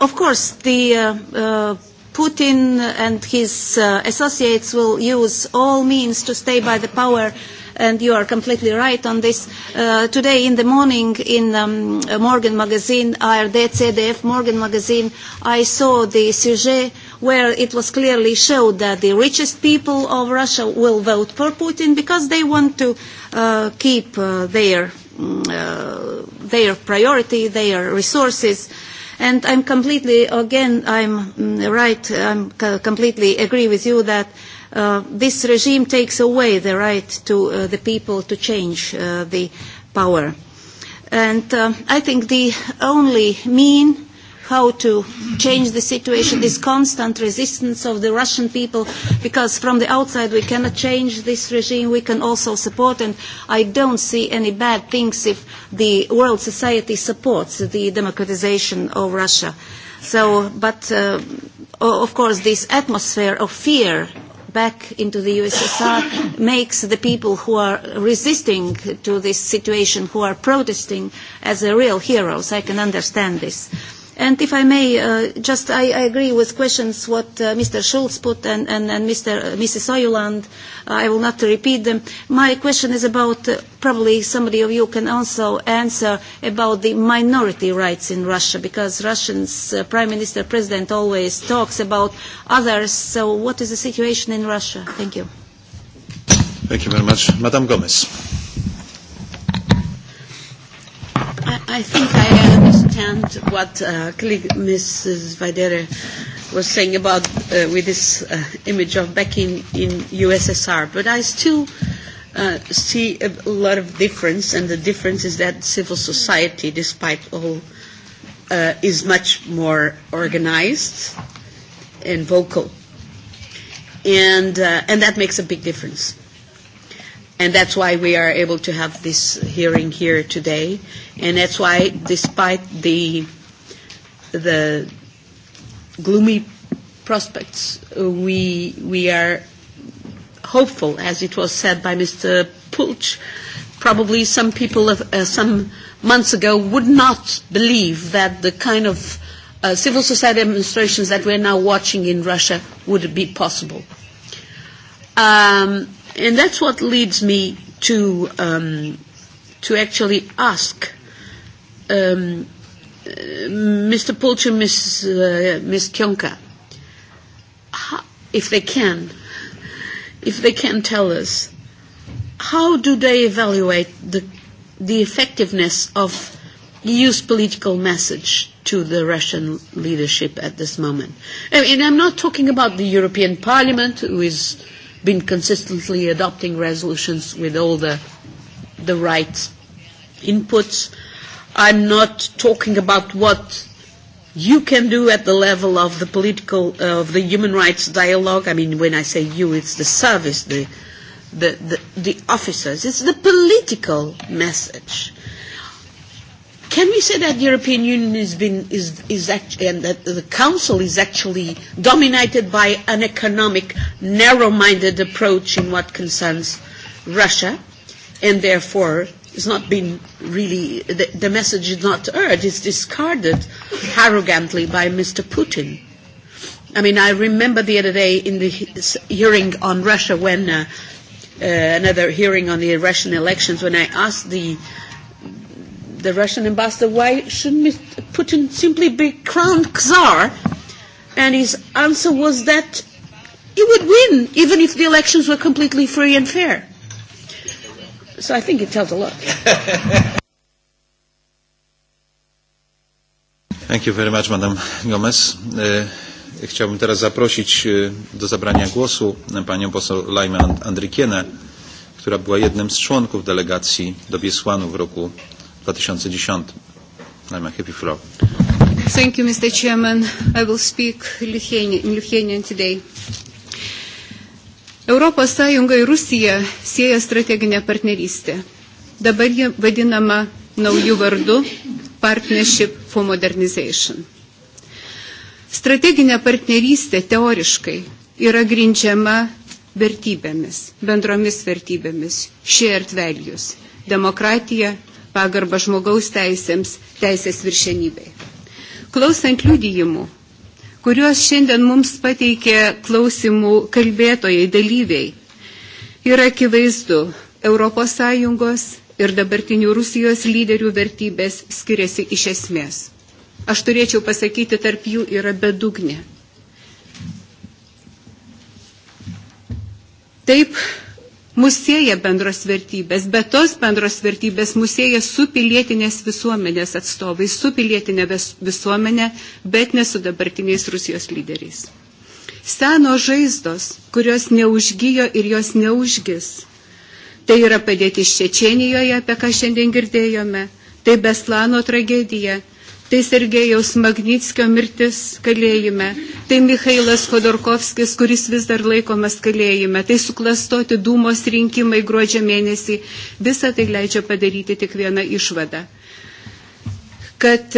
of course, the uh, uh, Putin and his uh, associates will use all means to stay by the power and you are completely right on this. Uh, today in the morning in um, Morgan magazine, ARD, CDF Morgan magazine, I saw the sujet where it was clearly showed that the richest people of Russia will vote for Putin because they want to uh, keep uh, their, mm, uh, their priority, their resources, And I'm completely, again, I'm mm, right, I completely agree with you that Uh, this regime takes away the right to uh, the people to change uh, the power. And uh, I think the only mean how to change the situation is constant resistance of the Russian people because from the outside we cannot change this regime, we can also support and I don't see any bad things if the world society supports the democratization of Russia. So, but uh, of course this atmosphere of fear back into the USSR makes the people who are resisting to this situation, who are protesting, as real heroes. I can understand this. And if I may, uh, just I, I agree with questions what uh, Mr. Schulz put and, and, and Mr., uh, Mrs. Oyuland. Uh, I will not repeat them. My question is about, uh, probably somebody of you can also answer about the minority rights in Russia, because Russian's uh, Prime Minister, President always talks about others. So what is the situation in Russia? Thank you. Thank you very much. Madam Gomez. I, I think I... Uh, understand what uh, Mrs. Vaidere was saying about uh, with this uh, image of back in, in USSR, but I still uh, see a lot of difference, and the difference is that civil society, despite all, uh, is much more organized and vocal, and uh, and that makes a big difference. And that's why we are able to have this hearing here today. And that's why, despite the, the gloomy prospects, we, we are hopeful, as it was said by Mr. Pulch. Probably some people of, uh, some months ago would not believe that the kind of uh, civil society demonstrations that we're now watching in Russia would be possible. Um, and that's what leads me to um, to actually ask um, uh, Mr. Pulcher, Ms. Uh, Ms. Kionka if they can, if they can tell us how do they evaluate the the effectiveness of EU's political message to the Russian leadership at this moment. And I'm not talking about the European Parliament, who is been consistently adopting resolutions with all the, the right inputs. I'm not talking about what you can do at the level of the political uh, of the human rights dialogue. I mean, when I say you, it's the service, the the the, the officers. It's the political message Can we say that the European Union has been, is, is act, and that the Council is actually dominated by an economic, narrow-minded approach in what concerns Russia, and therefore it's not been really, the, the message is not heard, it's discarded arrogantly by Mr. Putin. I mean, I remember the other day in the hearing on Russia when, uh, uh, another hearing on the Russian elections, when I asked the the Russian ambassador, why shouldn't Putin simply be crowned czar? And his answer was that he would win, even if the elections were completely free and fair. So I think it tells a lot. [LAUGHS] Thank you very much, Madam Gomez. Uh, chciałbym teraz zaprosić do zabrania głosu panią poseł Lajmę Andrykienę, która była jednym z członków delegacji do Biesłanu w roku 2010. I'm happy Thank you, Mr. Chairman. I will speak Lithuanian, Lithuanian today. Europos Sąjunga ir Rusija sieja strateginę partnerystę. Dabar ji vadinama naujų vardų Partnership for Modernization. Strateginė partnerystė teoriškai yra grindžiama vertybėmis, bendromis vertybėmis, shared values – demokratija, pagarbą žmogaus teisėms, teisės viršenybei. Klausant liudijimų, kuriuos šiandien mums pateikė klausimų kalbėtojai dalyviai, yra akivaizdu ES ir dabartinių Rusijos lyderių vertybės skiriasi iš esmės. Aš turėčiau pasakyti, tarp jų yra bedugnė. Taip, mus sieja bendros vertybės, bet tos bendros vertybės mus sieja su pilietinės visuomenės atstovai, su pilietinė visuomenė, bet ne su dabartiniais Rusijos lyderiais. Seno žaizdos, kurios neužgyjo ir jos neužgis, tai yra padėti Šečenijoje, apie ką šiandien girdėjome, tai Beslano tragedija, tai Sergejaus Magnitskio mirtis kalėjime, tai Mikhailas Khodorkovskis, kuris vis dar laikomas kalėjime, tai suklastoti dūmos rinkimai gruodžio mėnesį, visą tai leidžia padaryti tik vieną išvadą, kad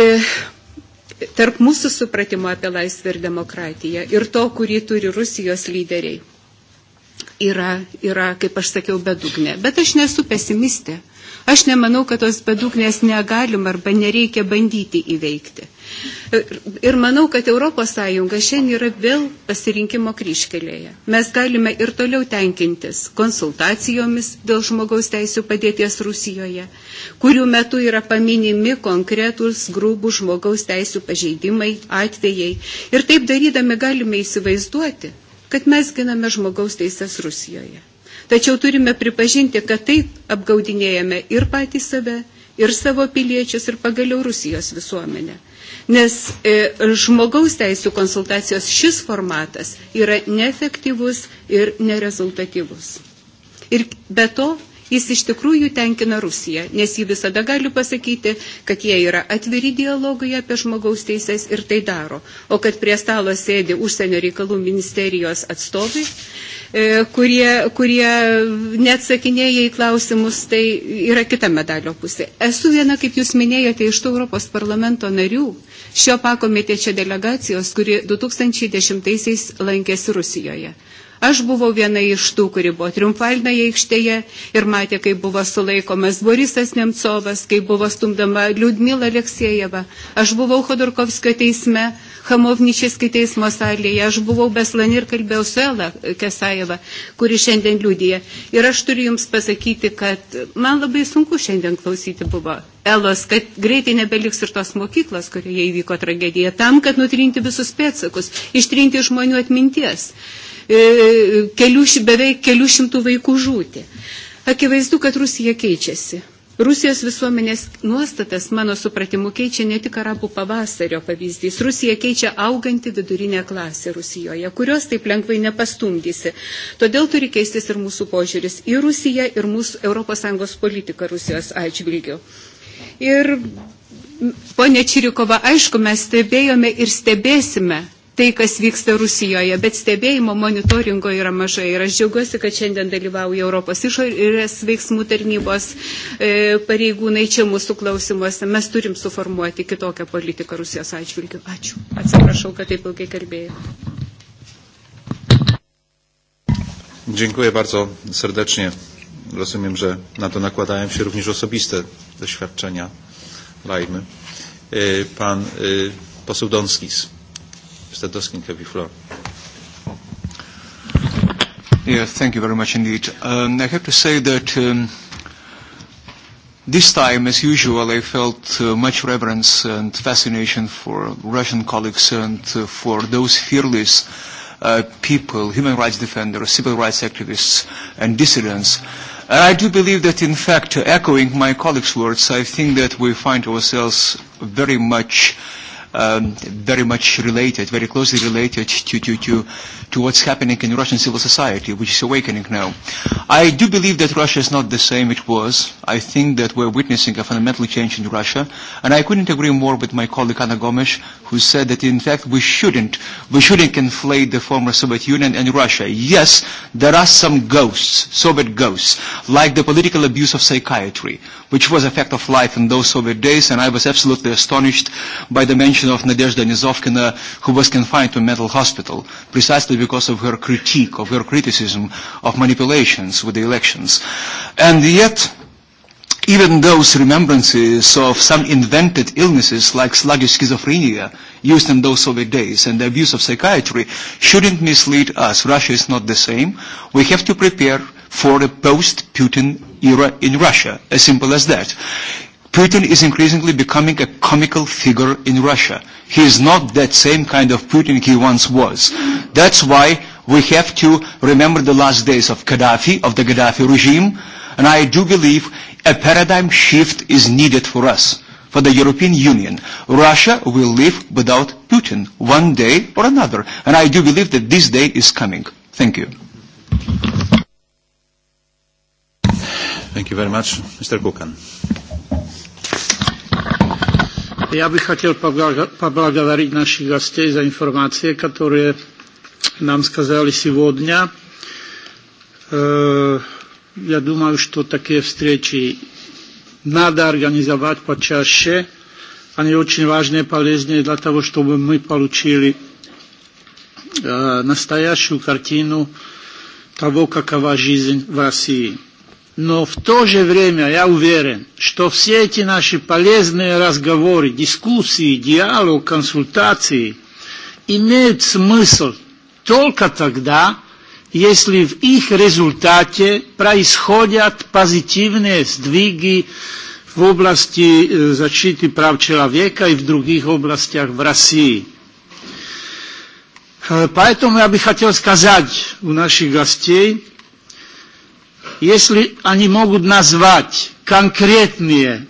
tarp mūsų supratimo apie laisvę ir demokratiją ir to, kurį turi Rusijos lyderiai, yra, yra kaip aš sakiau, bedugnė. Bet aš nesu pesimistė. Aš nemanau, kad tos bedugnės negalim arba nereikia bandyti įveikti. Ir manau, kad ES šiandien yra vėl pasirinkimo kryškelėje. Mes galime ir toliau tenkintis konsultacijomis dėl žmogaus teisų padėties Rusijoje, kurių metu yra paminimi konkretus grūbų žmogaus teisų pažeidimai, atvejai. Ir taip darydami galime įsivaizduoti, kad mes giname žmogaus teisės Rusijoje. Tačiau turime pripažinti, kad taip apgaudinėjame ir patį save, ir savo piliečius, ir pagaliau Rusijos visuomenę. Nes e, žmogaus teisų konsultacijos šis formatas yra neefektyvus ir nerezultatyvus. Ir be to jis iš tikrųjų tenkina Rusiją, nes ji visada gali pasakyti, kad jie yra atviri dialogai apie žmogaus teisės ir tai daro, o kad prie stalo sėdi užsienio reikalų ministerijos atstovai, kurie, kurie neatsakinėja į klausimus, tai yra kita medalio pusė. Esu viena, kaip jūs minėjote, iš tų Europos parlamento narių, šio pakomitečio delegacijos, kuri 2010 lankėsi Rusijoje. Aš buvau viena iš tų, kuri buvo triumfalinėje aikštėje ir matė, kaip buvo sulaikomas Borisas Nemcovas, kaip buvo stumdama Liudmila Aleksejeva. Aš buvau Khodorkovskio teisme, Hamovničeski teismo salėje, aš buvau Beslani ir kalbėjau su Ela Kesajeva, kuri šiandien liudyje. Ir aš turiu Jums pasakyti, kad man labai sunku šiandien klausyti buvo Elos, kad greitai nebeliks ir tos mokyklos, kurioje įvyko tragedija, tam, kad nutrinti visus pėtsakus, ištrinti žmonių atminties kelių, beveik kelių šimtų vaikų žūti. Akivaizdu, kad Rusija keičiasi. Rusijos visuomenės nuostatas, mano supratimu, keičia ne tik arabų pavasario pavyzdys. Rusija keičia augantį vidurinę klasę Rusijoje, kurios taip lengvai nepastumdysi. Todėl turi keistis ir mūsų požiūris į Rusiją, ir mūsų ES politiką Rusijos atžvilgiu. Ir, ponė Čirikova, aišku, mes stebėjome ir stebėsime tai, kas vyksta Rusijoje, bet stebėjimo monitoringo yra mažai. Ir aš džiaugiuosi, kad šiandien dalyvauja Europos išorės veiksmų tarnybos e, pareigūnai čia mūsų klausimuose. Mes turim suformuoti kitokią politiką Rusijos atžvilgiu. Ačiū. Atsiprašau, kad taip ilgai kalbėjau. Dziękuję bardzo serdecznie. Rozumiem, że na to nakładają się również osobiste doświadczenia Lajmy. Pan poseł Donskis. Mr. Doskin, have the floor. Yeah, thank you very much indeed. Um, I have to say that um, this time, as usual, I felt uh, much reverence and fascination for Russian colleagues and uh, for those fearless uh, people, human rights defenders, civil rights activists, and dissidents. And I do believe that, in fact, uh, echoing my colleagues' words, I think that we find ourselves very much um, very much related, very closely related to, to, to, to what's happening in Russian civil society, which is awakening now. I do believe that Russia is not the same it was. I think that we're witnessing a fundamental change in Russia, and I couldn't agree more with my colleague Anna Gomes, who said that in fact we shouldn't, we shouldn't conflate the former Soviet Union and Russia. Yes, there are some ghosts, Soviet ghosts, like the political abuse of psychiatry, which was a fact of life in those Soviet days, and I was absolutely astonished by the mention of Nadezhda Nizovkina, who was confined to a mental hospital, precisely because of her critique, of her criticism of manipulations with the elections. And yet, Even those remembrances of some invented illnesses like sluggish schizophrenia used in those Soviet days and the abuse of psychiatry shouldn't mislead us. Russia is not the same. We have to prepare for a post-Putin era in Russia, as simple as that. Putin is increasingly becoming a comical figure in Russia. He is not that same kind of Putin he once was. That's why we have to remember the last days of Gaddafi, of the Gaddafi regime, and I do believe a paradigm shift is needed for us, for the European Union. Russia will live without Putin one day or another, and I do believe that this day is coming. Thank you. Thank you very much. Mr. Kukan. Я бы хотел поблагодарить za гостей за информации, skazali нам сказали сегодня я думаю, что такие встречи надо организовать почаще. Они очень важные и полезные для того, чтобы мы получили э, настоящую картину того, какова жизнь в России. Но в то же время я уверен, что все эти наши полезные разговоры, дискуссии, диалог, консультации имеют смысл только тогда, jestli w ich rezultacie происходят позитивные сдвиги в области защиты прав человека и в других областях в России. Поэтому я бы хотел сказать у наших гостей, если они могут назвать конкретные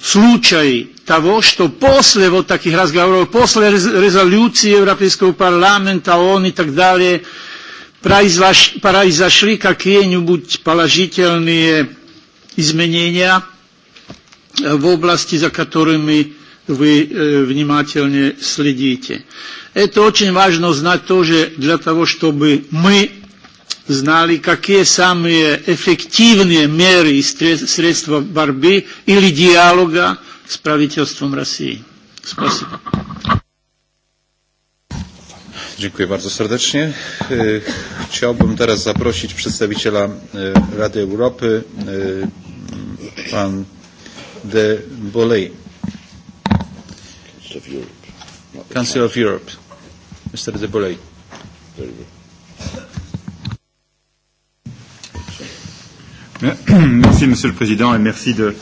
случаи того, что после вот таких разговоров, после резолюции Европейского парламента, ООН и так далее, произошли какие-нибудь положительные изменения в области, за которыми вы внимательнее следите. Это очень важно знать тоже для того, чтобы мы знали, какие самые эффективные меры и средства борьбы или диалога с правительством России. Спасибо. Dziękuję bardzo serdecznie. Chciałbym teraz zaprosić przedstawiciela Rady Europy, pan de Boley. Council of Europe. Mr. de Boley. Merci, Monsieur le Président, et merci de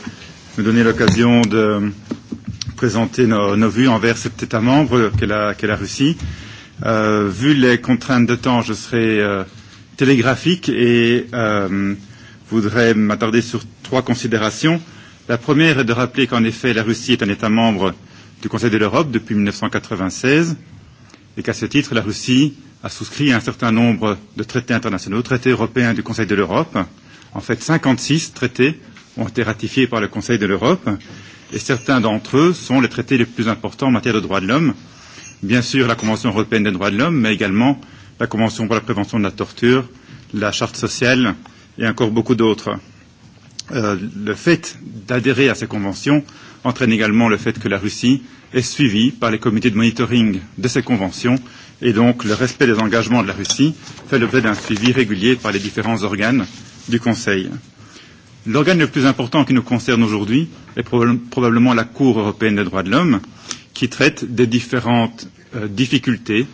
me donner l'occasion de présenter nos, nos vues envers cet État membre qu'est la, qu la Russie. Euh, Euh, vu les contraintes de temps, je serai euh, télégraphique et euh, voudrais m'attarder sur trois considérations. La première est de rappeler qu'en effet, la Russie est un État membre du Conseil de l'Europe depuis 1996 et qu'à ce titre, la Russie a souscrit un certain nombre de traités internationaux, traités européens du Conseil de l'Europe. En fait, 56 traités ont été ratifiés par le Conseil de l'Europe et certains d'entre eux sont les traités les plus importants en matière de droits de l'homme, bien sûr la Convention européenne des droits de l'homme, mais également la Convention pour la prévention de la torture, la Charte sociale et encore beaucoup d'autres. Euh, le fait d'adhérer à ces conventions entraîne également le fait que la Russie est suivie par les comités de monitoring de ces conventions et donc le respect des engagements de la Russie fait l'objet d'un suivi régulier par les différents organes du Conseil. L'organe le plus important qui nous concerne aujourd'hui est probablement la Cour européenne des droits de l'homme qui traite des différentes euh, difficultés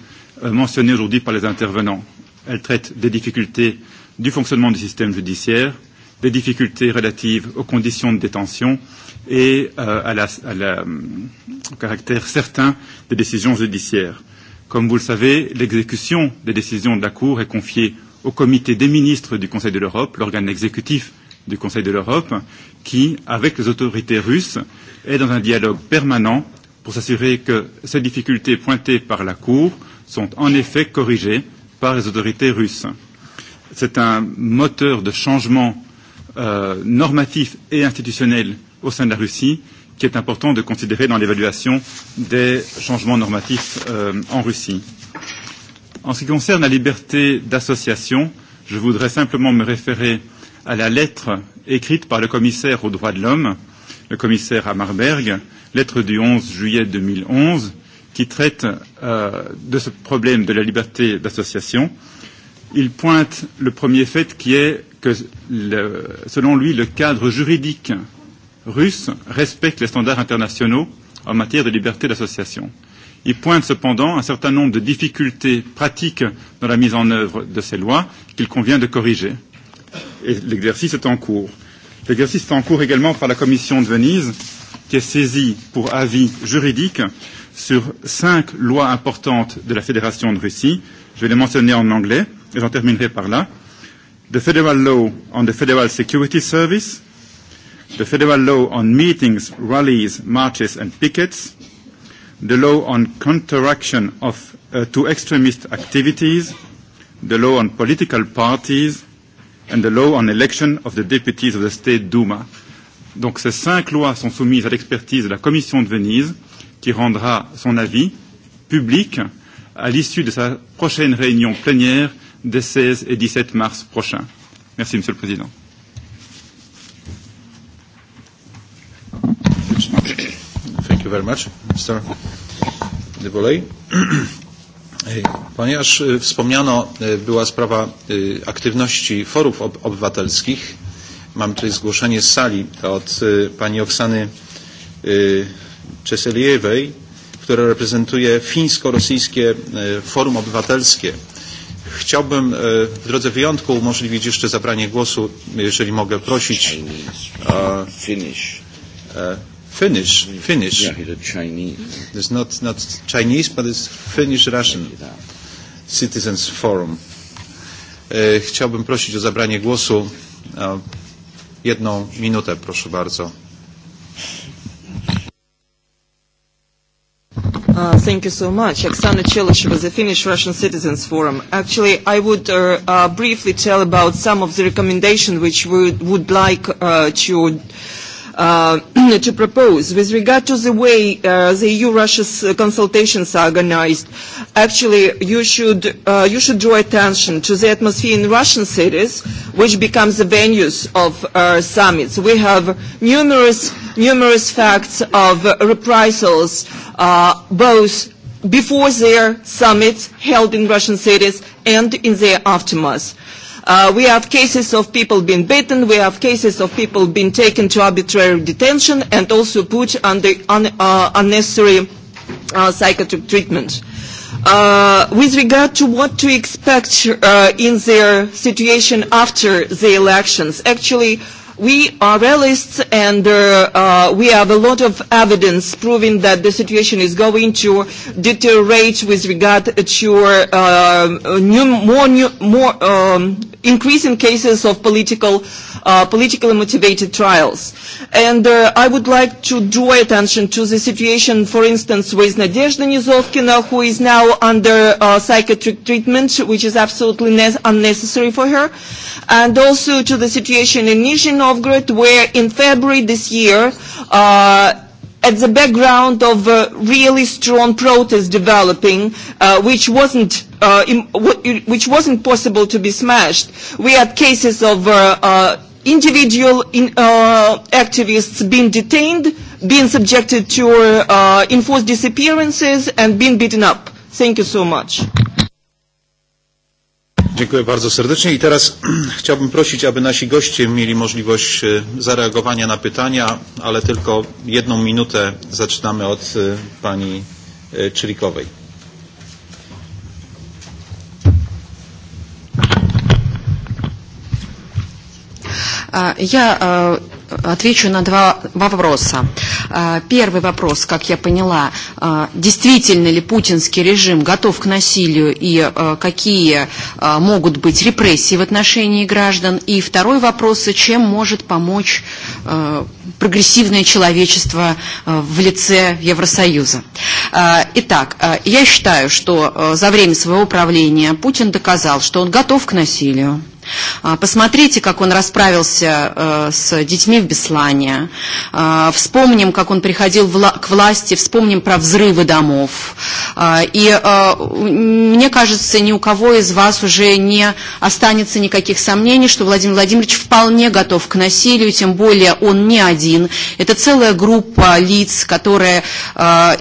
euh, mentionnées aujourd'hui par les intervenants. Elle traite des difficultés du fonctionnement du système judiciaire, des difficultés relatives aux conditions de détention et euh, à la, à la, euh, au caractère certain des décisions judiciaires. Comme vous le savez, l'exécution des décisions de la Cour est confiée au comité des ministres du Conseil de l'Europe, l'organe exécutif du Conseil de l'Europe, qui, avec les autorités russes, est dans un dialogue permanent pour s'assurer que ces difficultés pointées par la Cour sont en effet corrigées par les autorités russes. C'est un moteur de changement euh, normatif et institutionnel au sein de la Russie qui est important de considérer dans l'évaluation des changements normatifs euh, en Russie. En ce qui concerne la liberté d'association, je voudrais simplement me référer à la lettre écrite par le commissaire aux droits de l'homme euh, le commissaire à Marberg, lettre du 11 juillet 2011, qui traite euh, de ce problème de la liberté d'association. Il pointe le premier fait qui est que, le, selon lui, le cadre juridique russe respecte les standards internationaux en matière de liberté d'association. Il pointe cependant un certain nombre de difficultés pratiques dans la mise en œuvre de ces lois qu'il convient de corriger. Et l'exercice est en cours. L'exercice est en cours également par la Commission de Venise, qui est saisie pour avis juridique sur cinq lois importantes de la Fédération de Russie. Je vais les mentionner en anglais et j'en terminerai par là. The Federal Law on the Federal Security Service, the Federal Law on Meetings, Rallies, Marches and Pickets, the Law on Counteraction of, uh, to Extremist Activities, the Law on Political Parties, and the law on election of the deputies of the State Duma. Donc ces cinq lois sont soumises à l'expertise de la Commission de Venise, qui rendra son avis public à l'issue de sa prochaine réunion plénière des 16 et 17 mars prochains. Merci, Monsieur le Président. Thank you very much, Mr. De Ponieważ wspomniano, była sprawa aktywności forów obywatelskich. Mam tutaj zgłoszenie z sali od pani Oksany Czeseliewej, która reprezentuje fińsko-rosyjskie forum obywatelskie. Chciałbym w drodze wyjątku umożliwić jeszcze zabranie głosu, jeżeli mogę prosić. o Finish. Finnish, Finnish. Yeah, he's a Chinese. There's not, not Chinese, but it's Finnish-Russian Citizens Forum. E, chciałbym prosić o zabranie głosu. E, jedną minutę, proszę bardzo. Uh, thank you so much. Oksana Chelisheva, the Finnish Russian Citizens Forum. Actually, I would uh, uh, briefly tell about some of the recommendations which we would like uh, to uh, [CLEARS THROAT] to propose. With regard to the way uh, the EU-Russia consultations are organized, actually you should, uh, you should draw attention to the atmosphere in Russian cities, which becomes the venues of uh, summits. We have numerous, numerous facts of reprisals, uh, both before their summits held in Russian cities and in their aftermath. Uh, we have cases of people being beaten. We have cases of people being taken to arbitrary detention and also put under un, uh, unnecessary uh, psychiatric treatment. Uh, with regard to what to expect uh, in their situation after the elections, actually, uh, We are realists and uh, uh, we have a lot of evidence proving that the situation is going to deteriorate with regard to um, uh, new, more, new, more um, increasing cases of political, uh, politically motivated trials. And uh, I would like to draw attention to the situation, for instance, with Nadezhda Nizovkina, who is now under uh, psychiatric treatment, which is absolutely unnecessary for her, and also to the situation in Nizhino Novgorod, where in February this year, uh, at the background of a really strong protest developing, uh, which wasn't uh, in, w- which wasn't possible to be smashed. We had cases of uh, uh, individual in, uh, activists being detained, being subjected to uh, enforced disappearances, and being beaten up. Thank you so much. Dziękuję bardzo serdecznie i teraz [CLEARS THROAT] chciałbym prosić, aby nasi goście mieli możliwość zareagowania na pytania, ale tylko jedną minutę zaczynamy od pani Czylikowej. Ja отвечу на два вопроса. Первый вопрос, как я поняла, действительно ли путинский режим готов к насилию и какие могут быть репрессии в отношении граждан? И второй вопрос, чем может помочь прогрессивное человечество в лице Евросоюза? Итак, я считаю, что за время своего правления Путин доказал, что он готов к насилию Посмотрите, как он расправился с детьми в Беслане. Вспомним, как он приходил к власти, вспомним про взрывы домов. И мне кажется, ни у кого из вас уже не останется никаких сомнений, что Владимир Владимирович вполне готов к насилию, тем более он не один. Это целая группа лиц, которые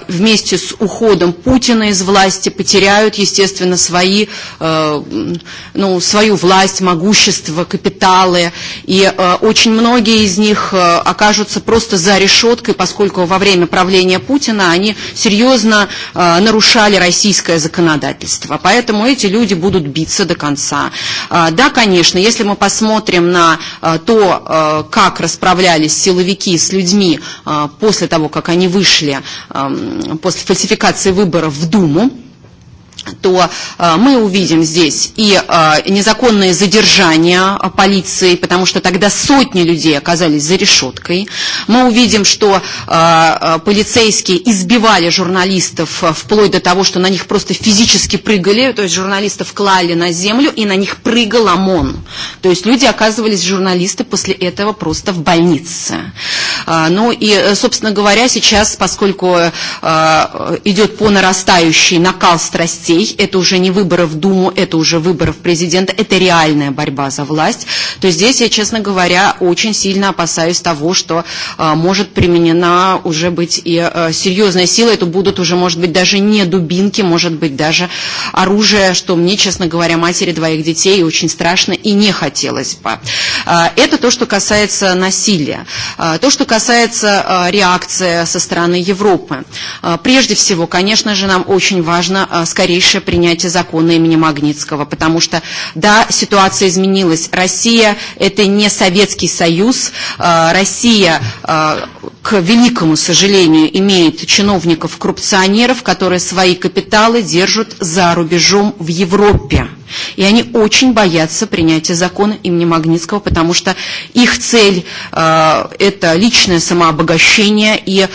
вместе с уходом Путина из власти потеряют, естественно, свои, ну, свою власть, могу могущество, капиталы, и э, очень многие из них э, окажутся просто за решеткой, поскольку во время правления Путина они серьезно э, нарушали российское законодательство. Поэтому эти люди будут биться до конца. Э, да, конечно, если мы посмотрим на э, то, э, как расправлялись силовики с людьми э, после того, как они вышли, э, после фальсификации выборов в Думу, то э, мы увидим здесь и э, незаконное задержание полиции, потому что тогда сотни людей оказались за решеткой. Мы увидим, что э, полицейские избивали журналистов э, вплоть до того, что на них просто физически прыгали, то есть журналистов клали на землю, и на них прыгал ОМОН. То есть люди оказывались, журналисты, после этого просто в больнице. Э, ну и, собственно говоря, сейчас, поскольку э, идет по нарастающей накал страсти, властей. Это уже не выборы в Думу, это уже выборы в президента. Это реальная борьба за власть. То здесь я, честно говоря, очень сильно опасаюсь того, что а, может применена уже быть и а, серьезная сила. Это будут уже, может быть, даже не дубинки, может быть, даже оружие, что мне, честно говоря, матери двоих детей очень страшно и не хотелось бы. А, это то, что касается насилия. Э, то, что касается э, реакции со стороны Европы. Э, прежде всего, конечно же, нам очень важно э, скорее скорейшее принятие закона имени Магнитского, потому что, да, ситуация изменилась. Россия – это не Советский Союз. Россия, к великому сожалению, имеет чиновников-коррупционеров, которые свои капиталы держат за рубежом в Европе. И они очень боятся принятия закона имени Магнитского, потому что их цель э, – это личное самообогащение, и э,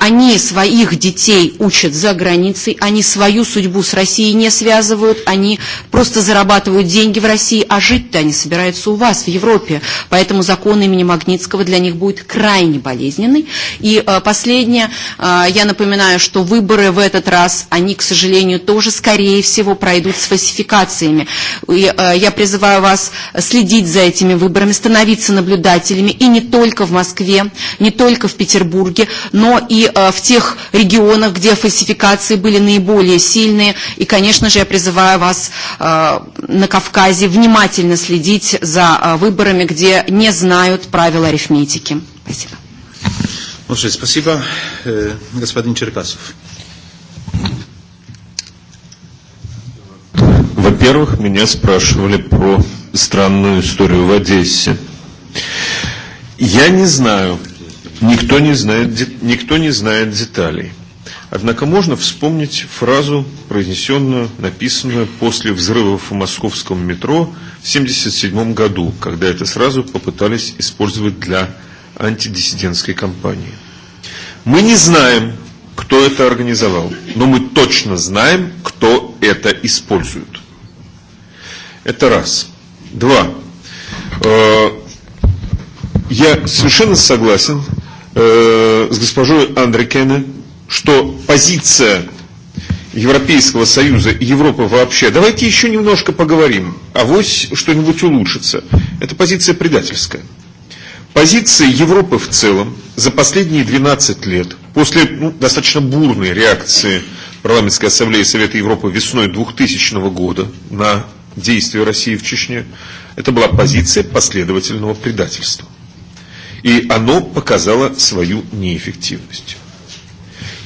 они своих детей учат за границей, они свою судьбу с Россией не связывают, они просто зарабатывают деньги в России, а жить-то они собираются у вас, в Европе. Поэтому закон имени Магнитского для них будет крайне болезненный. И э, последнее, э, я напоминаю, что выборы в этот раз, они, к сожалению, тоже, скорее всего, пройдут с фальсификациями выборами. И, э, я призываю вас следить за этими выборами, становиться наблюдателями и не только в Москве, не только в Петербурге, но и э, в тех регионах, где фальсификации были наиболее сильные. И, конечно же, я призываю вас э, на Кавказе внимательно следить за э, выборами, где не знают правила арифметики. Спасибо. Большое спасибо, господин Черкасов. Во-первых, меня спрашивали про странную историю в Одессе. Я не знаю, никто не знает, никто не знает деталей. Однако можно вспомнить фразу, произнесенную, написанную после взрывов в московском метро в 1977 году, когда это сразу попытались использовать для антидиссидентской кампании. Мы не знаем, кто это организовал, но мы точно знаем, кто это использует. Это раз. Два. Я совершенно согласен с госпожой Андре Андрекене, что позиция Европейского Союза и Европы вообще, давайте еще немножко поговорим, а авось что-нибудь улучшится. Это позиция предательская. Позиция Европы в целом за последние 12 лет, после ну, достаточно бурной реакции Парламентской Ассамблеи Совета Европы весной 2000 года на действия России в Чечне, это была позиция последовательного предательства. И оно показало свою неэффективность.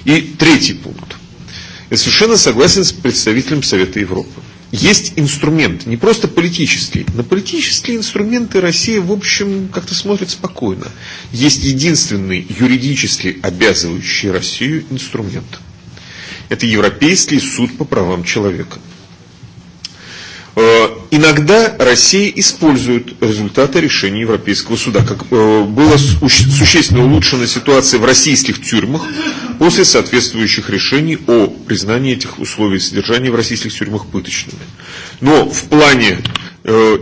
И третий пункт. Я совершенно согласен с представителем Совета Европы. Есть инструмент, не просто политический. На политические инструменты Россия, в общем, как-то смотрит спокойно. Есть единственный юридически обязывающий Россию инструмент. Это Европейский суд по правам человека – Иногда Россия использует результаты решений Европейского суда. Как была существенно улучшена ситуация в российских тюрьмах после соответствующих решений о признании этих условий содержания в российских тюрьмах пыточными. Но в плане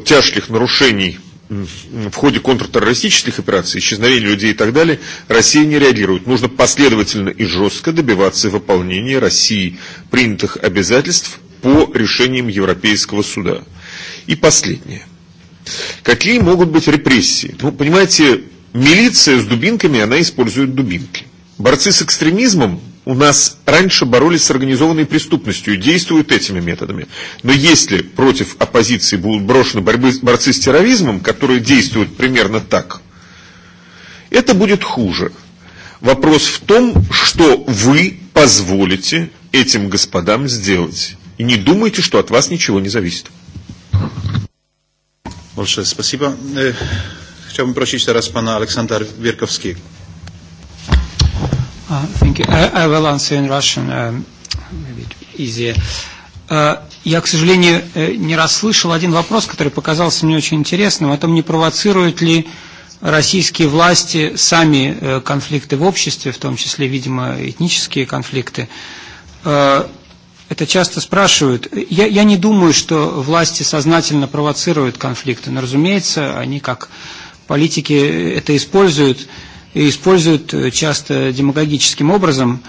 тяжких нарушений в ходе контртеррористических операций, исчезновения людей и так далее, Россия не реагирует. Нужно последовательно и жестко добиваться выполнения России принятых обязательств по решениям Европейского суда. И последнее. Какие могут быть репрессии? Ну, понимаете, милиция с дубинками, она использует дубинки. Борцы с экстремизмом у нас раньше боролись с организованной преступностью действуют этими методами. Но если против оппозиции будут брошены борьбы, борцы с терроризмом, которые действуют примерно так, это будет хуже. Вопрос в том, что вы позволите этим господам сделать. И не думайте, что от вас ничего не зависит. Большое спасибо. Хотел бы просить сейчас пана Александра Wierkowskiego. Uh, thank you. I, I will answer in Russian, um, maybe easier. Uh, я, к сожалению, не расслышал один вопрос, который показался мне очень интересным, о том, не провоцируют ли российские власти сами конфликты в обществе, в том числе, видимо, этнические конфликты. Uh, это часто спрашивают. Я, я не думаю, что власти сознательно провоцируют конфликты, но, разумеется, они как политики это используют, и используют часто демагогическим образом.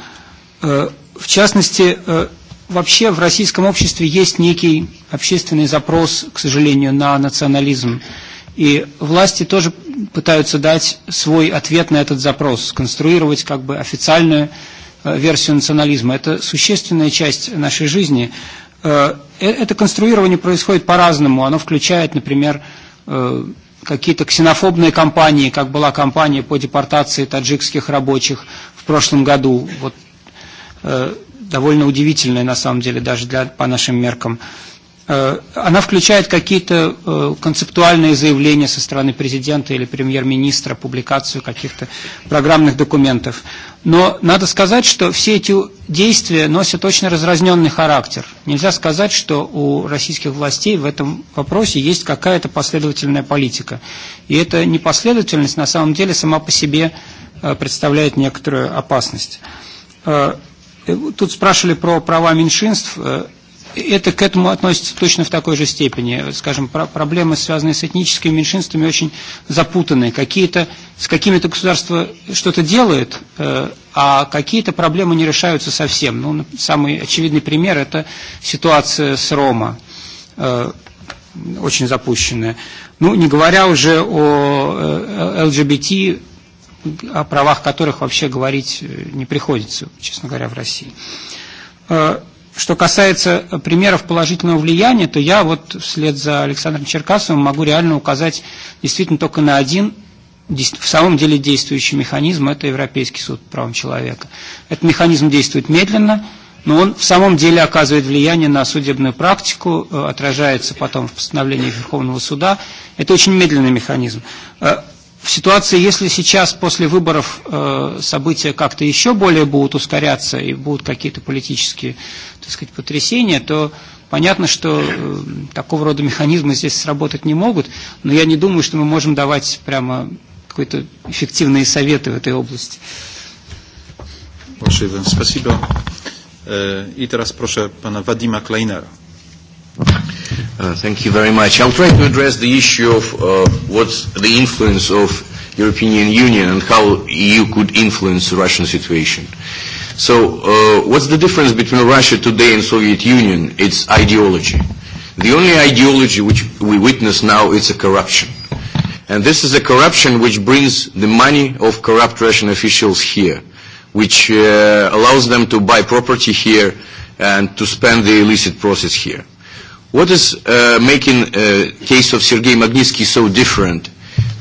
В частности, вообще в российском обществе есть некий общественный запрос, к сожалению, на национализм. И власти тоже пытаются дать свой ответ на этот запрос, сконструировать как бы официальную версию национализма. Это существенная часть нашей жизни. Это конструирование происходит по-разному. Оно включает, например, какие-то ксенофобные кампании, как была кампания по депортации таджикских рабочих в прошлом году. Вот, довольно удивительная, на самом деле, даже для, по нашим меркам она включает какие-то концептуальные заявления со стороны президента или премьер-министра, публикацию каких-то программных документов. Но надо сказать, что все эти действия носят очень разразненный характер. Нельзя сказать, что у российских властей в этом вопросе есть какая-то последовательная политика. И эта непоследовательность на самом деле сама по себе представляет некоторую опасность. Тут спрашивали про права меньшинств это к этому относится точно в такой же степени. Скажем, про проблемы, связанные с этническими меньшинствами, очень запутанные. Какие-то, с какими-то государства что-то делают, э, а какие-то проблемы не решаются совсем. Ну, самый очевидный пример – это ситуация с Рома, э, очень запущенная. Ну, не говоря уже о э, ЛГБТ, о правах которых вообще говорить не приходится, честно говоря, в России. Э, Что касается примеров положительного влияния, то я вот вслед за Александром Черкасовым могу реально указать действительно только на один в самом деле действующий механизм – это Европейский суд по правам человека. Этот механизм действует медленно, но он в самом деле оказывает влияние на судебную практику, отражается потом в постановлении Верховного суда. Это очень медленный механизм в ситуации, если сейчас после выборов э, события как-то еще более будут ускоряться и будут какие-то политические, так сказать, потрясения, то понятно, что э, такого рода механизмы здесь сработать не могут, но я не думаю, что мы можем давать прямо какие-то эффективные советы в этой области. Спасибо. И теперь прошу пана Вадима Kleinera. Uh, thank you very much. I'll try to address the issue of uh, what's the influence of European Union and how EU could influence the Russian situation. So uh, what's the difference between Russia today and Soviet Union? It's ideology. The only ideology which we witness now is a corruption. And this is a corruption which brings the money of corrupt Russian officials here, which uh, allows them to buy property here and to spend the illicit process here. What is uh, making uh, case of Sergei Magnitsky so different?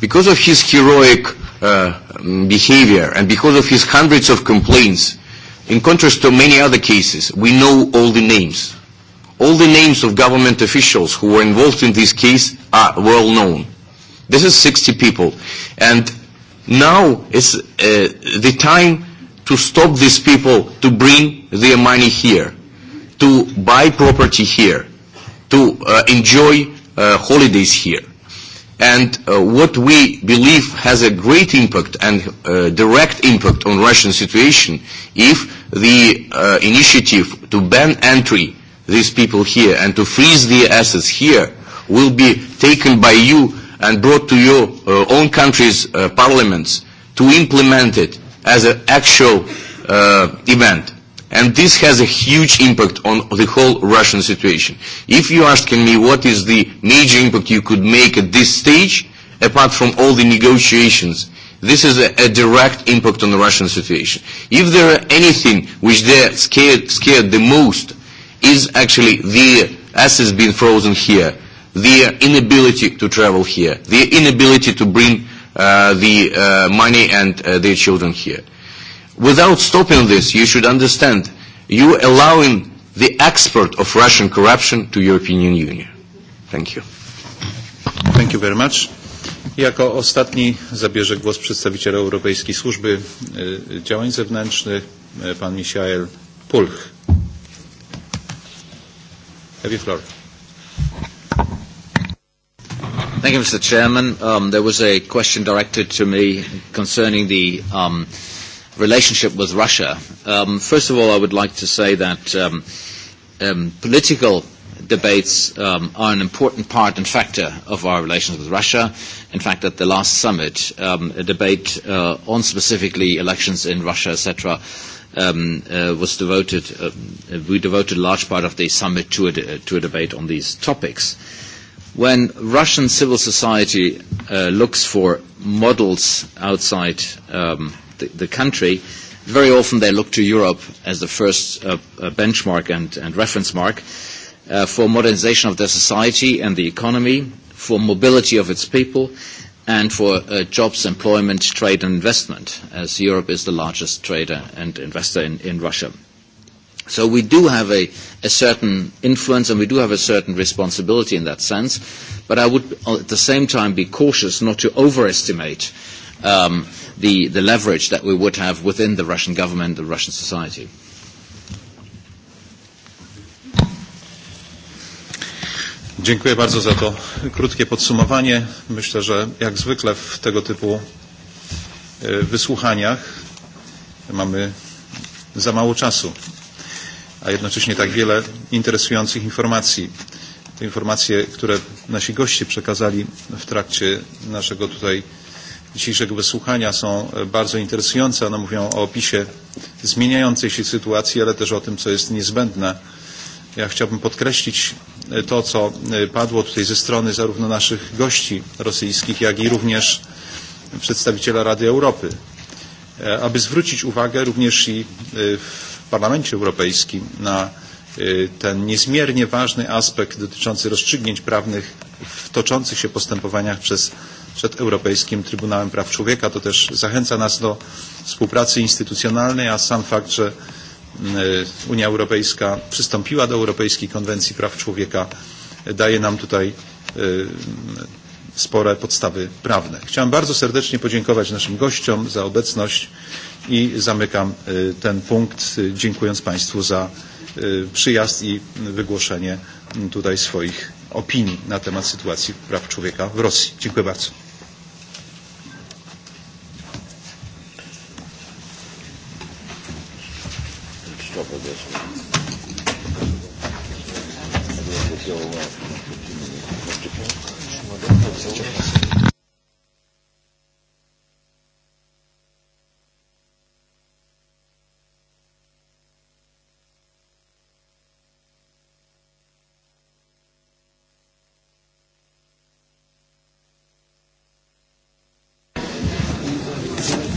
Because of his heroic uh, behavior and because of his hundreds of complaints, in contrast to many other cases, we know all the names. All the names of government officials who were involved in this case are well known. This is 60 people. And now is uh, the time to stop these people to bring their money here, to buy property here, to uh, enjoy uh, holidays here. And uh, what we believe has a great impact and uh, direct impact on Russian situation if the uh, initiative to ban entry these people here and to freeze their assets here will be taken by you and brought to your uh, own country's uh, parliaments to implement it as an actual uh, event. And this has a huge impact on the whole Russian situation. If you asking me what is the major impact you could make at this stage, apart from all the negotiations, this is a, a direct impact on the Russian situation. If there are anything which they're scared, scared the most is actually the assets being frozen here, their inability to travel here, their inability to bring uh, the uh, money and uh, their children here without stopping this, you should understand, you allowing the export of Russian corruption to European Union. Thank you. Thank you very much. Jako ostatni zabierze głos przedstawiciel Europejskiej Służby Działań Zewnętrznych, pan Michael Pulch. Have you floor. Thank you, Mr. Chairman. Um, there was a question directed to me concerning the um, relationship with Russia. Um, first of all, I would like to say that um, um, political debates um, are an important part and factor of our relations with Russia. In fact, at the last summit, um, a debate uh, on specifically elections in Russia, etc., um, uh, was devoted. Uh, we devoted a large part of the summit to a, de- to a debate on these topics. When Russian civil society uh, looks for models outside um, the, the country, very often they look to Europe as the first uh, uh, benchmark and, and reference mark uh, for modernization of their society and the economy, for mobility of its people, and for uh, jobs, employment, trade and investment, as Europe is the largest trader and investor in, in Russia. So we do have a, a certain influence and we do have a certain responsibility in that sense, but I would uh, at the same time be cautious not to overestimate uh, um, the, the leverage that we would have within the Russian government, the Russian society. Dziękuję bardzo za to krótkie podsumowanie. Myślę, że jak zwykle w tego typu wysłuchaniach mamy za mało czasu, a jednocześnie tak wiele interesujących informacji. Te informacje, które nasi goście przekazali w trakcie naszego tutaj dzisiejszego wysłuchania są bardzo interesujące. One mówią o opisie zmieniającej się sytuacji, ale też o tym, co jest niezbędne. Ja chciałbym podkreślić to, co padło tutaj ze strony zarówno naszych gości rosyjskich, jak i również przedstawiciela Rady Europy, aby zwrócić uwagę również i w Parlamencie Europejskim na ten niezmiernie ważny aspekt dotyczący rozstrzygnięć prawnych w toczących się postępowaniach przez przed Europejskim Trybunałem Praw Człowieka. To też zachęca nas do współpracy instytucjonalnej, a sam fakt, że Unia Europejska przystąpiła do Europejskiej Konwencji Praw Człowieka daje nam tutaj spore podstawy prawne. Chciałem bardzo serdecznie podziękować naszym gościom za obecność i zamykam ten punkt, dziękując Państwu za przyjazd i wygłoszenie tutaj swoich opinii na temat sytuacji praw człowieka w Rosji. Dziękuję bardzo. Stop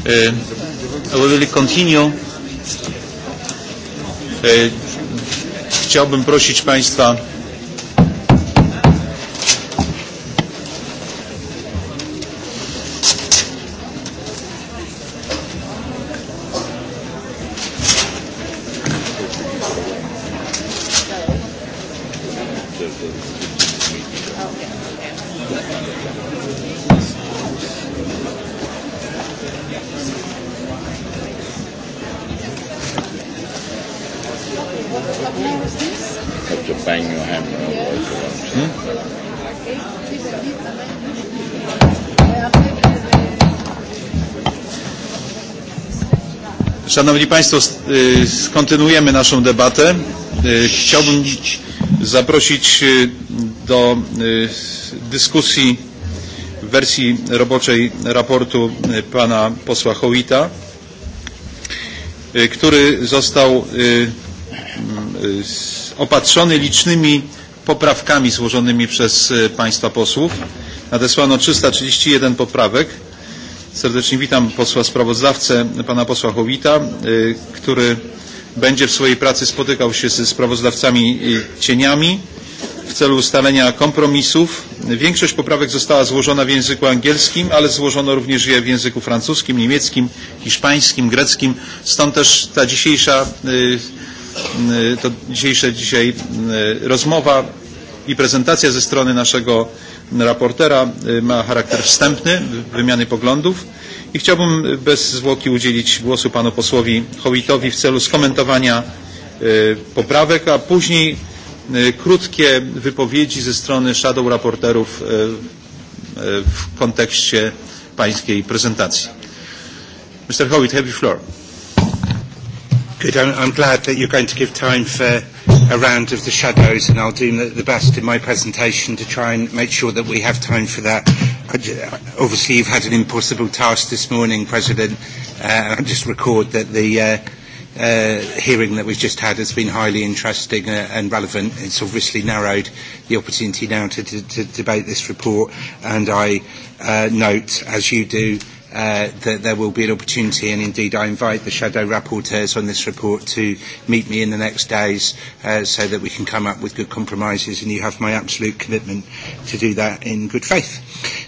Uh, we will continue. Uh, chciałbym prosić Państwa Szanowni Państwo, kontynuujemy naszą debatę. Chciałbym zaprosić do dyskusji w wersji roboczej raportu pana posła Hołita, który został opatrzony licznymi poprawkami złożonymi przez państwa posłów. Nadesłano 331 poprawek Serdecznie witam posła sprawozdawcę, pana posła Howita, który będzie w swojej pracy spotykał się ze sprawozdawcami cieniami w celu ustalenia kompromisów. Większość poprawek została złożona w języku angielskim, ale złożono również je w języku francuskim, niemieckim, hiszpańskim, greckim. Stąd też ta dzisiejsza, to dzisiejsza dzisiaj rozmowa i prezentacja ze strony naszego raportera ma charakter wstępny wymiany poglądów i chciałbym bez zwłoki udzielić głosu panu posłowi Howitowi w celu skomentowania poprawek, a później krótkie wypowiedzi ze strony shadow raporterów w kontekście pańskiej prezentacji. Mr. Howitt, have you floor. Good, I'm, I'm glad that you're going to give time for a round of the shadows, and I'll do the best in my presentation to try and make sure that we have time for that. Obviously, you've had an impossible task this morning, President. Uh, I'll just record that the uh, uh, hearing that we've just had has been highly interesting uh, and relevant. It's obviously narrowed the opportunity now to, to, to debate this report, and I uh, note, as you do, uh, that there will be an opportunity, and indeed I invite the shadow rapporteurs on this report to meet me in the next days uh, so that we can come up with good compromises, and you have my absolute commitment to do that in good faith.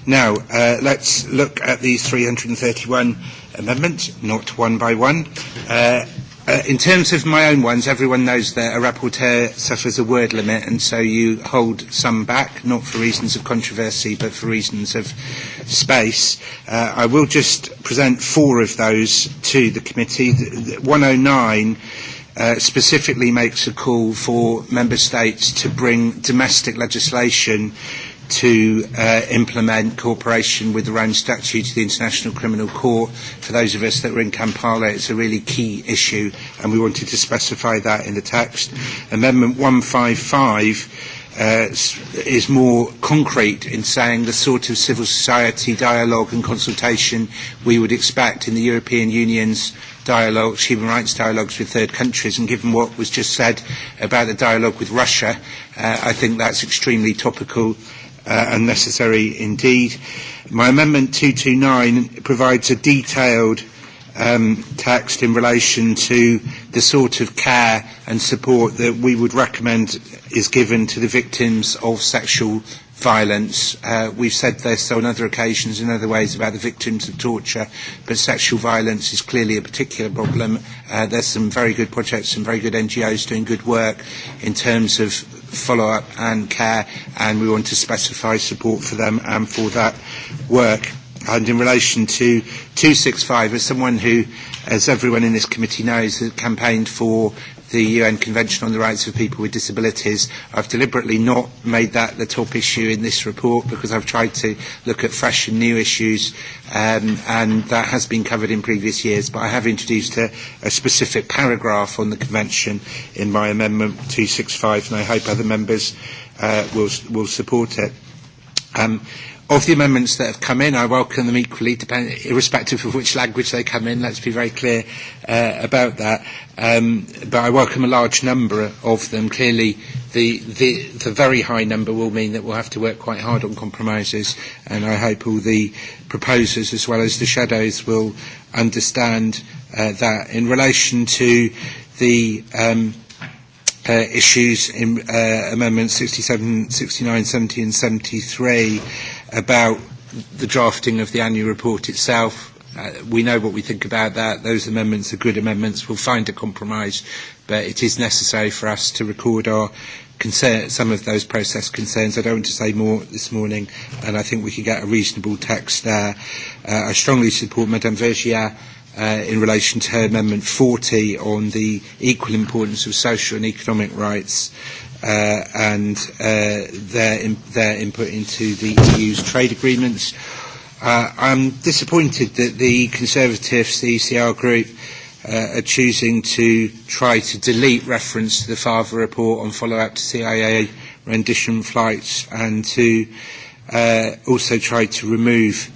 Now, uh, let's look at these 331 amendments, not one by one. Uh, Uh, in terms of my own ones, everyone knows that a rapporteur suffers a word limit, and so you hold some back, not for reasons of controversy, but for reasons of space. Uh, I will just present four of those to the committee. The, the 109 uh, specifically makes a call for member states to bring domestic legislation uh, to uh, implement cooperation with the Rome Statute of the International Criminal Court. For those of us that were in Kampala, it's a really key issue, and we wanted to specify that in the text. Amendment 155 uh, is more concrete in saying the sort of civil society dialogue and consultation we would expect in the European Union's dialogues, human rights dialogues with third countries. And given what was just said about the dialogue with Russia, uh, I think that's extremely topical uh, and necessary indeed. My amendment 229 provides a detailed um, text in relation to the sort of care and support that we would recommend is given to the victims of sexual violence. Uh, we've said this on other occasions in other ways about the victims of torture, but sexual violence is clearly a particular problem. Uh, there's some very good projects and very good NGOs doing good work in terms of follow-up and care, and we want to specify support for them and for that work. And in relation to 265, as someone who, as everyone in this committee knows, has campaigned for the UN Convention on the Rights of People with Disabilities. I've deliberately not made that the top issue in this report because I've tried to look at fresh and new issues um, and that has been covered in previous years but I have introduced a, a specific paragraph on the Convention in my Amendment 265 and I hope other members uh, will, will support it. Um, of the amendments that have come in, I welcome them equally, depend, irrespective of which language they come in. Let's be very clear uh, about that. Um, but I welcome a large number of them. Clearly, the, the, the very high number will mean that we'll have to work quite hard on compromises, and I hope all the proposers, as well as the shadows, will understand uh, that. In relation to the um, uh, issues in uh, Amendments 67, 69, 70 and 73, about the drafting of the annual report itself. Uh, we know what we think about that. Those amendments are good amendments. We'll find a compromise, but it is necessary for us to record our concern, some of those process concerns. I don't want to say more this morning, and I think we can get a reasonable text there. Uh, I strongly support Madame Vergier uh, in relation to her Amendment 40 on the equal importance of social and economic rights uh, and uh, their, in, their input into the EU's trade agreements. Uh, I'm disappointed that the Conservatives, the ECR group, uh, are choosing to try to delete reference to the FAVA report on follow-up to CIA rendition flights and to uh, also try to remove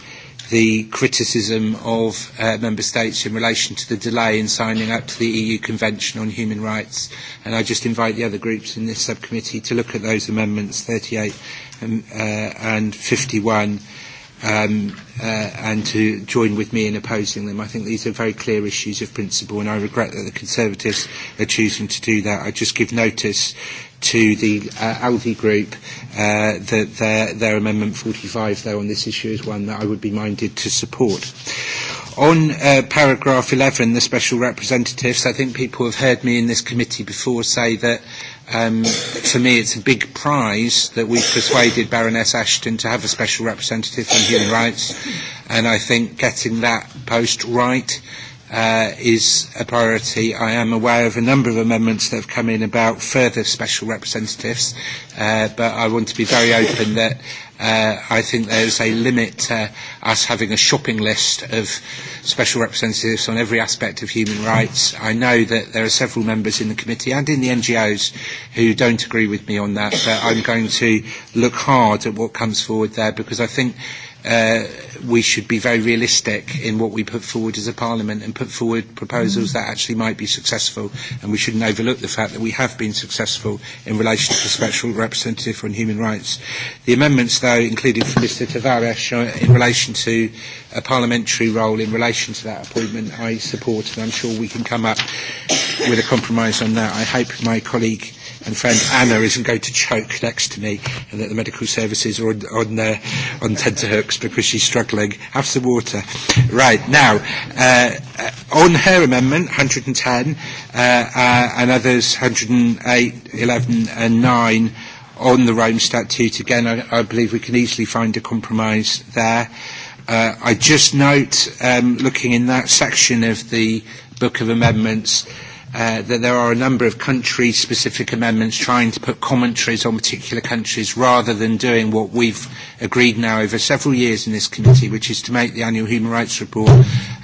the criticism of uh, member states in relation to the delay in signing up to the EU Convention on Human Rights. And I just invite the other groups in this subcommittee to look at those amendments 38 and, uh, and 51 um, uh, and to join with me in opposing them. I think these are very clear issues of principle, and I regret that the Conservatives are choosing to do that. I just give notice to the uh, ALDI group uh, that their, their Amendment 45 though, on this issue is one that I would be minded to support. On uh, paragraph 11, the special representatives, I think people have heard me in this committee before say that um, for me it's a big prize that we've persuaded Baroness Ashton to have a special representative on human rights, and I think getting that post right uh, is a priority. I am aware of a number of amendments that have come in about further special representatives, uh, but I want to be very open that uh, I think there is a limit to us having a shopping list of special representatives on every aspect of human rights. I know that there are several members in the committee and in the NGOs who don't agree with me on that, but I'm going to look hard at what comes forward there because I think uh, we should be very realistic in what we put forward as a parliament and put forward proposals that actually might be successful. And we shouldn't overlook the fact that we have been successful in relation to the special representative on human rights. The amendments, though, including from Mr. Tavares in relation to a parliamentary role in relation to that appointment, I support, and I'm sure we can come up with a compromise on that. I hope my colleague and friend Anna isn't going to choke next to me and that the medical services are on, on, uh, on tenterhooks because she's struggling. Have some water. Right, now, uh, on her amendment, 110, uh, uh, and others, 108, 11 and 9, on the Rome Statute. Again, I, I believe we can easily find a compromise there. Uh, I just note, um, looking in that section of the Book of Amendments, Uh, that there are a number of country-specific amendments trying to put commentaries on particular countries rather than doing what we've agreed now over several years in this committee, which is to make the annual human rights report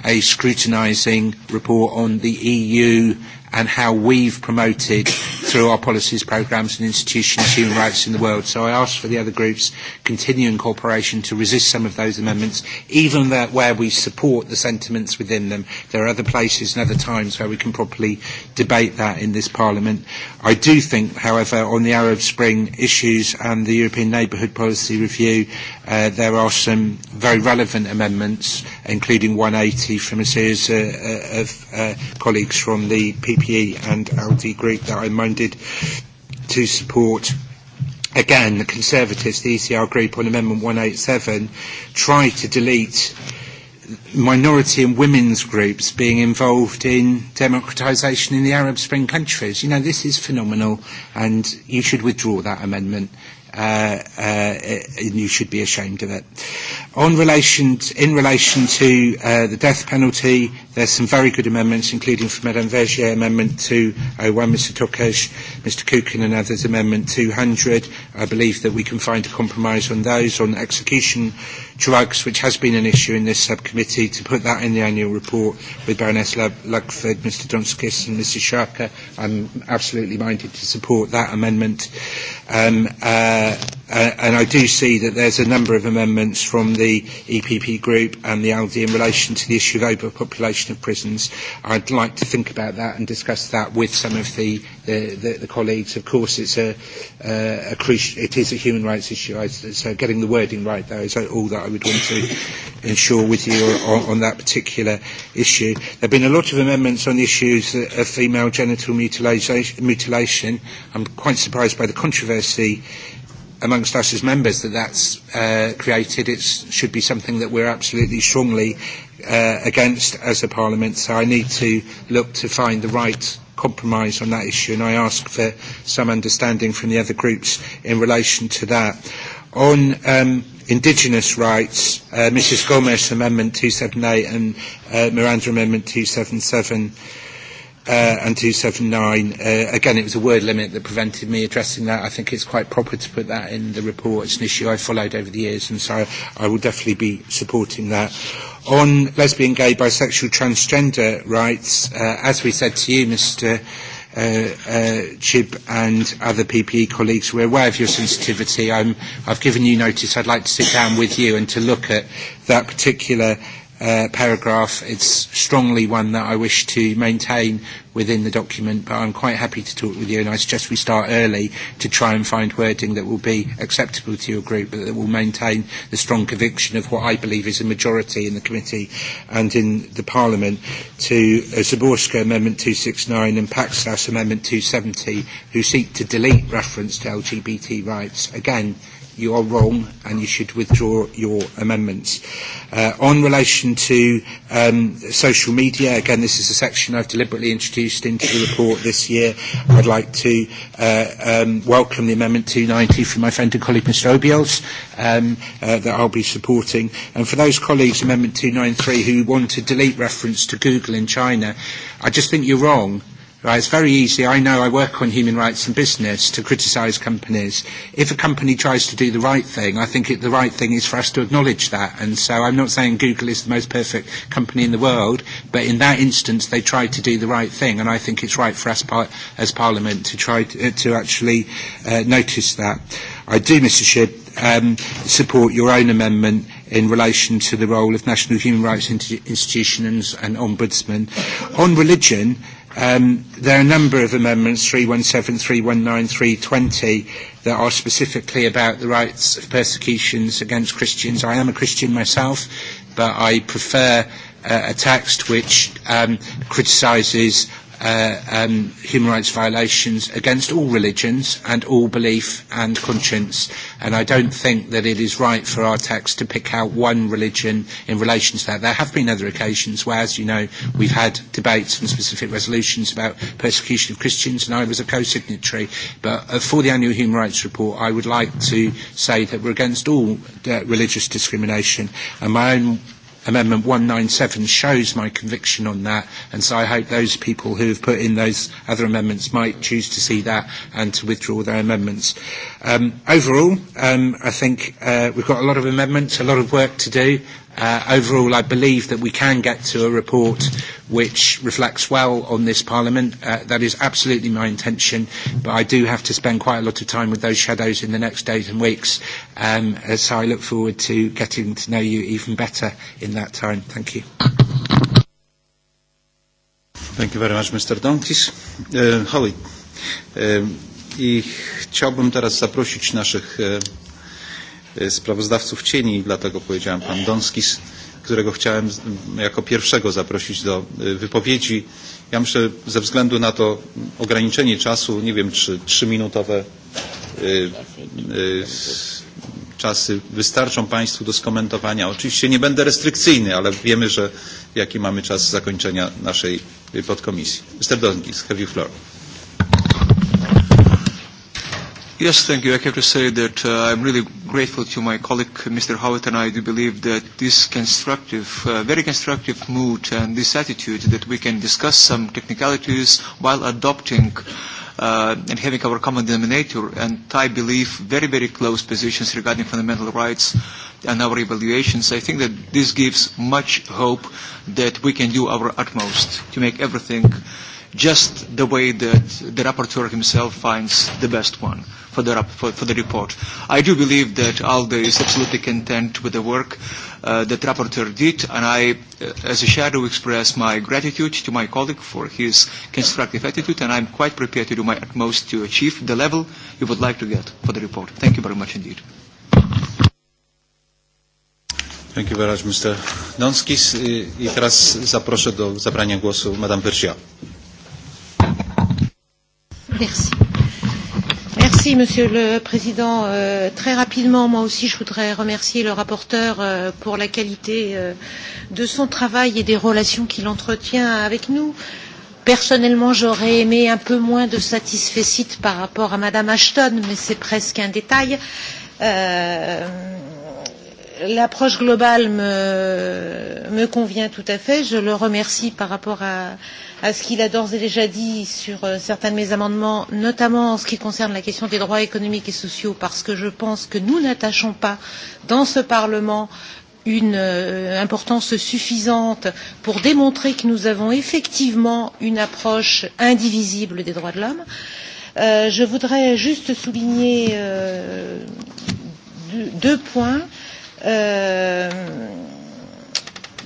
a scrutinising report on the EU and how we've promoted through our policies, programmes and institutions human rights in the world. So I ask for the other groups continuing cooperation to resist some of those amendments, even that where we support the sentiments within them. There are other places and other times where we can properly debate that in this Parliament. I do think, however, on the Arab Spring issues and the European Neighbourhood Policy Review, Uh, there are some very relevant amendments, including 180 from a series uh, uh, of uh, colleagues from the PPE and ALDE group that I'm minded to support. Again, the Conservatives, the ECR group on Amendment 187, try to delete minority and women's groups being involved in democratisation in the Arab Spring countries. You know, this is phenomenal, and you should withdraw that amendment uh, uh, and you should be ashamed of it. On relation, to, in relation to uh, the death penalty, there's some very good amendments, including from Madame Vergier, Amendment 201, Mr Tokesh, Mr Kukin and others, Amendment 200. I believe that we can find a compromise on those, on execution drugs, which has been an issue in this subcommittee, to put that in the annual report with Baroness Lugford, Mr Donskis and Mrs Sharker. I'm absolutely minded to support that amendment. Um, uh, Uh, and I do see that there's a number of amendments from the EPP group and the ALDE in relation to the issue of overpopulation of prisons. I'd like to think about that and discuss that with some of the, the, the, the colleagues. Of course, it's a, uh, a crucial, it is a human rights issue, I, so getting the wording right, though, is all that I would want to ensure with you on, on that particular issue. There have been a lot of amendments on the issues of female genital mutilation. I'm quite surprised by the controversy amongst us as members that that's uh, created. It should be something that we're absolutely strongly uh, against as a parliament. So I need to look to find the right compromise on that issue, and I ask for some understanding from the other groups in relation to that. On um, indigenous rights, uh, Mrs Gomez Amendment 278 and uh, Miranda Amendment 277 uh, and 279. Uh, again, it was a word limit that prevented me addressing that. I think it's quite proper to put that in the report. It's an issue I followed over the years, and so I, I will definitely be supporting that. On lesbian, gay, bisexual, transgender rights, uh, as we said to you, Mr. Uh, uh, Chib and other PPE colleagues, we're aware of your sensitivity. I'm, I've given you notice. I'd like to sit down with you and to look at that particular uh, paragraph. It's strongly one that I wish to maintain within the document, but I'm quite happy to talk with you, and I suggest we start early to try and find wording that will be acceptable to your group, but that will maintain the strong conviction of what I believe is a majority in the committee and in the Parliament to uh, Zaborska Amendment 269 and Paxas Amendment 270, who seek to delete reference to LGBT rights. Again, you are wrong and you should withdraw your amendments. Uh, on relation to um, social media, again, this is a section I've deliberately introduced into the report this year. I'd like to uh, um, welcome the Amendment 290 from my friend and colleague Mr Obiels um, uh, that I'll be supporting. And for those colleagues, Amendment 293, who want to delete reference to Google in China, I just think you're wrong Right, it's very easy. I know I work on human rights and business to criticise companies. If a company tries to do the right thing, I think it, the right thing is for us to acknowledge that. And so I'm not saying Google is the most perfect company in the world, but in that instance, they tried to do the right thing, and I think it's right for us par- as Parliament to try to, uh, to actually uh, notice that. I do, Mr. Shibb, um, support your own amendment in relation to the role of national human rights institutions and ombudsmen. On religion, Um, there are a number of amendments, 317, 319, 320, that are specifically about the rights of persecutions against Christians. I am a Christian myself, but I prefer uh, a text which um, criticises uh, um, human rights violations against all religions and all belief and conscience. And I don't think that it is right for our text to pick out one religion in relation to that. There have been other occasions where, as you know, we've had debates and specific resolutions about persecution of Christians, and I was a co-signatory. But uh, for the annual human rights report, I would like to say that we're against all uh, religious discrimination. And my own Amendment 197 shows my conviction on that, and so I hope those people who have put in those other amendments might choose to see that and to withdraw their amendments. Um, overall, um, I think uh, we've got a lot of amendments, a lot of work to do. Uh, overall, I believe that we can get to a report which reflects well on this Parliament. Uh, that is absolutely my intention, but I do have to spend quite a lot of time with those shadows in the next days and weeks. Um, uh, so I look forward to getting to know you even better in that time. Thank you. Thank you very much, Mr. Donskis. Uh, Holly, uh, i chciałbym teraz zaprosić naszych uh, sprawozdawców cieni, dlatego powiedziałem pan Donskis, którego chciałem jako pierwszego zaprosić do wypowiedzi. Ja myślę, ze względu na to ograniczenie czasu, nie wiem, czy trzyminutowe czasy wystarczą Państwu do skomentowania. Oczywiście nie będę restrykcyjny, ale wiemy, że jaki mamy czas zakończenia naszej podkomisji. Mr. Donskis, have you floor. Yes, thank you. I have to say that uh, I'm really grateful to my colleague, Mr. Howitt, and I do believe that this constructive, uh, very constructive mood and this attitude that we can discuss some technicalities while adopting uh, and having our common denominator and I believe very, very close positions regarding fundamental rights and our evaluations. I think that this gives much hope that we can do our utmost to make everything uh, just the way that the rapporteur himself finds the best one for the, for, for the report. I do believe that ALDE is absolutely content with the work uh, that rapporteur did, and I, uh, as a shadow, express my gratitude to my colleague for his constructive attitude, and I'm quite prepared to do my utmost to achieve the level you would like to get for the report. Thank you very much indeed. Thank you very much, Mr. Donskis. I teraz zaproszę do zabrania głosu Madame Persia. Merci. Merci, Monsieur le Président. Euh, très rapidement, moi aussi, je voudrais remercier le rapporteur euh, pour la qualité euh, de son travail et des relations qu'il entretient avec nous. Personnellement, j'aurais aimé un peu moins de satisfecit par rapport à Madame Ashton, mais c'est presque un détail. Euh, l'approche globale me, me convient tout à fait. Je le remercie par rapport à, à ce qu'il a d'ores et déjà dit sur euh, certains de mes amendements, notamment en ce qui concerne la question des droits économiques et sociaux, parce que je pense que nous n'attachons pas dans ce Parlement une euh, importance suffisante pour démontrer que nous avons effectivement une approche indivisible des droits de l'homme. Euh, je voudrais juste souligner euh, deux, deux points. Euh, Euh,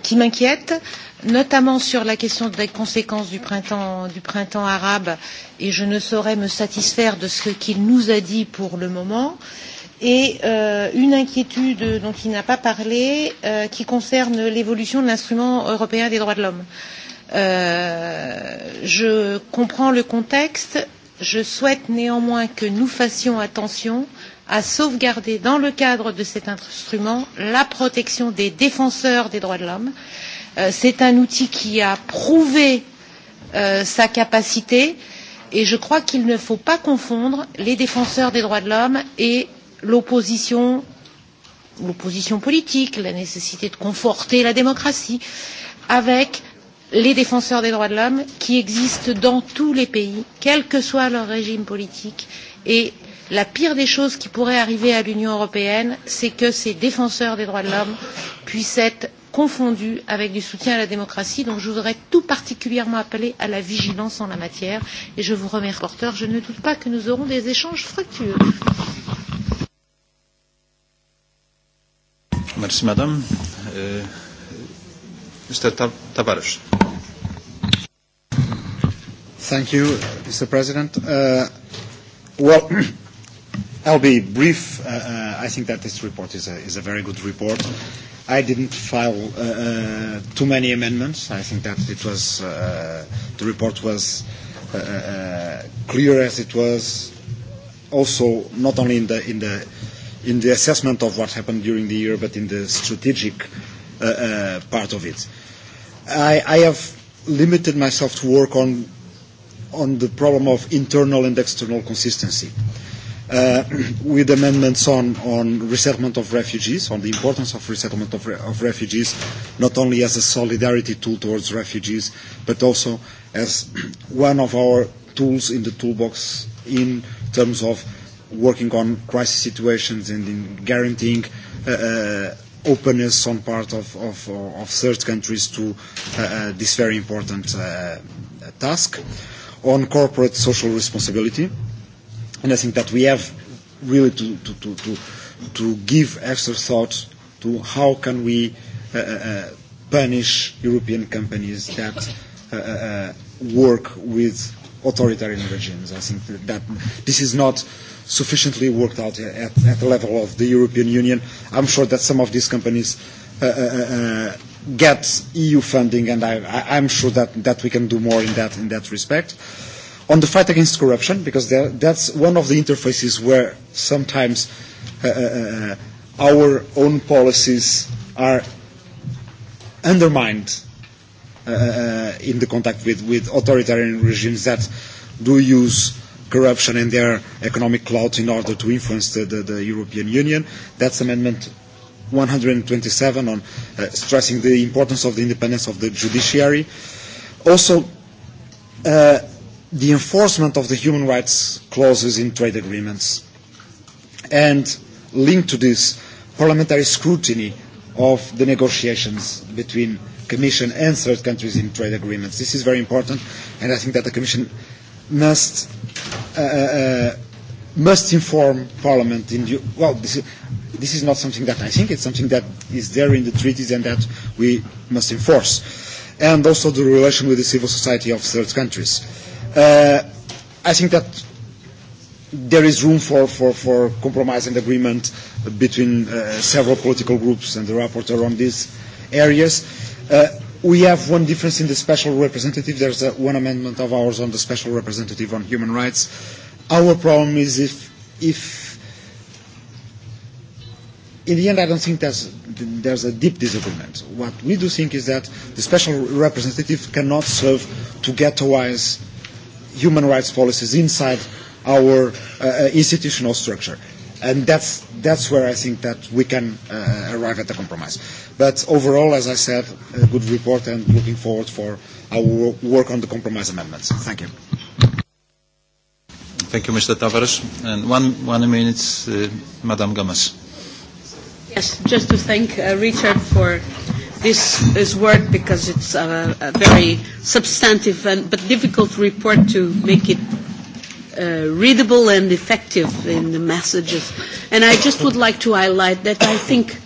qui m'inquiète, notamment sur la question des conséquences du printemps, du printemps arabe, et je ne saurais me satisfaire de ce qu'il nous a dit pour le moment. Et euh, une inquiétude dont il n'a pas parlé, euh, qui concerne l'évolution de l'instrument européen des droits de l'homme. Euh, je comprends le contexte, je souhaite néanmoins que nous fassions attention euh, à sauvegarder dans le cadre de cet instrument la protection des défenseurs des droits de l'homme. Euh, c'est un outil qui a prouvé euh, sa capacité et je crois qu'il ne faut pas confondre les défenseurs des droits de l'homme et l'opposition l'opposition politique, la nécessité de conforter la démocratie, avec les défenseurs des droits de l'homme qui existent dans tous les pays, quel que soit leur régime politique, et la pire des choses qui pourrait arriver à l'Union européenne, c'est que ses défenseurs des droits de l'homme puissent être confondus avec du soutien à la démocratie. Donc je voudrais tout particulièrement appeler à la vigilance en la matière et je vous remercie, porteur. Je ne doute pas que nous aurons des échanges fructueux. Merci, madame. Euh, Mr. Tavares. Thank you, Mr. President. Uh, well, [CLEARS THROAT] I'll be brief. Uh, uh, I think that this report is a, is a very good report. I didn't file uh, uh, too many amendments. I think that it was uh, the report was uh, uh, clear as it was. Also, not only in the in the in the assessment of what happened during the year, but in the strategic uh, uh, part of it. I, I have limited myself to work on on the problem of internal and external consistency. Uh, uh, [CLEARS THROAT] with amendments on, on resettlement of refugees, on the importance of resettlement of, re of refugees, not only as a solidarity tool towards refugees, but also as [CLEARS THROAT] one of our tools in the toolbox in terms of working on crisis situations and in guaranteeing uh, uh, openness on part of, of, of third countries to uh, uh this very important uh, task. On corporate social responsibility, And I think that we have really to, to, to, to, to give extra thought to how can we uh, uh, uh punish European companies that uh, uh, uh, work with authoritarian regimes. I think that, that this is not sufficiently worked out at, at the level of the European Union. I'm sure that some of these companies uh, uh, uh, get EU funding, and I, I, I'm sure that, that we can do more in that, in that respect. Uh, On the fight against corruption, because that, that's one of the interfaces where sometimes uh, uh, uh our own policies are undermined uh, uh, uh, in the contact with, with authoritarian regimes that do use corruption and their economic clout in order to influence the, the, the European Union. That's Amendment 127 on uh, stressing the importance of the independence of the judiciary. Also, uh, the enforcement of the human rights clauses in trade agreements. And linked to this, parliamentary scrutiny of the negotiations between Commission and third countries in trade agreements. This is very important, and I think that the Commission must uh, uh, must inform Parliament in the, well, this is, this is not something that I think, it's something that is there in the treaties and that we must enforce. And also the relation with the civil society of third countries Uh, I think that there is room for, for, for compromise and agreement between uh, several political groups and the rapporteur on these areas. Uh, we have one difference in the special representative. There's a, uh, one amendment of ours on the special representative on human rights. Our problem is if, if in the end, I don't think there's, there's a deep disagreement. What we do think is that the special representative cannot serve to ghettoize human rights policies inside our uh, uh, institutional structure. And that's, that's where I think that we can uh, arrive at a compromise. But overall, as I said, a good report and looking forward for our work on the compromise amendments. Thank you. Thank you, Mr. Tavares. And one, one minute, uh, Madam Gomez. Yes, just to thank uh, Richard for this is work because it's a, a very substantive and, but difficult report to make it uh, readable and effective in the messages. And I just would like to highlight that I think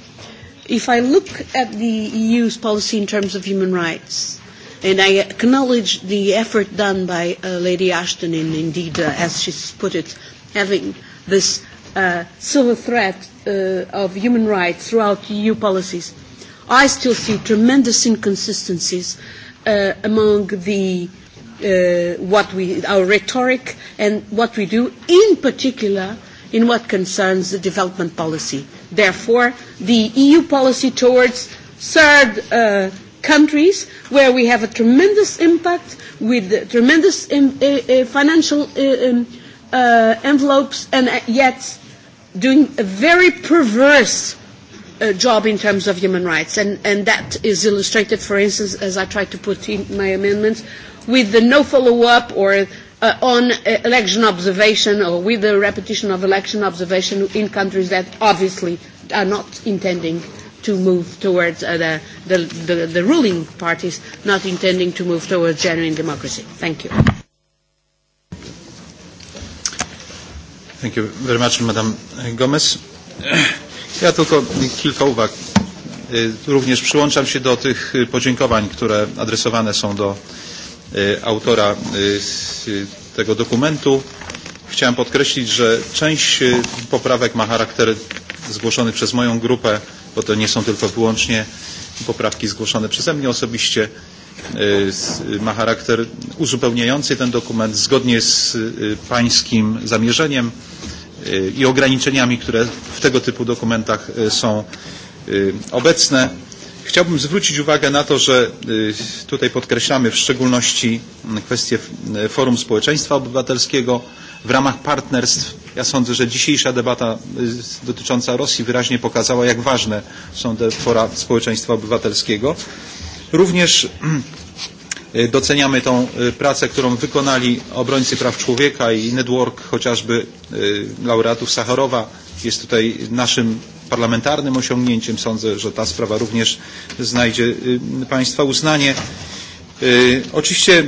if I look at the EU's policy in terms of human rights, and I acknowledge the effort done by uh, Lady Ashton in, indeed, uh, as she's put it, having this uh, silver thread uh, of human rights throughout EU policies. I still see tremendous inconsistencies uh, among the uh, what we, our rhetoric and what we do, in particular in what concerns the development policy. Therefore, the EU policy towards third uh, countries where we have a tremendous impact with tremendous in, in, in financial uh, um, uh, envelopes and uh, yet doing a very perverse uh, job in terms of human rights. And, and that is illustrated, for instance, as I tried to put in my amendments, with the no follow-up or uh, on uh, election observation or with the repetition of election observation in countries that obviously are not intending to move towards uh, the, the, the, the ruling parties, not intending to move towards genuine democracy. Thank you. Thank you very much, Madam Gomez. Ja tylko kilka uwag. Również przyłączam się do tych podziękowań, które adresowane są do autora tego dokumentu. Chciałem podkreślić, że część poprawek ma charakter zgłoszony przez moją grupę, bo to nie są tylko wyłącznie poprawki zgłoszone przeze mnie osobiście. Ma charakter uzupełniający ten dokument zgodnie z pańskim zamierzeniem i ograniczeniami, które w tego typu dokumentach są obecne. Chciałbym zwrócić uwagę na to, że tutaj podkreślamy w szczególności mm, kwestię Forum Społeczeństwa Obywatelskiego w ramach partnerstw. Ja sądzę, że dzisiejsza debata dotycząca Rosji wyraźnie pokazała, jak ważne są te fora społeczeństwa obywatelskiego. Również mm, Doceniamy tą pracę, którą wykonali obrońcy praw człowieka i network chociażby laureatów Sacharowa jest tutaj naszym parlamentarnym osiągnięciem. Sądzę, że ta sprawa również znajdzie Państwa uznanie. Oczywiście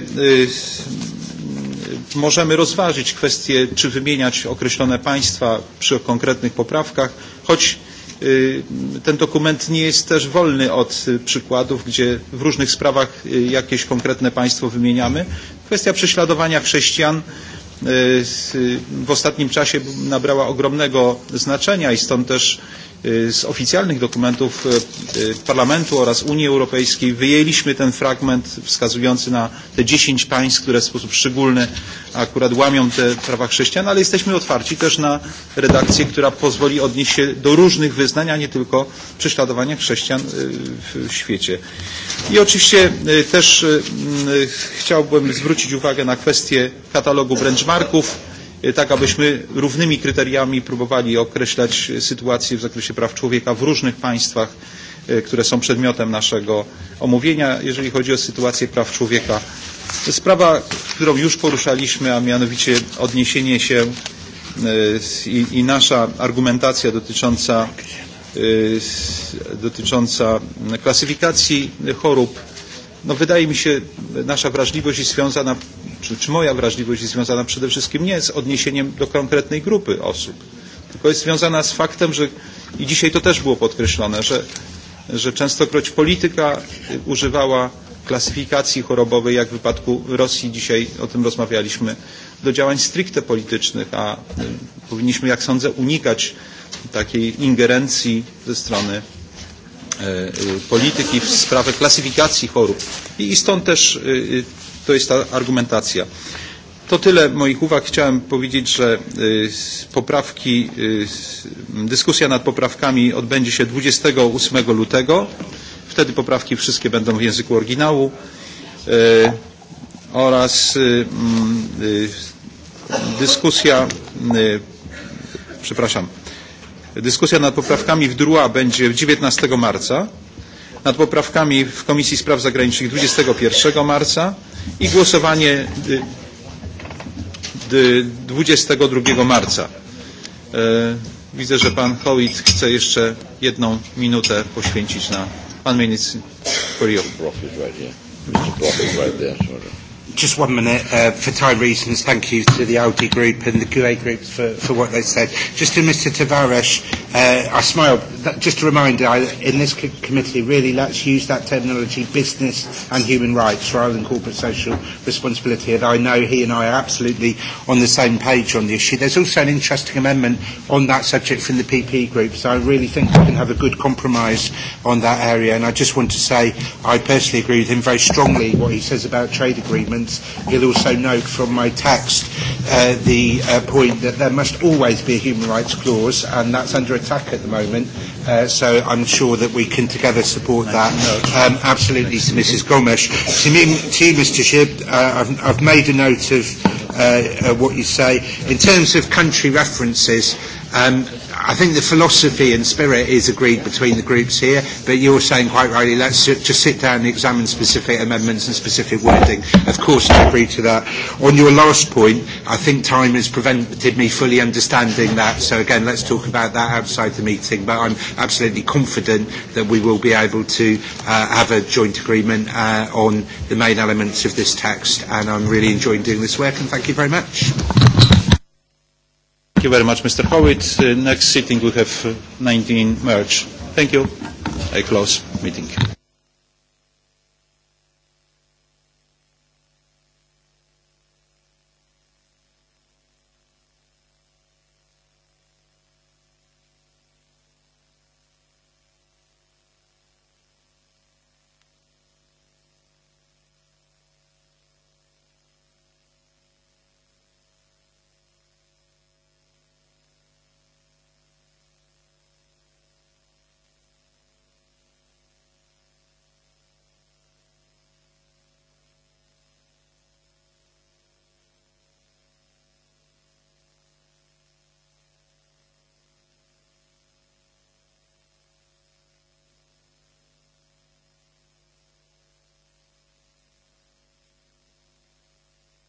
możemy rozważyć kwestię, czy wymieniać określone państwa przy konkretnych poprawkach, choć Ten dokument nie jest też wolny od przykładów, gdzie w różnych sprawach jakieś konkretne państwo wymieniamy. Kwestia prześladowania chrześcijan w ostatnim czasie nabrała ogromnego znaczenia i stąd też z oficjalnych dokumentów Parlamentu oraz Unii Europejskiej wyjęliśmy ten fragment wskazujący na te 10 państw, które w sposób szczególny akurat łamią te prawa chrześcijan, ale jesteśmy otwarci też na redakcję, która pozwoli odnieść się do różnych wyznań, a nie tylko prześladowania chrześcijan w świecie. I oczywiście też chciałbym zwrócić uwagę na kwestię katalogu benchmarków tak abyśmy równymi kryteriami próbowali określać sytuację w zakresie praw człowieka w różnych państwach, które są przedmiotem naszego omówienia, jeżeli chodzi o sytuację praw człowieka. sprawa, którą już poruszaliśmy, a mianowicie odniesienie się i, i nasza argumentacja dotycząca, dotycząca klasyfikacji chorób no wydaje mi się, nasza wrażliwość jest związana, czy, czy moja wrażliwość jest związana przede wszystkim nie z odniesieniem do konkretnej grupy osób, tylko jest związana z faktem, że i dzisiaj to też było podkreślone, że, że częstokroć polityka używała klasyfikacji chorobowej, jak w wypadku Rosji dzisiaj o tym rozmawialiśmy, do działań stricte politycznych, a powinniśmy, jak sądzę, unikać takiej ingerencji ze strony polityki w sprawę klasyfikacji chorób. I stąd też to jest ta argumentacja. To tyle moich uwag. Chciałem powiedzieć, że poprawki, dyskusja nad poprawkami odbędzie się 28 lutego. Wtedy poprawki wszystkie będą w języku oryginału oraz dyskusja, przepraszam, Dyskusja nad poprawkami w DRUA będzie 19 marca, nad poprawkami w Komisji Spraw Zagranicznych 21 marca i głosowanie 22 marca. Widzę, że pan Howitt chce jeszcze jedną minutę poświęcić na pan minister Kuriel just one minute. Uh, for time reasons, thank you to the Audi group and the Q&A groups for, for what they said. Just to Mr Tavares, uh, I smiled. That, just a reminder, I, in this co committee, really let's use that terminology business and human rights rather than corporate social responsibility. And I know he and I are absolutely on the same page on the issue. There's also an interesting amendment on that subject from the PP group, so I really think we can have a good compromise on that area. And I just want to say I personally agree with him very strongly what he says about trade agreements points. He'll also note from my text uh, the uh, point that there must always be a human rights clause, and that's under attack at the moment. Uh, so I'm sure that we can together support that. Um, absolutely to Mrs. Gomes. To, me, to Mr. Shib, uh, I've, I've made a note of uh, uh, what you say. In terms of country references, um, I think the philosophy and spirit is agreed between the groups here, but you're saying quite rightly, let's just sit down and examine specific amendments and specific wording. Of course, I agree to that. On your last point, I think time has prevented me fully understanding that, so again, let's talk about that outside the meeting, but I'm absolutely confident that we will be able to uh, have a joint agreement uh, on the main elements of this text, and I'm really enjoying doing this work, and thank you very much. Thank you very much, Mr. Howitt. Uh, next sitting we have 19 uh, March. Thank you. I close meeting.